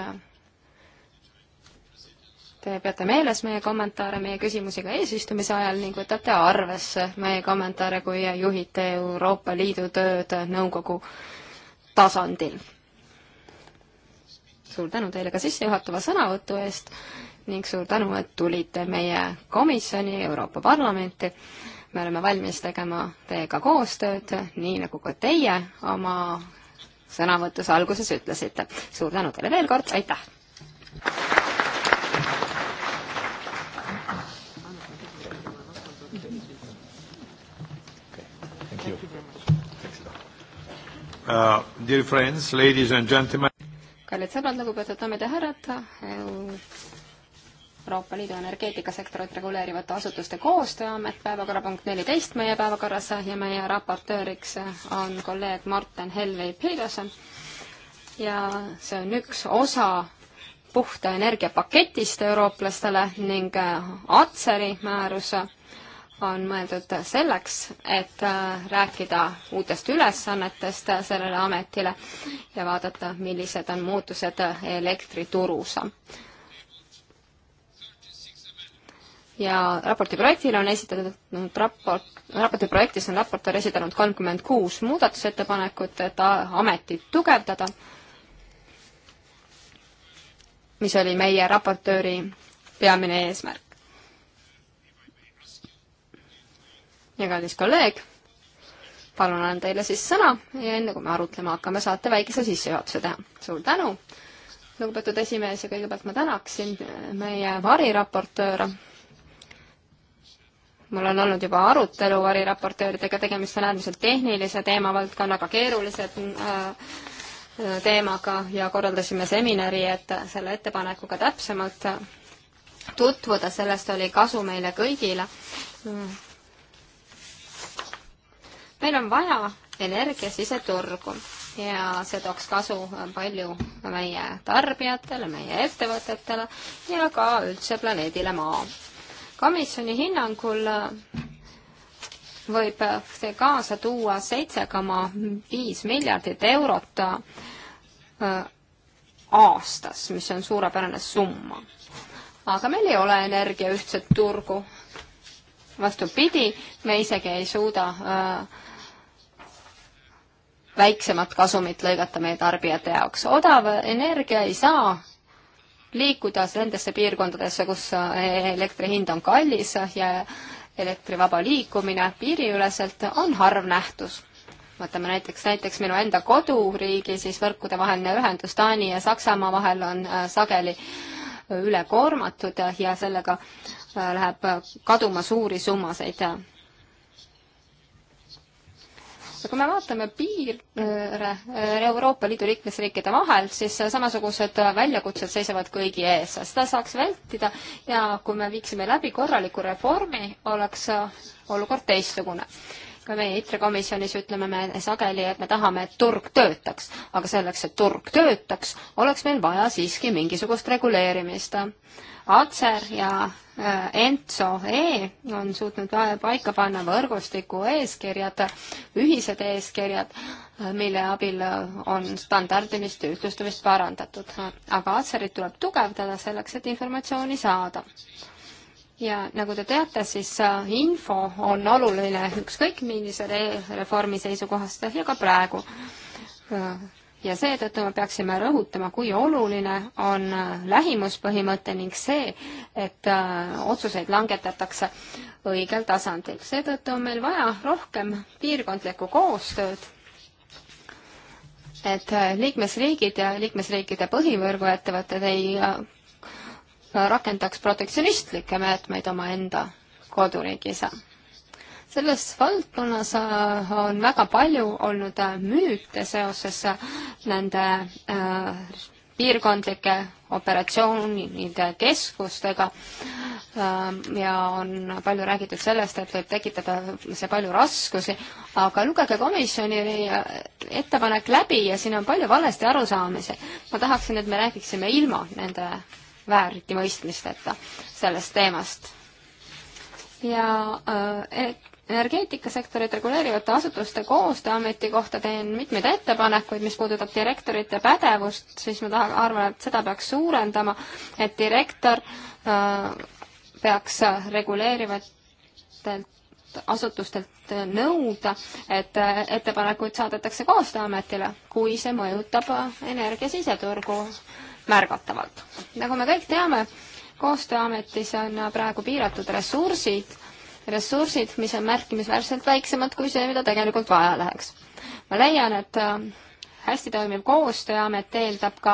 Te peate meeles meie kommentaare, meie küsimusi ka eesistumise ajal ning võtate arvesse meie kommentaare, kui juhite Euroopa Liidu tööd nõukogu tasandil. suur tänu teile ka sissejuhatava sõnavõtu eest ning suur tänu, et tulite meie komisjoni, Euroopa Parlamenti. me oleme valmis tegema teiega koostööd, nii nagu ka teie oma sõnavõtus alguses ütlesite. suur tänu teile veel kord, aitäh! Uh, dear friends, ladies and gentlemen. kallid sõbrad, lugupeetud daamid ja härrad, Euroopa Liidu energeetikasektorit reguleerivate asutuste koostööamet, päevakorrapunkt neliteist meie päevakorras ja meie raportööriks on kolleeg Martin Helvei Peterson. ja see on üks osa puhta energiapaketist eurooplastele ning Atseri määrus on mõeldud selleks, et äh, rääkida uutest ülesannetest sellele ametile ja vaadata, millised on muutused elektriturus. ja raporti projektile on esitatud raport, raporti projektis on raportöör esitanud kolmkümmend kuus muudatusettepanekut, et ametit tugevdada, mis oli meie raportööri peamine eesmärk ja kallis kolleeg, palun annan teile siis sõna ja enne kui me arutlema hakkame, saate väikese sissejuhatuse teha. suur tänu, lugupeetud esimees ja kõigepealt ma tänaksin meie variraportööre mul on olnud juba arutelu variraportööridega, tegemist on äärmiselt tehnilise teemavaldkonnaga, keerulise äh, teemaga ja korraldasime seminari, et selle ettepanekuga täpsemalt tutvuda, sellest oli kasu meile kõigile meil on vaja energia siseturgu ja see tooks kasu palju meie tarbijatele, meie ettevõtetele ja ka üldse planeedile Maa. komisjoni hinnangul võib see kaasa tuua seitse koma viis miljardit eurot äh, aastas, mis on suurepärane summa. aga meil ei ole energia ühtset turgu. vastupidi, me isegi ei suuda äh, väiksemat kasumit lõigata meie tarbijate jaoks. odav energia ei saa liikuda nendesse piirkondadesse, kus elektri hind on kallis ja elektrivaba liikumine piiriüleselt on harv nähtus. võtame näiteks, näiteks minu enda koduriigi, siis võrkude vaheline ühendus Taani ja Saksamaa vahel on äh, sageli ülekoormatud ja sellega äh, läheb kaduma suuri summasid ja kui me vaatame piire äh, Euroopa Liidu liikmesriikide vahel, siis samasugused väljakutsed seisavad kõigi ees. seda saaks vältida ja kui me viiksime läbi korraliku reformi, oleks olukord teistsugune ka meie ITRE komisjonis ütleme me sageli, et me tahame, et turg töötaks, aga selleks, et turg töötaks, oleks meil vaja siiski mingisugust reguleerimist Atser ja äh, Enso E on suutnud paika panna võrgustiku eeskirjad, ühised eeskirjad, mille abil äh, on standardimist ja ühtlustamist parandatud. aga Atserit tuleb tugevdada selleks, et informatsiooni saada. ja nagu te teate, siis äh, info on oluline ükskõik millise reformi seisukohast ja ka praegu ja seetõttu me peaksime rõhutama, kui oluline on äh, lähimuspõhimõte ning see, et äh, otsuseid langetatakse õigel tasandil. seetõttu on meil vaja rohkem piirkondlikku koostööd, et äh, liikmesriigid ja liikmesriikide põhivõrguettevõtted ei rakendaks protektsionistlikke meetmeid omaenda koduriigis selles valdkonnas äh, on väga palju olnud äh, müüte seoses äh, nende piirkondlike operatsioonide keskustega ja on palju räägitud sellest, et võib tekitada see palju raskusi, aga lugege komisjoni ettepanek läbi ja siin on palju valesti arusaamisi. ma tahaksin, et me räägiksime ilma nende vääriti mõistmisteta sellest teemast ja äh, energeetikasektorit reguleerivate asutuste koostööameti kohta teen mitmeid ettepanekuid, mis puudutab direktorite pädevust, siis ma tahan, arvan, et seda peaks suurendama, et direktor äh, peaks reguleerivatelt asutustelt nõuda, et äh, ettepanekuid saadetakse Koostööametile, kui see mõjutab äh, energia siseturgu märgatavalt. nagu me kõik teame, Koostööametis on äh, praegu piiratud ressursid ressursid, mis on märkimisväärselt väiksemad kui see, mida tegelikult vaja läheks. ma leian, et äh, hästi toimiv koostööamet eeldab ka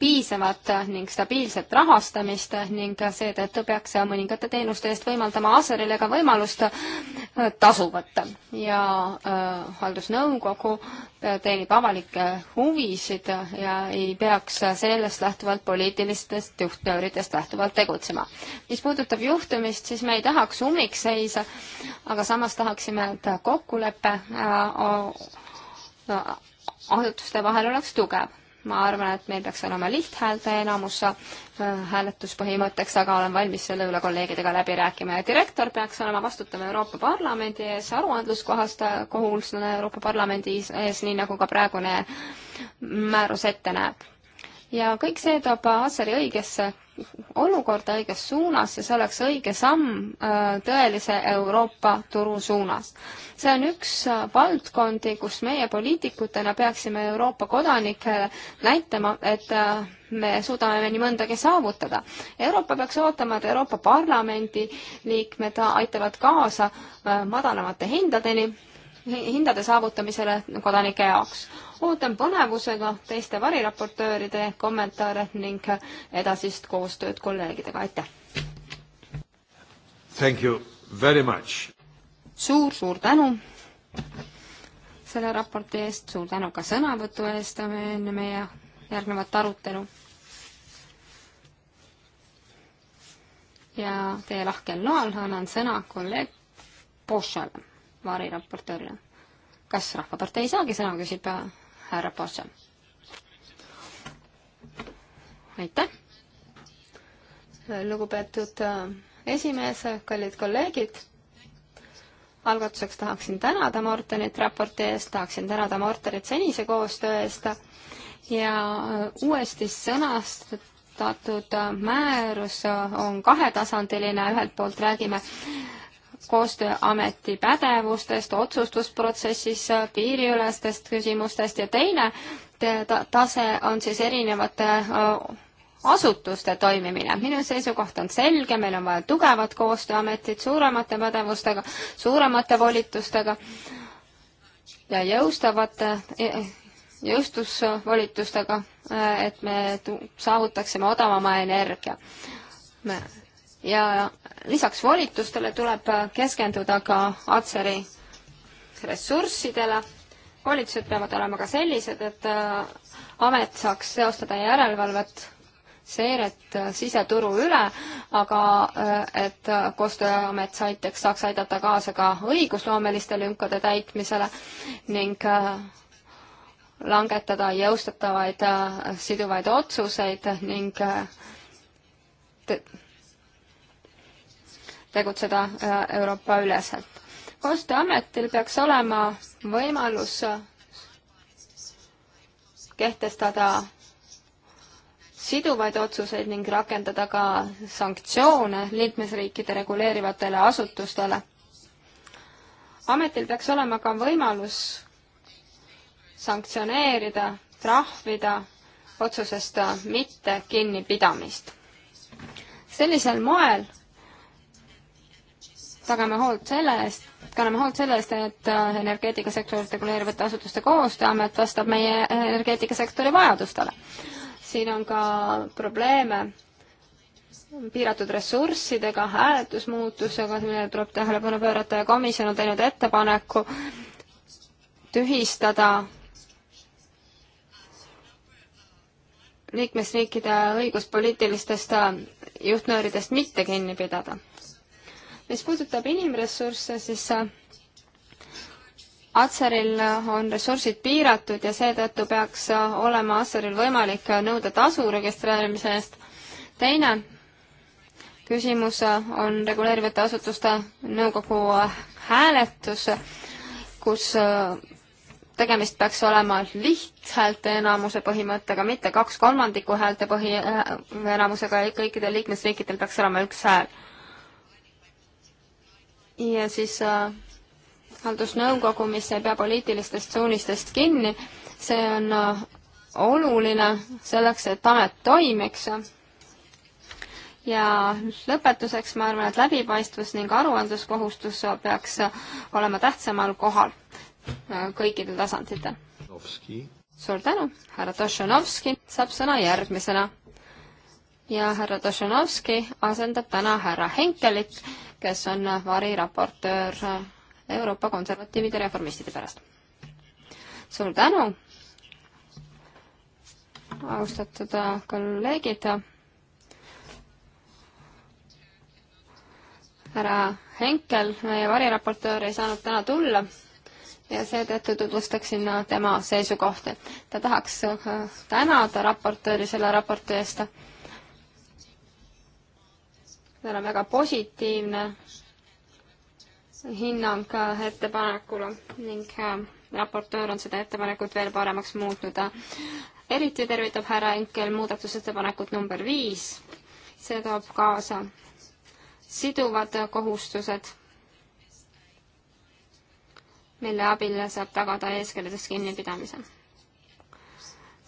piisavat ning stabiilset rahastamist ning seetõttu peaks mõningate teenuste eest võimaldama Aserile ka võimalust äh, tasu võtta. ja äh, haldusnõukogu äh, teenib avalikke huvisid ja ei peaks sellest lähtuvalt poliitilistest juhtnööridest lähtuvalt tegutsema. mis puudutab juhtumist, siis me ei tahaks ummikseise, aga samas tahaksime, et kokkulepe äh, no, asutuste vahel oleks tugev. ma arvan, et meil peaks olema lihthäälte enamus äh, hääletuspõhimõtteks, aga olen valmis selle üle kolleegidega läbi rääkima ja direktor peaks olema vastutav Euroopa Parlamendi ees, aruandluskohast äh, kohuslane Euroopa Parlamendi ees, nii nagu ka praegune määrus ette näeb ja kõik see toob Aseri õigesse olukorda, õiges suunas ja see oleks õige samm äh, tõelise Euroopa turu suunas. see on üks äh, valdkondi, kus meie poliitikutena peaksime Euroopa kodanikele näitama, et äh, me suudame nii mõndagi saavutada. Euroopa peaks ootama, et Euroopa Parlamendi liikmed aitavad kaasa madalamate hindadeni, hindade saavutamisele kodanike jaoks ootan põnevusega teiste variraportööride kommentaare ning edasist koostööd kolleegidega, aitäh! Thank you very much suur,! suur-suur tänu selle raporti eest, suur tänu ka sõnavõtu eest enne meie järgnevat arutelu. ja teie lahkel loal annan sõna kolleeg Pošale, variraportöörile. kas Rahvapartei ei saagi sõna, küsib äh, härra Posse. aitäh! lugupeetud äh, esimees, kallid kolleegid, algatuseks tahaksin tänada Mortenit raporti eest, tahaksin tänada Mortenit senise koostöö eest ja äh, uuesti sõnastatud määrustatud äh, määrus on kahetasandiline, ühelt poolt räägime koostööameti pädevustest, otsustusprotsessis, piiriülestest küsimustest ja teine ta tase on siis erinevate äh, asutuste toimimine. minu seisukoht on selge, meil on vaja tugevat koostööametit suuremate pädevustega, suuremate volitustega ja jõustavate jõustusvolitustega, äh, et me saavutaksime odavama energia ja lisaks volitustele tuleb keskenduda ka Atseri ressurssidele. volitused peavad olema ka sellised, et äh, amet saaks teostada järelevalvet, seiret äh, siseturu üle, aga äh, et koostööamet saiteks saaks aidata kaasa ka õigusloomeliste lünkade täitmisele ning langetada jõustatavaid siduvaid otsuseid ning tegutseda äh, Euroopa üleselt. koostööametil peaks olema võimalus kehtestada siduvaid otsuseid ning rakendada ka sanktsioone liikmesriikide reguleerivatele asutustele. ametil peaks olema ka võimalus sanktsioneerida, trahvida otsusest mitte kinnipidamist. sellisel moel tagame hoolt selle eest, kanname hoolt selle eest, et äh, energeetikasektorit reguleerivate asutuste koostööamet vastab meie äh, energeetikasektori vajadustele. siin on ka probleeme piiratud ressurssidega, hääletusmuutusega, millele tuleb tähelepanu pöörata ja komisjon on teinud ettepaneku tühistada liikmesriikide õiguspoliitilistest äh, juhtnööridest mitte kinni pidada mis puudutab inimressursse, siis äh, Atseril äh, on ressursid piiratud ja seetõttu peaks äh, olema Atseril võimalik nõuda tasu registreerimise eest. teine küsimus on reguleerivate asutuste nõukogu hääletus, kus tegemist peaks olema lihthäälte enamuse põhimõttega, mitte kaks kolmandikku häälte põhi, enamusega ja kõikidel liikmesriikidel peaks olema üks hääl ja siis äh, haldusnõukogu, mis ei pea poliitilistest suunistest kinni, see on äh, oluline selleks, et amet toimiks. ja lõpetuseks ma arvan, et läbipaistvus ning aruandluskohustus peaks äh, olema tähtsamal kohal kõikidel tasanditel. suur tänu, härra Tošanovski saab sõna järgmisena ja härra Tošenovski asendab täna härra Henkelit, kes on variraportöör Euroopa konservatiivide reformistide pärast. suur tänu, austatud kolleegid. härra Henkel, meie variraportöör, ei saanud täna tulla ja seetõttu tutvustaksin tema seisukohti. ta tahaks tänada raportööri selle raporti eest meil on väga positiivne hinnang äh, ettepanekule ning äh, raportöör on seda ettepanekut veel paremaks muutnud. eriti tervitab härra Enkel muudatusettepanekut number viis. see toob kaasa siduvad kohustused, mille abil saab tagada eeskirjadest kinnipidamise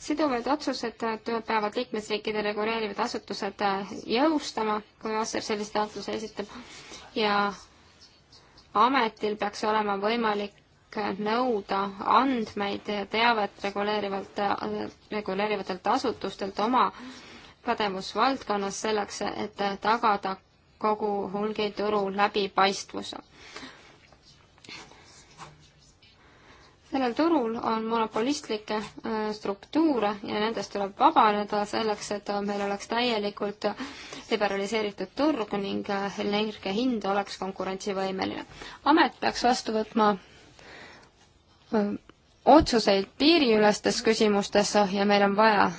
siduvad otsused peavad liikmesriikide reguleerivad asutused äh, jõustama, kui Asser sellise taotluse esitab, ja ametil peaks olema võimalik äh, nõuda andmeid ja teavet reguleerivalt, äh, reguleerivatelt asutustelt oma pädevusvaldkonnas selleks, et tagada kogu hulgituru läbipaistvus. sellel turul on monopolistlikke äh, struktuure ja nendest tuleb vabaneda selleks, et meil oleks täielikult liberaliseeritud turg ning äh, energia hind oleks konkurentsivõimeline. amet peaks vastu võtma äh, otsuseid piiriülestes küsimustes ja meil on vaja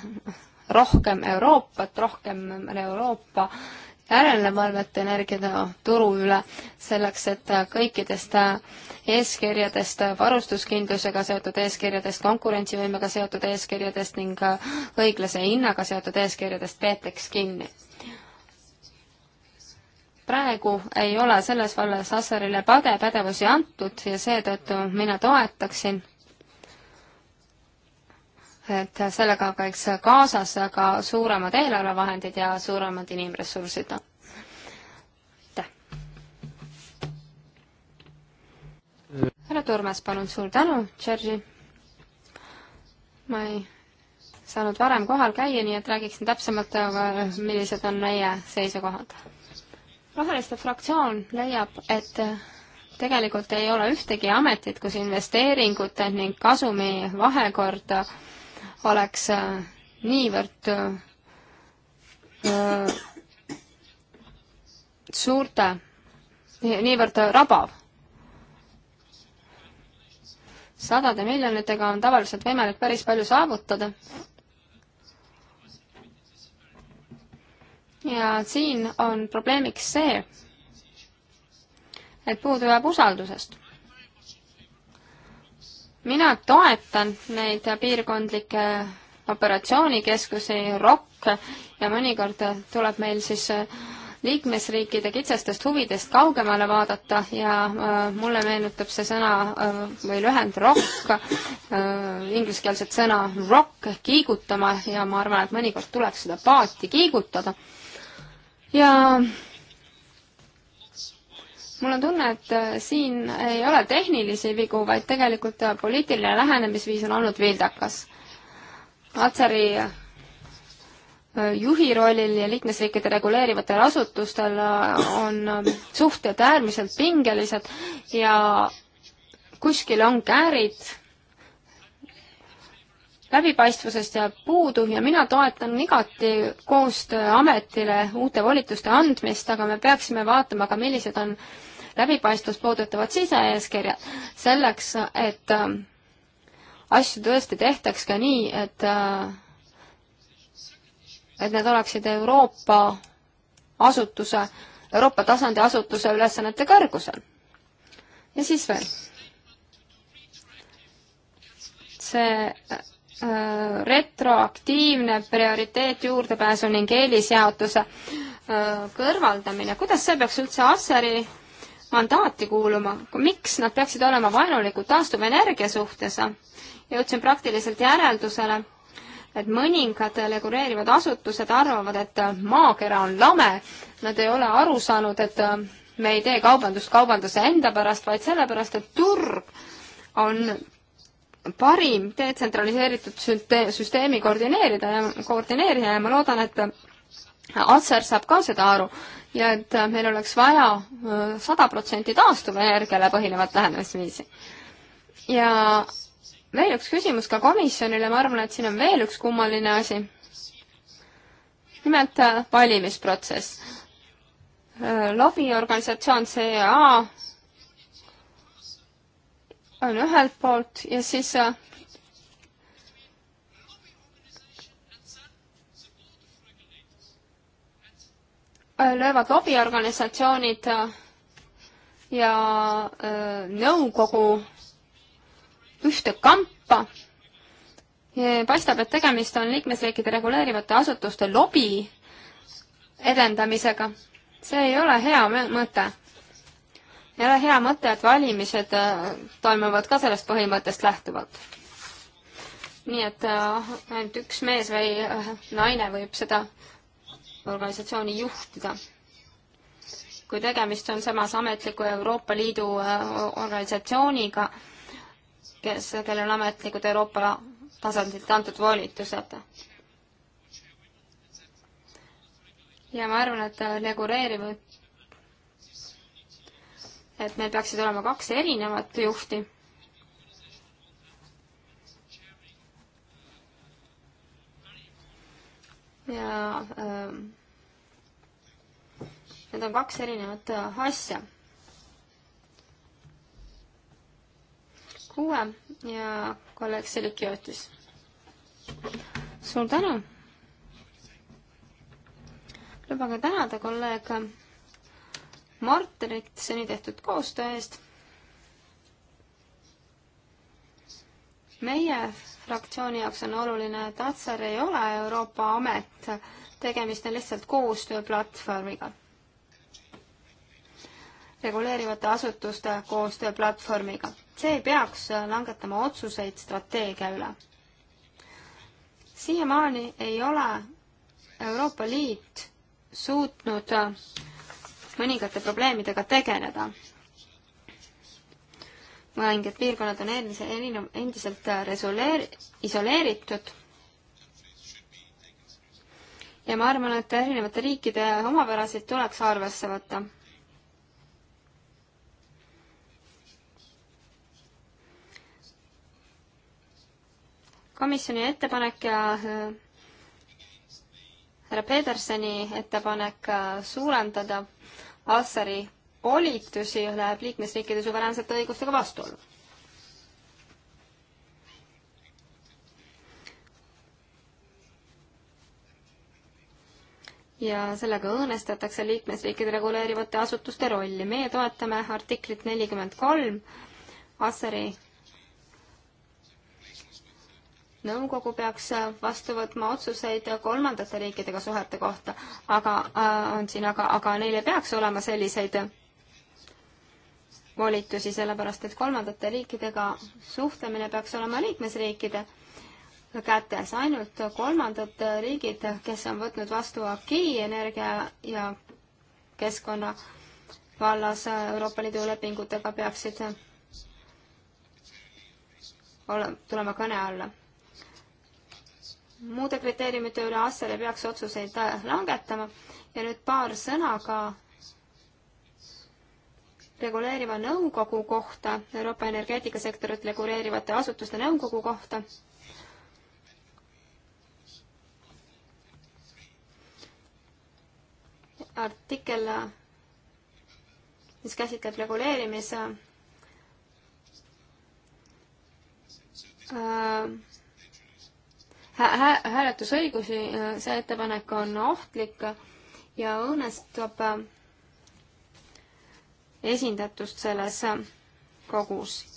rohkem Euroopat, rohkem Euroopa järelevalvet energiaturu üle, selleks et kõikidest eeskirjadest, varustuskindlusega seotud eeskirjadest, konkurentsivõimega seotud eeskirjadest ning õiglase hinnaga seotud eeskirjadest peetaks kinni. praegu ei ole selles vallas Assarile päde, pädevusi antud ja seetõttu mina toetaksin et sellega käiks kaasas ka suuremad eelarvevahendid ja suuremad inimressursid. aitäh. härra Turmes, palun, suur tänu, Tšerži. ma ei saanud varem kohal käia, nii et räägiksin täpsemalt, millised on meie seisukohad. roheliste fraktsioon leiab, et tegelikult ei ole ühtegi ametit, kus investeeringute ning kasumi vahekord oleks äh, niivõrd äh, suurte, niivõrd rabav. sadade miljonitega on tavaliselt võimalik päris palju saavutada. ja siin on probleemiks see, et puudu jääb usaldusest mina toetan neid piirkondlikke operatsioonikeskusi, ROK, ja mõnikord tuleb meil siis äh, liikmesriikide kitsastest huvidest kaugemale vaadata ja äh, mulle meenutab see sõna äh, või lühend rock äh,, ingliskeelset sõna rock, kiigutama ja ma arvan, et mõnikord tuleks seda paati kiigutada. ja äh, mul on tunne, et äh, siin ei ole tehnilisi vigu, vaid tegelikult äh, poliitiline lähenemisviis on olnud vildakas. Atsari äh, juhi rollil ja liikmesriikide reguleerivatel asutustel on ähm, suhted äärmiselt pingelised ja kuskil on käärid, läbipaistvusest jääb puudu ja mina toetan igati koostööametile uute volituste andmist, aga me peaksime vaatama ka, millised on äh, läbipaistvust puudutavad sise-eeskirjad, selleks et ähm, asju tõesti tehtaks ka nii, et äh, et need oleksid Euroopa asutuse, Euroopa tasandi asutuse ülesannete kõrgusel. ja siis veel. see äh, retroaktiivne prioriteet juurdepääsu ning eelisjaotuse äh, kõrvaldamine, kuidas see peaks üldse Asseri mandaati kuuluma, miks nad peaksid olema vaenulikud taastuvenergia suhtes, jõudsin praktiliselt järeldusele, et mõningad reguleerivad asutused arvavad, et maakera on lame, nad ei ole aru saanud, et me ei tee kaubandust kaubanduse enda pärast, vaid sellepärast, et turg on parim detsentraliseeritud süsteemi koordineerida ja koordineerija ja ma loodan, et Atser saab ka seda aru ja et meil oleks vaja äh, sada protsenti taastuvenergiale põhinevat lähenemisviisi. ja veel üks küsimus ka komisjonile, ma arvan, et siin on veel üks kummaline asi. nimelt äh, valimisprotsess. Äh, lobiorganisatsioon CA on ühelt poolt ja siis löövad lobiorganisatsioonid äh, ja äh, nõukogu ühte kampa. paistab, et tegemist on liikmesriikide reguleerivate asutuste lobi edendamisega. see ei ole hea mõte. ei ole hea mõte, et valimised äh, toimuvad ka sellest põhimõttest lähtuvalt. nii et ainult üks mees või naine võib seda organisatsiooni juhtida. kui tegemist on samas ametliku Euroopa Liidu äh, organisatsiooniga, kes, kellel on ametlikud Euroopa tasandilt antud volitused. ja ma arvan, et äh, reguleeriv, et meil peaksid olema kaks erinevat juhti ja ähm, need on kaks erinevat äh, asja. kuue ja kolleeg Selik Jõotis. suur tänu! lubage tänada kolleeg Martinit seni tehtud koostöö eest meie fraktsiooni jaoks on oluline, et Atser ei ole Euroopa amet, tegemist on lihtsalt koostööplatvormiga. reguleerivate asutuste koostööplatvormiga. see ei peaks langetama otsuseid strateegia üle. siiamaani ei ole Euroopa Liit suutnud mõningate probleemidega tegeleda mõningad piirkonnad on eelmise, endiselt äh, resoleer-, isoleeritud ja ma arvan, et erinevate riikide omapärasid tuleks arvesse võtta. komisjoni ettepanek ja äh, härra Petersoni ettepanek äh, suurendada Assari volitusi läheb liikmesriikide suveräänsete õigustega vastuollu. ja sellega õõnestatakse liikmesriikide reguleerivate asutuste rolli. meie toetame artiklit nelikümmend kolm Asseri nõukogu peaks vastu võtma otsuseid kolmandate riikidega suhete kohta, aga äh, on siin, aga, aga neil ei peaks olema selliseid volitusi, sellepärast et kolmandate riikidega suhtlemine peaks olema liikmesriikide kätes. ainult kolmandad riigid, kes on võtnud vastu AKI energia ja keskkonna vallas Euroopa Liidu lepingutega, peaksid ole, tulema kõne alla. muude kriteeriumite üle Assar ei peaks otsuseid langetama ja nüüd paar sõna ka reguleeriva nõukogu kohta, Euroopa energeetikasektorit reguleerivate asutuste nõukogu kohta. artikkel, mis käsitleb reguleerimise äh, hä-, hääletusõigusi, äh, see ettepanek on ohtlik ja õõnestab äh, esindatust selles kogus.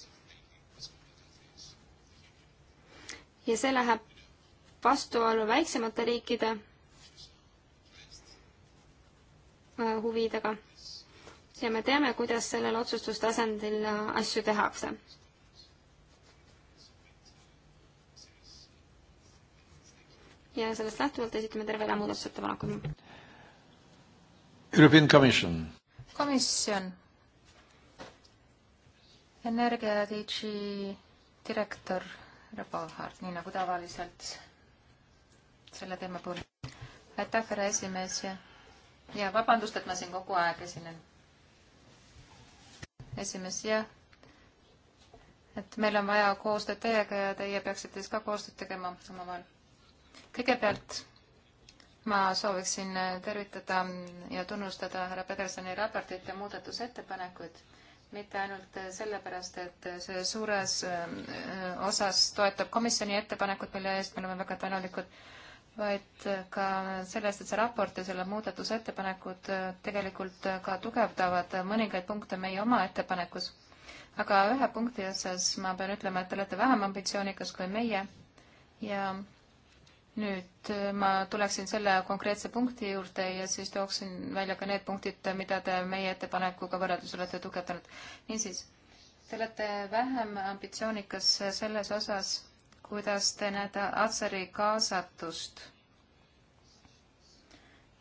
ja see läheb vastuollu väiksemate riikide äh, huvidega. ja me teame, kuidas sellel otsustustasandil äh, asju tehakse. ja sellest lähtuvalt esitame terve rea muudatusettepanekuid. European Commission. komisjon Energia DG direktor Rebalhard, nii nagu tavaliselt selle teema puhul. aitäh, härra esimees ja, ja vabandust, et ma siin kogu aeg esinen. esimees, jah. et meil on vaja koostööd teiega ja teie peaksite siis ka koostööd tegema omavahel. kõigepealt ma sooviksin tervitada ja tunnustada härra Pedersoni raportit ja muudatusettepanekuid mitte ainult sellepärast, et see suures äh, osas toetab komisjoni ettepanekut, mille eest me oleme väga tänulikud, vaid ka sellest, et see raport ja selle muudatusettepanekud äh, tegelikult ka tugevdavad mõningaid punkte meie oma ettepanekus. aga ühe punkti osas ma pean ütlema, et te olete vähem ambitsioonikas kui meie ja nüüd äh, ma tuleksin selle konkreetse punkti juurde ja siis tooksin välja ka need punktid, mida te meie ettepanekuga võrreldes olete tugevdanud. niisiis, te olete vähem ambitsioonikas selles osas, kuidas te näete Atseri kaasatust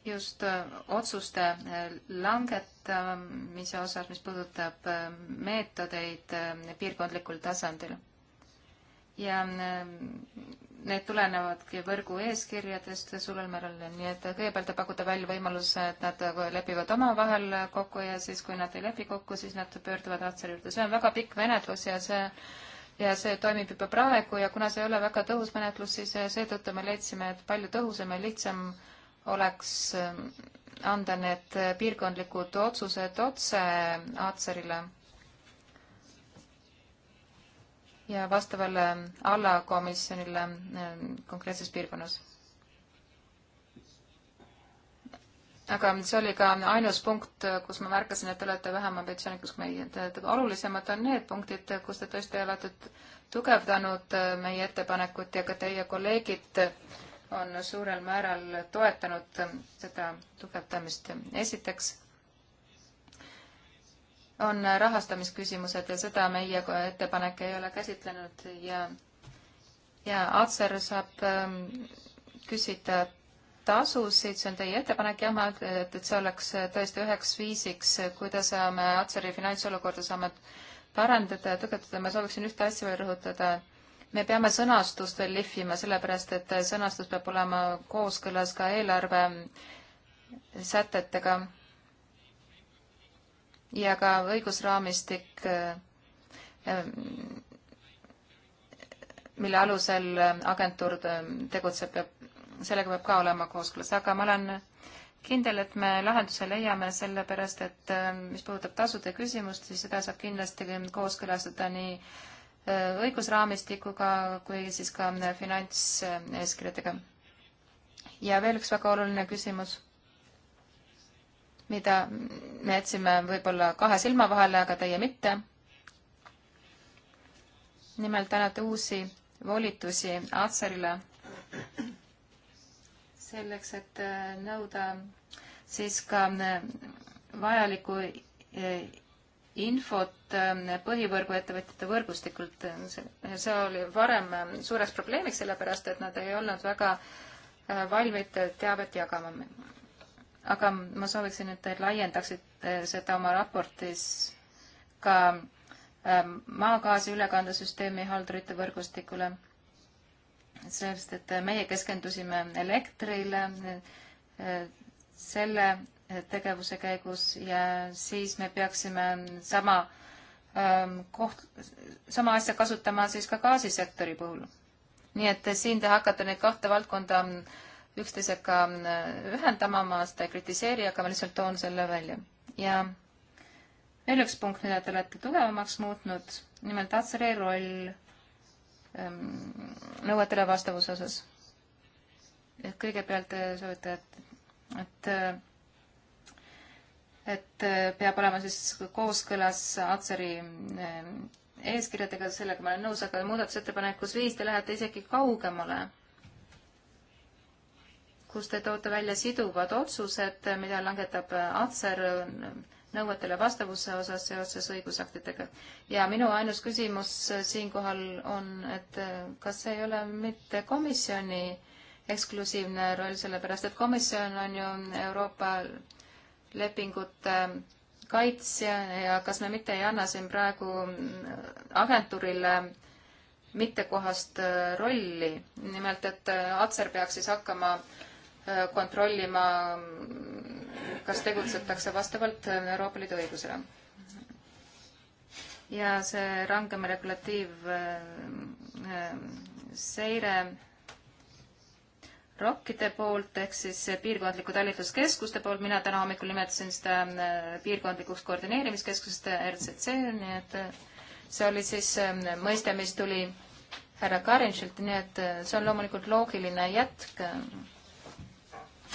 just äh, otsuste äh, langetamise osas, mis puudutab meetodeid piirkondlikul tasandil. ja need tulenevadki võrgu eeskirjadest suurel määral, nii et kõigepealt te pakute välja võimaluse, et nad lepivad omavahel kokku ja siis, kui nad ei lepi kokku, siis nad pöörduvad Atseri juurde. see on väga pikk menetlus ja see ja see toimib juba praegu ja kuna see ei ole väga tõhus menetlus, siis seetõttu me leidsime, et palju tõhusam ja lihtsam oleks ähm, anda need piirkondlikud otsused otse Atserile ja vastavale allakomisjonile ähm, konkreetses piirkonnas. aga see oli ka ainus punkt, kus ma märkasin, et te olete vähem ambitsioonikas kui meie, et olulisemad on need punktid, kus te tõesti olete tugevdanud äh, meie ettepanekut ja ka teie kolleegid on suurel määral toetanud äh, seda tugevdamist. esiteks on rahastamisküsimused ja seda meie ettepanek ei ole käsitlenud ja, ja Atser saab ähm, küsida tasusid, see on teie ettepanek, jah, ma ütlen, et, et see oleks tõesti üheks viisiks, kuidas me Atseri finantsolukorda saame parandada ja tugevdada, ma sooviksin ühte asja veel rõhutada. me peame sõnastust veel lihvima, sellepärast et sõnastus peab olema kooskõlas ka eelarve sätetega ja ka õigusraamistik, mille alusel agentuur tegutseb, sellega peab ka olema kooskõlas, aga ma olen kindel, et me lahenduse leiame, sellepärast et äh, mis puudutab tasude küsimust, siis seda saab kindlasti kooskõlastada nii äh, õigusraamistikuga kui siis ka äh, finantseeskirjadega. ja veel üks väga oluline küsimus mida me jätsime võib-olla kahe silma vahele, aga teie mitte. nimelt annate uusi volitusi Atserile selleks, et äh, nõuda siis ka äh, vajalikku äh, infot põhivõrguettevõtjate võrgustikult. see oli varem suureks probleemiks, sellepärast et nad ei olnud väga valmid teavet jagama aga ma sooviksin, et te laiendaksite seda oma raportis ka ähm, maagaasi ülekandesüsteemi haldurite võrgustikule, sellepärast et meie keskendusime elektrile äh, selle tegevuse käigus ja siis me peaksime sama ähm, koht, sama asja kasutama siis ka gaasisektori puhul. nii et siin te hakkate neid kahte valdkonda üksteisega äh, ühendama, ma seda ei kritiseeri, aga ma lihtsalt toon selle välja. ja veel üks punkt, mida te olete tugevamaks muutnud, nimelt Atseri roll ähm, nõuetele vastavuse osas. ehk kõigepealt te äh, soovite, et, et äh, et peab olema siis kooskõlas Atseri eeskirjadega, sellega ma olen nõus, aga muudatusettepanekus viis te lähete isegi kaugemale kus te toote välja siduvad otsused, mida langetab Atser nõuetele vastavuse osas seoses õigusaktidega. ja minu ainus küsimus siinkohal on, et kas see ei ole mitte komisjoni eksklusiivne roll, sellepärast et komisjon on ju Euroopa lepingute kaitsja ja kas me mitte ei anna siin praegu agentuurile mittekohast rolli, nimelt et Atser peaks siis hakkama äh, Äh, kontrollima, kas tegutsetakse vastavalt äh, Euroopa Liidu õigusele. ja see rangem regulatiivseire äh, ROK-ide poolt ehk siis piirkondliku talituskeskuste poolt, mina täna hommikul nimetasin seda piirkondlikuks koordineerimiskeskusest RCC, nii et see oli siis mõiste, mis tuli härra Karinšilt, nii et see on loomulikult loogiline jätk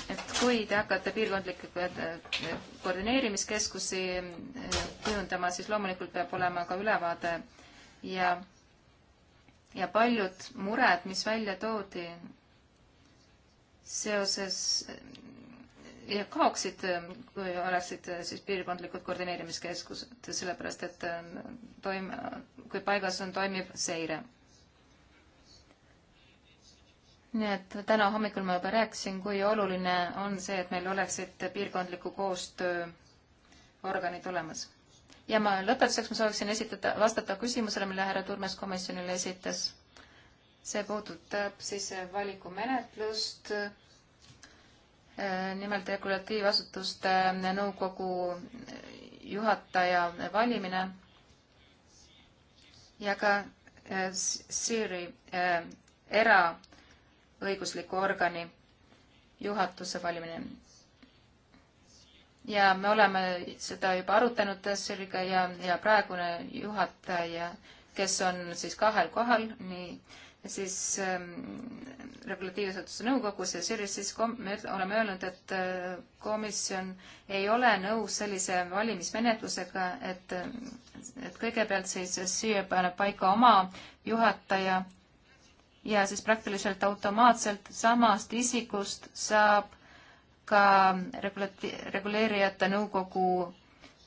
et kui te hakkate piirkondlikke koordineerimiskeskusi eh, kujundama, siis loomulikult peab olema ka ülevaade ja, ja paljud mured, mis välja toodi seoses eh, ja kaoksid, eh, kui oleksid siis piirkondlikud koordineerimiskeskused, sellepärast et toim-, kui paigas on toimiv seire nii et täna hommikul ma juba rääkisin, kui oluline on see, et meil oleksid piirkondliku koostöö organid olemas. ja ma lõpetuseks ma sooviksin esitada, vastata küsimusele, mille härra Turmes komisjonile esitas. see puudutab siis valikumenetlust, eh, nimelt regulatiivasutuste nõukogu juhataja valimine ja ka eh, Siri eh, era õigusliku organi juhatuse valimine. ja me oleme seda juba arutanud Tasseriga ja, ja praegune juhataja, kes on siis kahel kohal, nii siis ähm, regulatiivasutuse nõukogus ja selles siis kom-, me oleme öelnud, et äh, komisjon ei ole nõus sellise valimismenetlusega, et, et kõigepealt siis siia paneb paika oma juhataja äh, ja siis praktiliselt automaatselt samast isikust saab ka reguleerijate nõukogu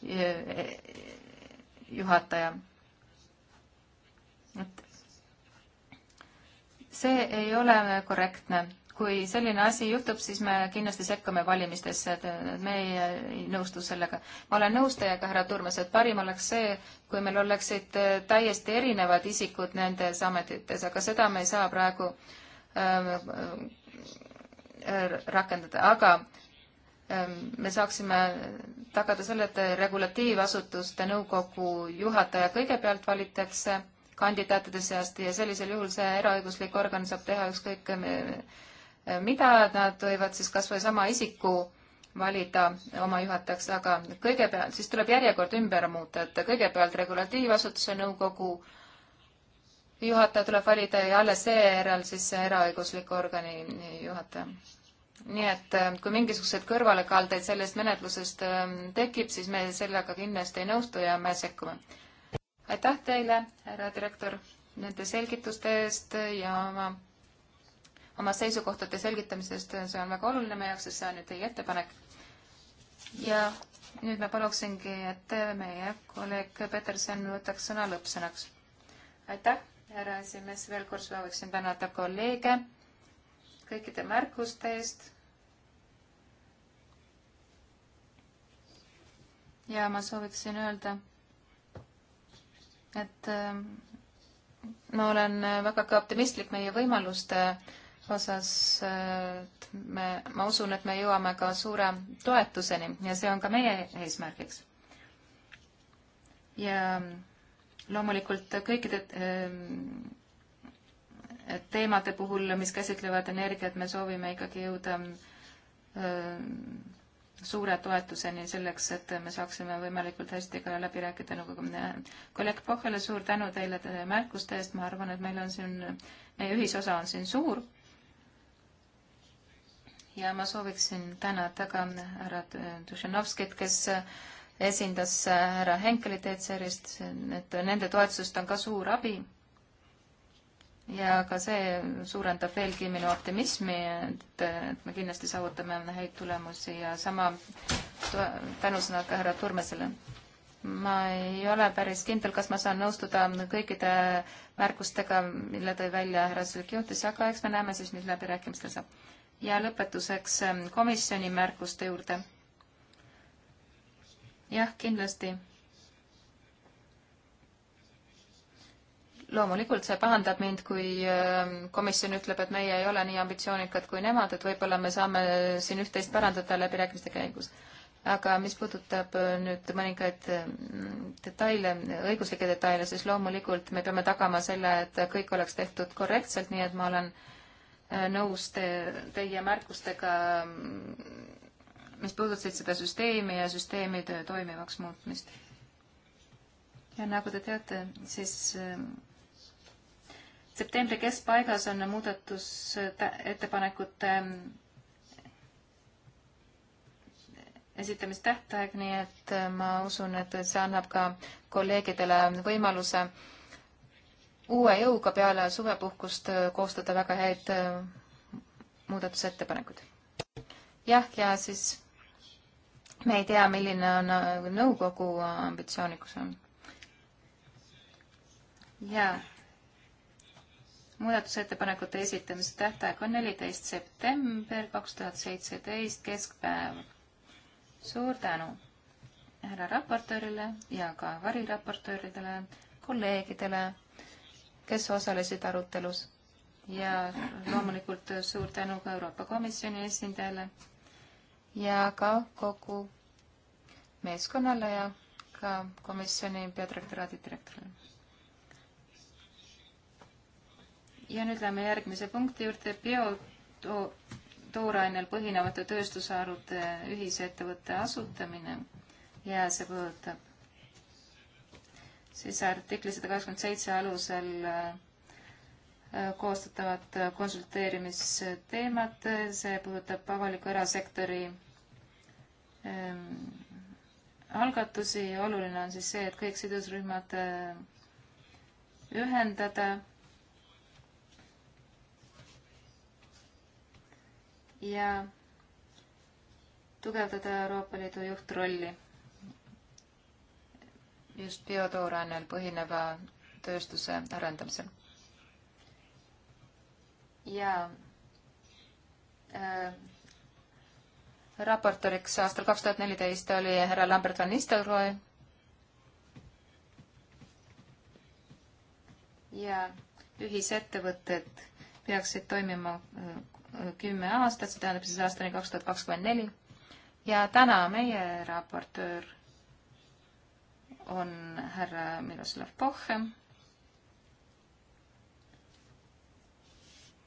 eh, eh, juhataja. et see ei ole korrektne kui selline asi juhtub, siis me kindlasti sekkume valimistesse, et me ei, ei nõustu sellega. ma olen nõus teiega, härra Turmes, et parim oleks see, kui meil oleksid äh, täiesti erinevad isikud nendes ametites, aga seda me ei saa praegu ähm, äh, rakendada, aga ähm, me saaksime tagada selle, et regulatiivasutuste nõukogu juhataja kõigepealt valitakse kandidaatide seast ja sellisel juhul see eraõiguslik organ saab teha ükskõik mida nad võivad siis kas või sama isiku valida oma juhatajaks, aga kõigepealt, siis tuleb järjekord ümber muuta, et kõigepealt regulatiivasutuse nõukogu juhataja tuleb valida ja alles seejärel siis eraõigusliku organi juhataja. nii et äh, kui mingisuguseid kõrvalekaldeid sellest menetlusest ähm, tekib, siis me sellega kindlasti ei nõustu ja me sekkume. aitäh teile, härra direktor, nende selgituste eest ja ma oma seisukohtade selgitamisest, see on väga oluline meie jaoks, sest see on ju teie ettepanek. ja nüüd ma paluksingi, et meie kolleeg Peterson võtaks sõna lõppsõnaks. aitäh, härra esimees, veel kord sooviksin tänada kolleege kõikide märkuste eest. ja ma sooviksin öelda, et ähm, ma olen väga ka optimistlik meie võimaluste äh, osas me, ma usun, et me jõuame ka suure toetuseni ja see on ka meie eesmärgiks. ja loomulikult kõikide ehm, teemade puhul, mis käsitlevad energiat, me soovime ikkagi jõuda ehm, suure toetuseni selleks, et me saaksime võimalikult hästi ka läbi rääkida nõukogu nagu. kolleeg Pohhale suur tänu teile märkuste eest, ma arvan, et meil on siin, meie ühisosa on siin suur ja ma sooviksin tänada ka härra Dušanovskit, kes esindas härra Henkeli DCR-ist, et nende toetusest on ka suur abi. ja ka see suurendab veelgi minu optimismi, et, et me kindlasti saavutame häid tulemusi ja sama tänusõnad ka härra Turmesele. ma ei ole päris kindel, kas ma saan nõustuda kõikide märkustega, mille tõi välja härra Sülkiotis, aga eks me näeme siis, mis läbirääkimistel saab ja lõpetuseks ähm, komisjoni märkuste juurde. jah, kindlasti. loomulikult see pahandab mind, kui ähm, komisjon ütleb, et meie ei ole nii ambitsioonikad kui nemad, et võib-olla me saame siin üht-teist parandada läbirääkimiste käigus aga mis puudutab äh, nüüd mõningaid ähm, detaile, õiguslikke detaile, siis loomulikult me peame tagama selle, et kõik oleks tehtud korrektselt, nii et ma olen äh, Äh, nõus te, teie märkustega, mis puudutasid seda süsteemi ja süsteemide toimivaks muutmist. ja nagu te teate, siis äh, septembri keskpaigas on muudatusettepanekute äh, esitamistähtaeg, nii et ma usun, et see annab ka kolleegidele võimaluse äh, uue jõuga peale suvepuhkust äh, koostada väga häid äh, muudatusettepanekuid. jah, ja siis me ei tea, milline on äh, nõukogu ambitsioonikus on. jaa. muudatusettepanekute esitamise tähtaeg on neliteist september kaks tuhat seitseteist keskpäev. suur tänu härra raportöörile ja ka variraportööridele, kolleegidele kes osalesid arutelus ja loomulikult suur tänu ka Euroopa Komisjoni esindajale ja ka kogu meeskonnale ja ka komisjoni peadirektoraadi direktorile. ja nüüd lähme järgmise punkti juurde, biotoorainel põhinevate tööstusharude ühisettevõtte asutamine ja see puudutab siis artikli sada kakskümmend seitse alusel äh, äh, koostatavad konsulteerimisteemad, äh, see puudutab avaliku erasektori ähm, algatusi, oluline on siis see, et kõik sidusrühmad ühendada. ja tugevdada Euroopa Liidu juhtrolli just biotoorainel põhineva tööstuse arendamisel. ja äh, raportööriks aastal kaks tuhat neliteist oli härra Lambert van Nistelrooy. ja ühisettevõtted peaksid toimima äh, kümme aastat, see tähendab siis aastani kaks tuhat kakskümmend neli. ja täna meie raportöör on härra Miroslav Pohhem.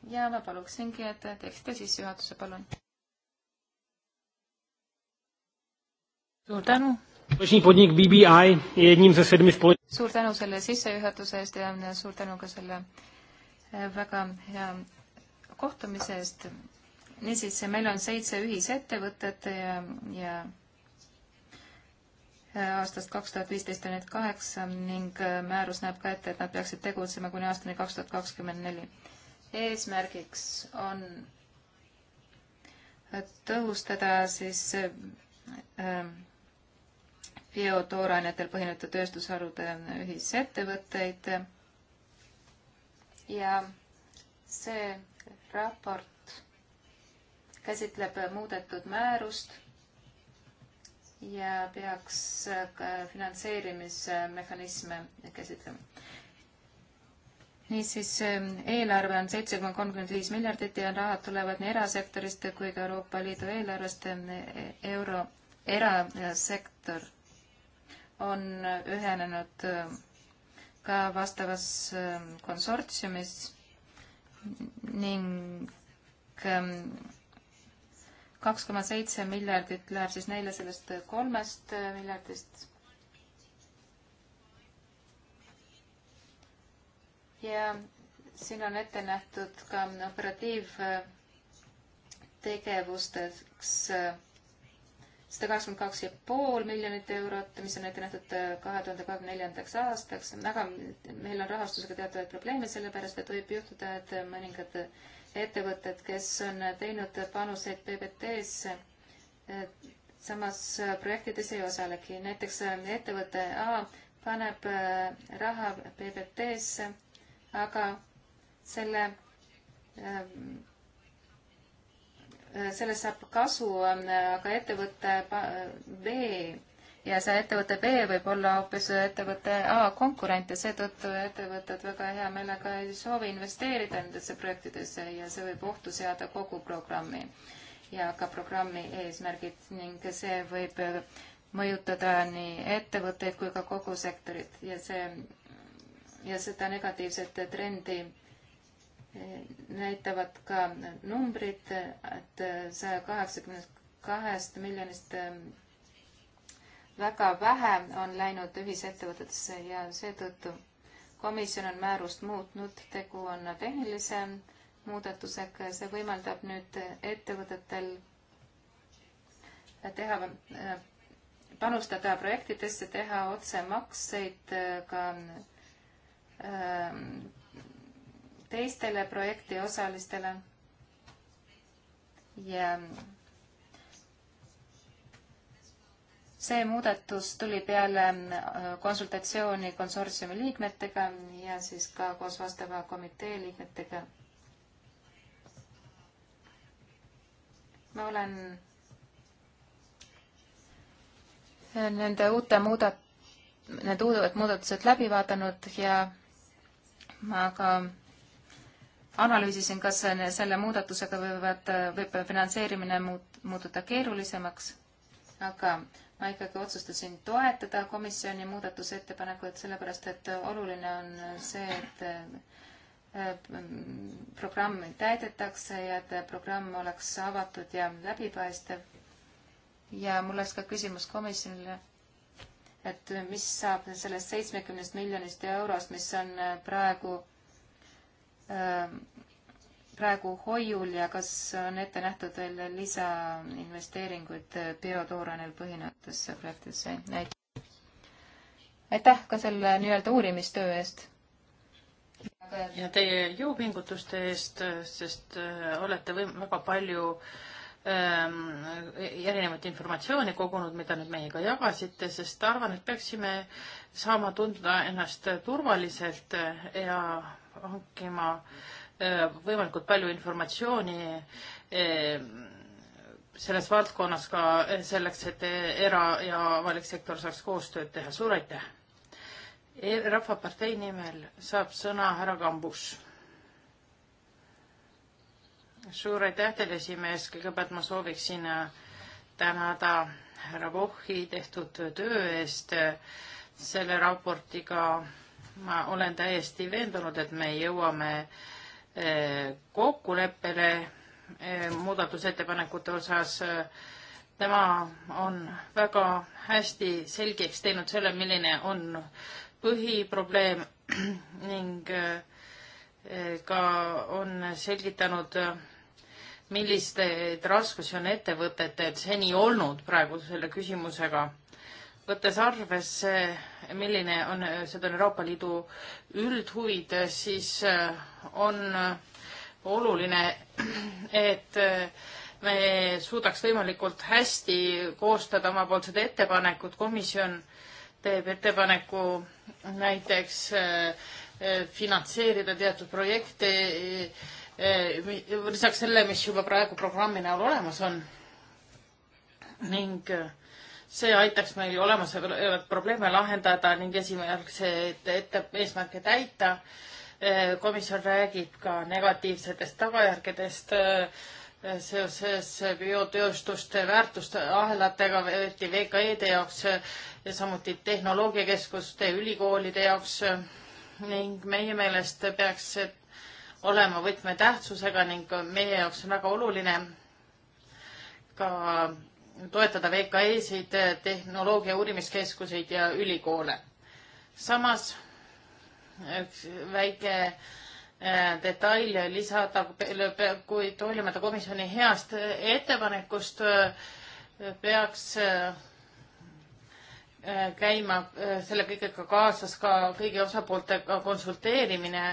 ja ma paluksingi, et teeksite sissejuhatuse, palun. suur tänu. suur tänu selle sissejuhatuse eest ja suur tänu ka selle eh, väga hea kohtumise eest. niisiis, meil on seitse ühisettevõtet ja, ja aastast kaks tuhat viisteist on neid kaheksa ning äh, määrus näeb ka ette, et nad peaksid tegutsema kuni aastani kaks tuhat kakskümmend neli. eesmärgiks on äh, tõhustada siis äh, biotoorainetel põhinevate tööstusharude ühisettevõtteid ja see raport käsitleb muudetud määrust ja peaks ka finantseerimismehhanisme käsitlema. niisiis, ähm, eelarve on seitse koma kolmkümmend viis miljardit ja rahad tulevad nii erasektorist kui ka Euroopa Liidu eelarvest. euro, erasektor on ühenenud ähm, ka vastavas ähm, konsortsiumis ning kaks koma seitse miljardit läheb siis neile sellest kolmest äh, miljardist. ja siin on ette nähtud ka operatiivtegevusteks äh, äh, sada kakskümmend kaks ja pool miljonit eurot, mis on ette nähtud kahe tuhande kahekümne neljandaks aastaks, aga meil on rahastusega teatavaid probleeme, sellepärast et võib juhtuda, et mõningad ettevõtted, kes on teinud panuseid PBT-sse, samas projektides ei osalegi. näiteks ettevõte A paneb äh, raha PBT-sse, aga selle, ähm, äh, sellest saab kasu äh, aga ettevõte B ja see ettevõte B võib olla hoopis ettevõte A konkurent ja seetõttu ettevõtted väga hea meelega ei soovi investeerida nendesse projektidesse ja see võib ohtu seada kogu programmi ja ka programmi eesmärgid ning see võib mõjutada nii ettevõtteid kui ka kogu sektorit ja see ja seda negatiivset trendi eh, näitavad ka numbrid, et saja kaheksakümnest kahest miljonist eh, väga vähe on läinud ühisettevõtetesse ja seetõttu komisjon on määrust muutnud, tegu on tehnilise muudatusega ja see võimaldab nüüd ettevõtetel teha, panustada projektidesse, teha otsemakseid ka ähm, teistele projekti osalistele ja see muudatus tuli peale äh, konsultatsiooni konsortsiumi liikmetega ja siis ka koos vastava komitee liikmetega. ma olen äh, nende uute muudat-, need uued muudatused läbi vaadanud ja ma ka analüüsisin, kas selle muudatusega võivad, äh, võib finantseerimine muut-, muutuda keerulisemaks, aga ma ikkagi otsustasin toetada komisjoni muudatusettepanekut, sellepärast et oluline on see, et äh, programm täidetakse ja et programm oleks avatud ja läbipaistev. ja mul oleks ka küsimus komisjonile, et mis saab sellest seitsmekümnest miljonist eurost, mis on äh, praegu äh, praegu hoiul ja kas on ette nähtud veel lisainvesteeringuid biotoorainel põhinevatesse projektidesse? aitäh ka selle nii-öelda uurimistöö eest. ja teie jõupingutuste eest, sest äh, olete võim-, väga palju ähm, erinevat informatsiooni kogunud, mida nüüd meiega jagasite, sest arvan, et peaksime saama tunda ennast turvaliselt äh, ja hankima äh, Äh, võimalikult palju informatsiooni äh, selles valdkonnas ka äh, selleks, et era- ja avalik sektor saaks koostööd teha. suur aitäh! E-, rahvapartei nimel saab sõna härra Kambus. suur aitäh teile, esimees, kõigepealt ma sooviksin tänada härra Vohhi tehtud töö eest selle raportiga. ma olen täiesti veendunud, et me jõuame äh, kokkuleppele eh, muudatusettepanekute osas. tema on väga hästi selgeks teinud selle, milline on põhiprobleem ning eh, ka on selgitanud, milliseid raskusi on ettevõtetel seni olnud praegu selle küsimusega. võttes arvesse milline on, äh, seda on Euroopa Liidu üldhuvid, äh, siis äh, on oluline, et me suudaks võimalikult hästi koostada omapoolsed ettepanekud, komisjon teeb ettepaneku näiteks finantseerida teatud projekte lisaks selle, mis juba praegu programmi näol olemas on ning äh, see aitaks meil olemasolevaid probleeme lahendada ning esimesed ette, eesmärke täita. komisjon räägib ka negatiivsetest tagajärgedest eh, seoses biotööstuste väärtusahelatega, eriti VKE-de jaoks ja samuti tehnoloogiakeskuste, ülikoolide jaoks ning meie meelest peaks see olema võtmetähtsusega ning meie jaoks on väga oluline ka toetada VKE-sid, tehnoloogia uurimiskeskuseid ja ülikoole. samas üks väike äh, detail lisada, kuid hoolimata komisjoni heast ettepanekust äh, peaks äh, käima selle kõigega kaasas ka kõigi osapooltega konsulteerimine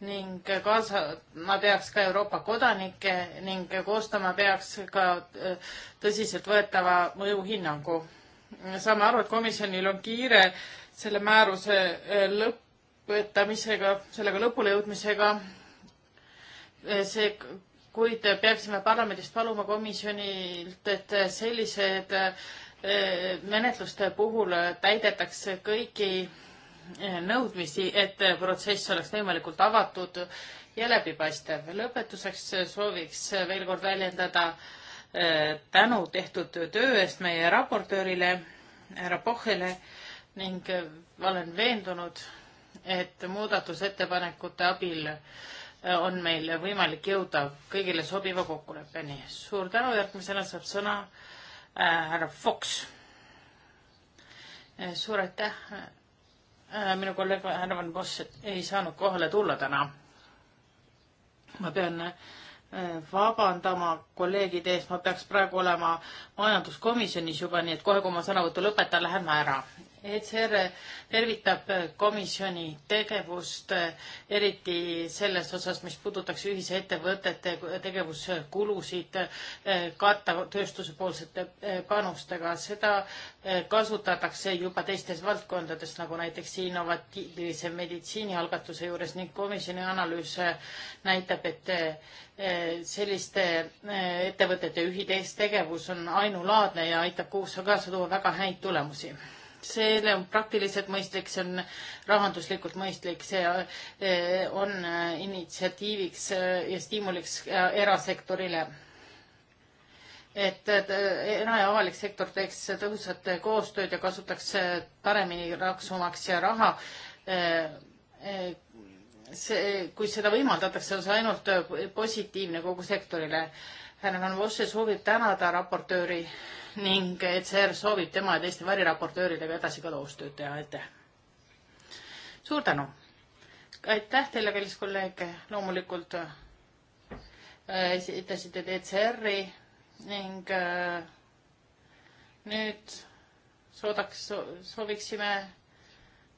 ning kaasama peaks ka Euroopa kodanikke ning koostama peaks ka äh, tõsiseltvõetava mõjuhinnangu. saame aru, et komisjonil on kiire selle määruse äh, lõpetamisega, sellega lõpule jõudmisega. Äh, see, kuid peaksime parlamendist paluma komisjonilt, et sellised menetluste puhul täidetakse kõiki nõudmisi, et protsess oleks võimalikult avatud ja läbipaistev. lõpetuseks sooviks veel kord väljendada eh, tänu tehtud töö eest meie raportöörile, härra Pohhele ning olen veendunud, et muudatusettepanekute abil on meil võimalik jõuda kõigile sobiva kokkuleppeni. suur tänu, järgmisena saab sõna eh, härra Fox. Eh, suur aitäh Äh, minu kolleeg härra Van Boss ei saanud kohale tulla täna. ma pean äh, vabandama kolleegide ees, ma peaks praegu olema majanduskomisjonis juba, nii et kohe, kui ma sõnavõtu lõpetan, lähen ma ära. ECR tervitab komisjoni tegevust, eriti selles osas, mis puudutaks ühisettevõtete tegevuskulusid eh, katta tööstusepoolsete eh, panustega. seda eh, kasutatakse juba teistes valdkondades, nagu näiteks innovatiivse meditsiini algatuse juures ning komisjoni analüüs näitab, et selliste ettevõtete ühitegevus on ainulaadne ja aitab kuusse kaasa tuua väga häid tulemusi see on praktiliselt mõistlik, see on rahanduslikult mõistlik, see eh, on eh, initsiatiiviks eh, ja stiimuliks erasektorile. et era- ja avalik sektor teeks tõhusat koostööd ja kasutaks paremini maksumaksja raha. see, kui seda võimaldatakse, on see ainult positiivne kogu sektorile. härra Van Vosse soovib tänada raportööri ning ECR soovib tema ja teiste variraportööridega edasi ka koostööd teha, aitäh! suur tänu! aitäh teile, kallis kolleeg, loomulikult äh, esitasite te ECR-i ning äh, nüüd soodaks, sooviksime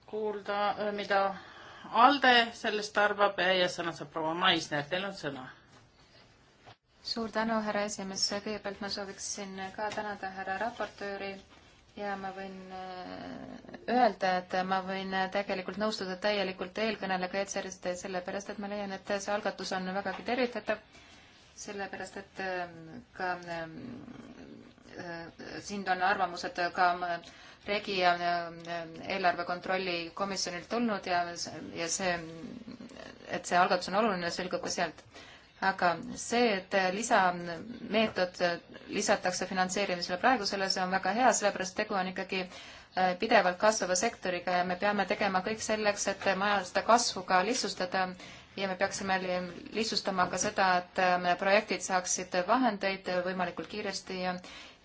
kuulda, äh, mida ALDE sellest arvab ja sõna saab proua Maisner, teil on sõna suur tänu, härra esimees, kõigepealt ma sooviksin ka tänada härra raportööri ja ma võin äh, öelda, et ma võin äh, tegelikult nõustuda täielikult eelkõnelega ETSR-ist, sellepärast et ma leian, et see algatus on vägagi tervitatav, sellepärast et ähm, ka ähm, äh, siin on arvamused ka ähm, regi ja eelarve kontrolli komisjonilt tulnud ja, ja see, et see algatus on oluline, selgub ka sealt aga see, et lisameetod lisatakse finantseerimisele praegusele, see on väga hea, sellepärast tegu on ikkagi äh, pidevalt kasvava sektoriga ja me peame tegema kõik selleks, et majanduse kasvu ka lihtsustada ja me peaksime lihtsustama ka seda, et äh, projektid saaksid vahendeid võimalikult kiiresti ja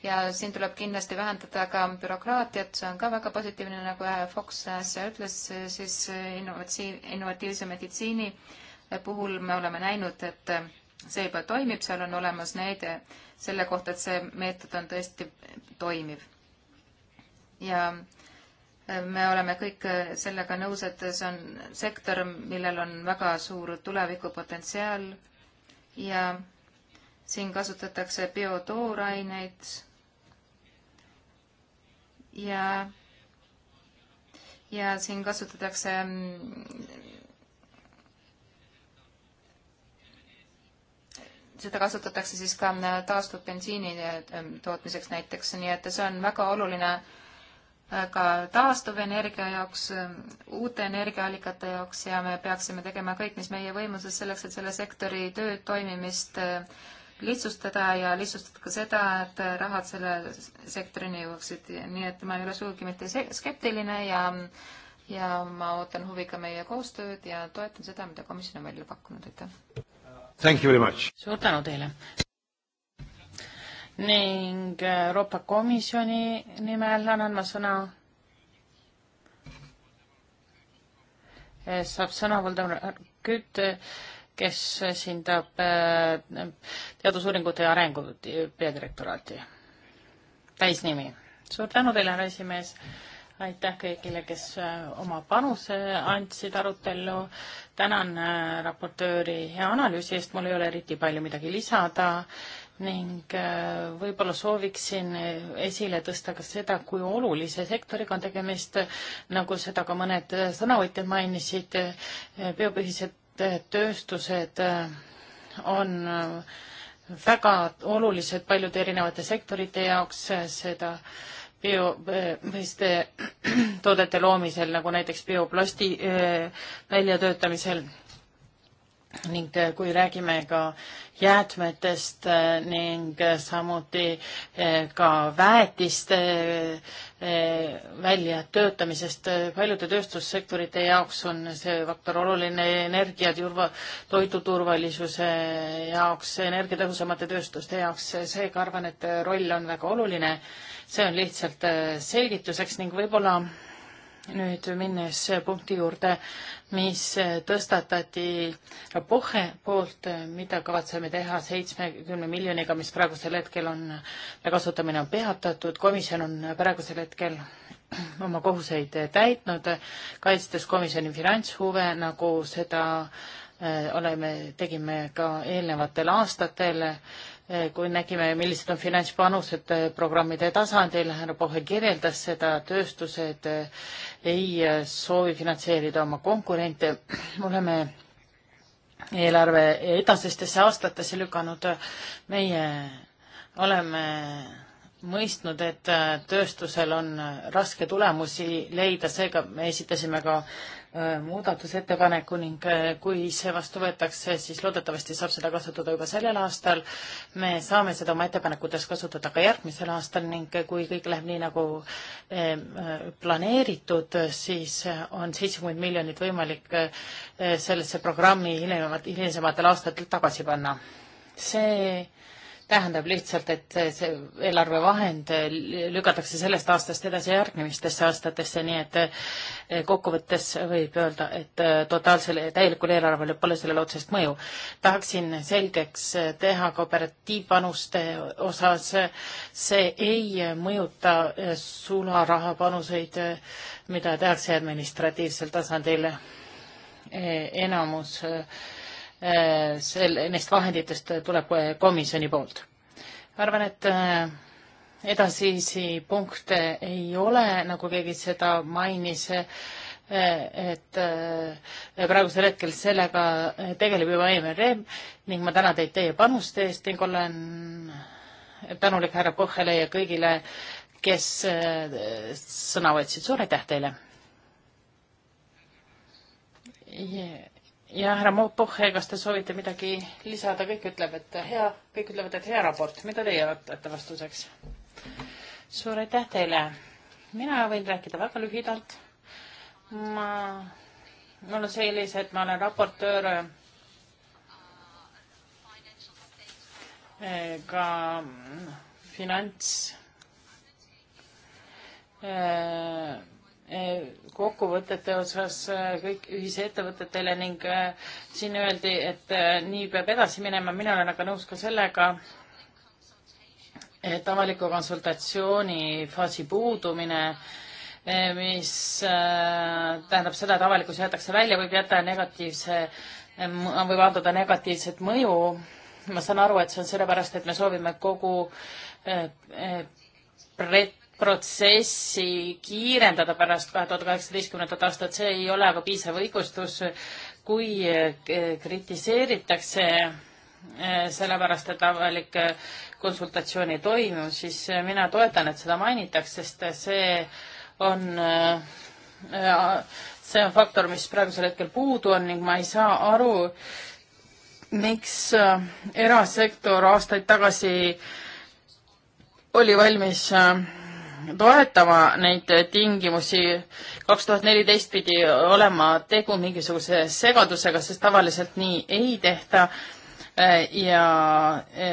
ja siin tuleb kindlasti vähendada ka bürokraatiat, see on ka väga positiivne, nagu Fox äsja ütles, siis innovatsi-, innovatiivse meditsiini äh, puhul me oleme näinud, et see juba toimib, seal on olemas näide selle kohta, et see meetod on tõesti toimiv. ja me oleme kõik sellega nõus, et see on sektor, millel on väga suur tulevikupotentsiaal ja siin kasutatakse biotooraineid ja, ja siin kasutatakse seda kasutatakse siis ka äh, taastuvbensiini äh, tootmiseks näiteks, nii et see on väga oluline äh, ka taastuvenergia jaoks, uute energiaallikate jaoks ja me peaksime tegema kõik, mis meie võimuses selleks, et selle sektori töö toimimist lihtsustada ja lihtsustada ka seda, et rahad selle sektorini jõuaksid, nii et ma ei ole sugugi mitte skeptiline ja ja ma ootan huviga meie koostööd ja toetan seda, mida komisjon on välja pakkunud, aitäh! suur tänu teile. ning äh, Euroopa Komisjoni nimel annan ma sõna. Äh, saab sõna Voldemar Kütt, kes esindab äh, teadusuuringute ja arengu peadirektoraati. täisnimi. suur tänu teile, härra esimees aitäh kõigile, kes äh, oma panuse andsid arutellu. tänan äh, raportööri hea analüüsi eest, mul ei ole eriti palju midagi lisada ning äh, võib-olla sooviksin esile tõsta ka seda, kui olulise sektoriga on tegemist, nagu seda ka mõned sõnavõtjad mainisid, biopõhised tööstused on väga olulised paljude erinevate sektorite jaoks, seda äh, bio, selliste eh, toodete loomisel, nagu näiteks bioplasti eh, väljatöötamisel ning eh, kui räägime ka jäätmetest eh, ning eh, samuti ka väetiste väljatöötamisest. paljude tööstussektorite jaoks on see faktor oluline energiaturva, toiduturvalisuse jaoks, energiatõhusamate tööstuste jaoks, seega arvan, et roll on väga oluline. see on lihtsalt selgituseks ning võib-olla nüüd minnes punkti juurde, mis tõstatati Pohe poolt, mida kavatseme teha seitsmekümne miljoniga, mis praegusel hetkel on, mille kasutamine on peatatud, komisjon on praegusel hetkel oma kohuseid täitnud, kaitstes komisjoni finantshuve, nagu seda äh, oleme, tegime ka eelnevatel aastatel Eh, kui nägime, millised on finantspanused eh, programmide tasandil, härra Pohhe kirjeldas seda, tööstused eh, ei soovi finantseerida oma konkurente, oleme eelarve edasistesse aastatesse lükanud, meie oleme mõistnud, et tööstusel on raske tulemusi leida, seega me esitasime ka Äh, muudatusettepaneku ning äh, kui see vastu võetakse, siis loodetavasti saab seda kasutada juba sellel aastal. me saame seda oma ettepanekutes kasutada ka järgmisel aastal ning äh, kui kõik läheb nii, nagu ähm, planeeritud, siis on seitsekümmend miljonit võimalik sellesse programmi hiljemalt, hilisematel aastatel tagasi panna. see tähendab lihtsalt, et see eelarvevahend lükatakse sellest aastast edasi järgmistesse aastatesse, nii et eh, kokkuvõttes võib öelda, et eh, totaalsele, täielikule eelarvele pole sellel otsest mõju. tahaksin selgeks eh, teha kooperatiivpanuste osas, see ei mõjuta sularahapanuseid, mida tehakse administratiivsel tasandil enamus Äh, sel-, neist vahenditest tuleb äh, komisjoni poolt. arvan, et äh, edasisi punkte ei ole, nagu keegi seda mainis, et praegusel hetkel sellega tegeleb juba EMRM ning ma tänan teid teie panuste eest ning olen tänulik härra Pohhele ja kõigile, kes sõna võtsid. suur aitäh teile yeah.! ja härra Pohhe, kas te soovite midagi lisada, kõik ütleb, et hea, kõik ütlevad, et hea raport, mida teie arvate vastuseks? suur aitäh teile. mina võin rääkida väga lühidalt. ma, mul on see eelis, et ma olen raportöör eh, ka finants eh, kokkuvõtete osas äh, kõik ühisettevõtetele ning äh, siin öeldi, et äh, nii peab edasi minema, mina olen aga nõus ka sellega, et avaliku konsultatsiooni faasi puudumine, mis tähendab seda, et avalikkus jäetakse välja, võib jätta negatiivse, võib avaldada negatiivset mõju. ma saan aru, et see on sellepärast, et me soovime kogu pret-, protsessi kiirendada pärast kahe tuhande kaheksateistkümnendat aastat, see ei ole aga piisav õigustus, kui eh, kritiseeritakse eh, sellepärast, et avalik eh, konsultatsioon ei toimu, siis mina toetan, et seda mainitaks, sest see on, see on faktor, mis praegusel hetkel puudu on ning ma ei saa aru, miks erasektor aastaid tagasi oli valmis toetama neid tingimusi. kaks tuhat neliteist pidi olema tegu mingisuguse segadusega, sest tavaliselt nii ei tehta ja e,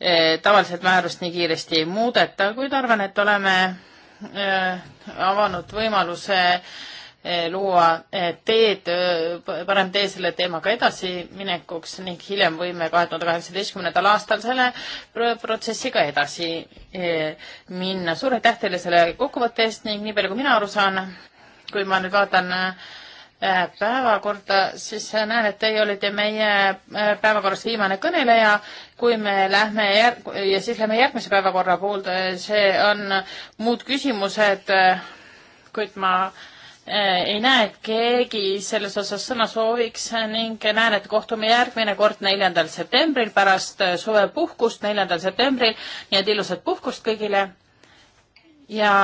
e, tavaliselt määrust nii kiiresti ei muudeta, kuid arvan, et oleme e, avanud võimaluse Eh, luua eh, teed, eh, parem tee selle teemaga edasiminekuks ning hiljem võime kahe tuhande kaheksateistkümnendal aastal selle protsessiga edasi minna. suur aitäh teile selle kokkuvõtte eest ning nii palju, kui mina aru saan, kui ma nüüd vaatan päevakorda, siis näen, et teie olite meie päevakorras viimane kõneleja. kui me lähme järg- ja siis lähme järgmise päevakorra poolde, see on muud küsimused, kuid ma Äh, ei näe, et keegi selles osas sõna sooviks ning näen, et kohtume järgmine kord neljandal septembril pärast äh, suvepuhkust, neljandal septembril, nii et ilusat puhkust kõigile ja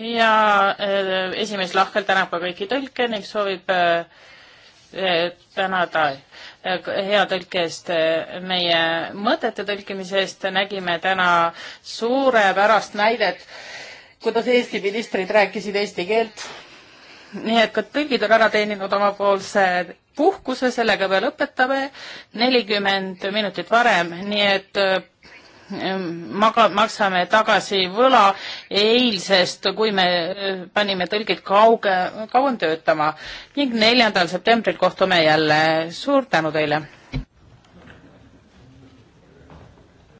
ja äh, esimees lahkelt tänab ka kõiki tõlke ning soovib tänada hea tõlke eest meie mõtete tõlkimise eest, nägime täna suurepärast näidet kuidas Eesti ministrid rääkisid eesti keelt. nii et ka tõlgid on ära teeninud omapoolse puhkuse, sellega veel lõpetame nelikümmend minutit varem, nii et eh, maga-, maksame tagasi võla eilsest, kui me eh, panime tõlgid kauge, kauem töötama ning neljandal septembril kohtume jälle. suur tänu teile!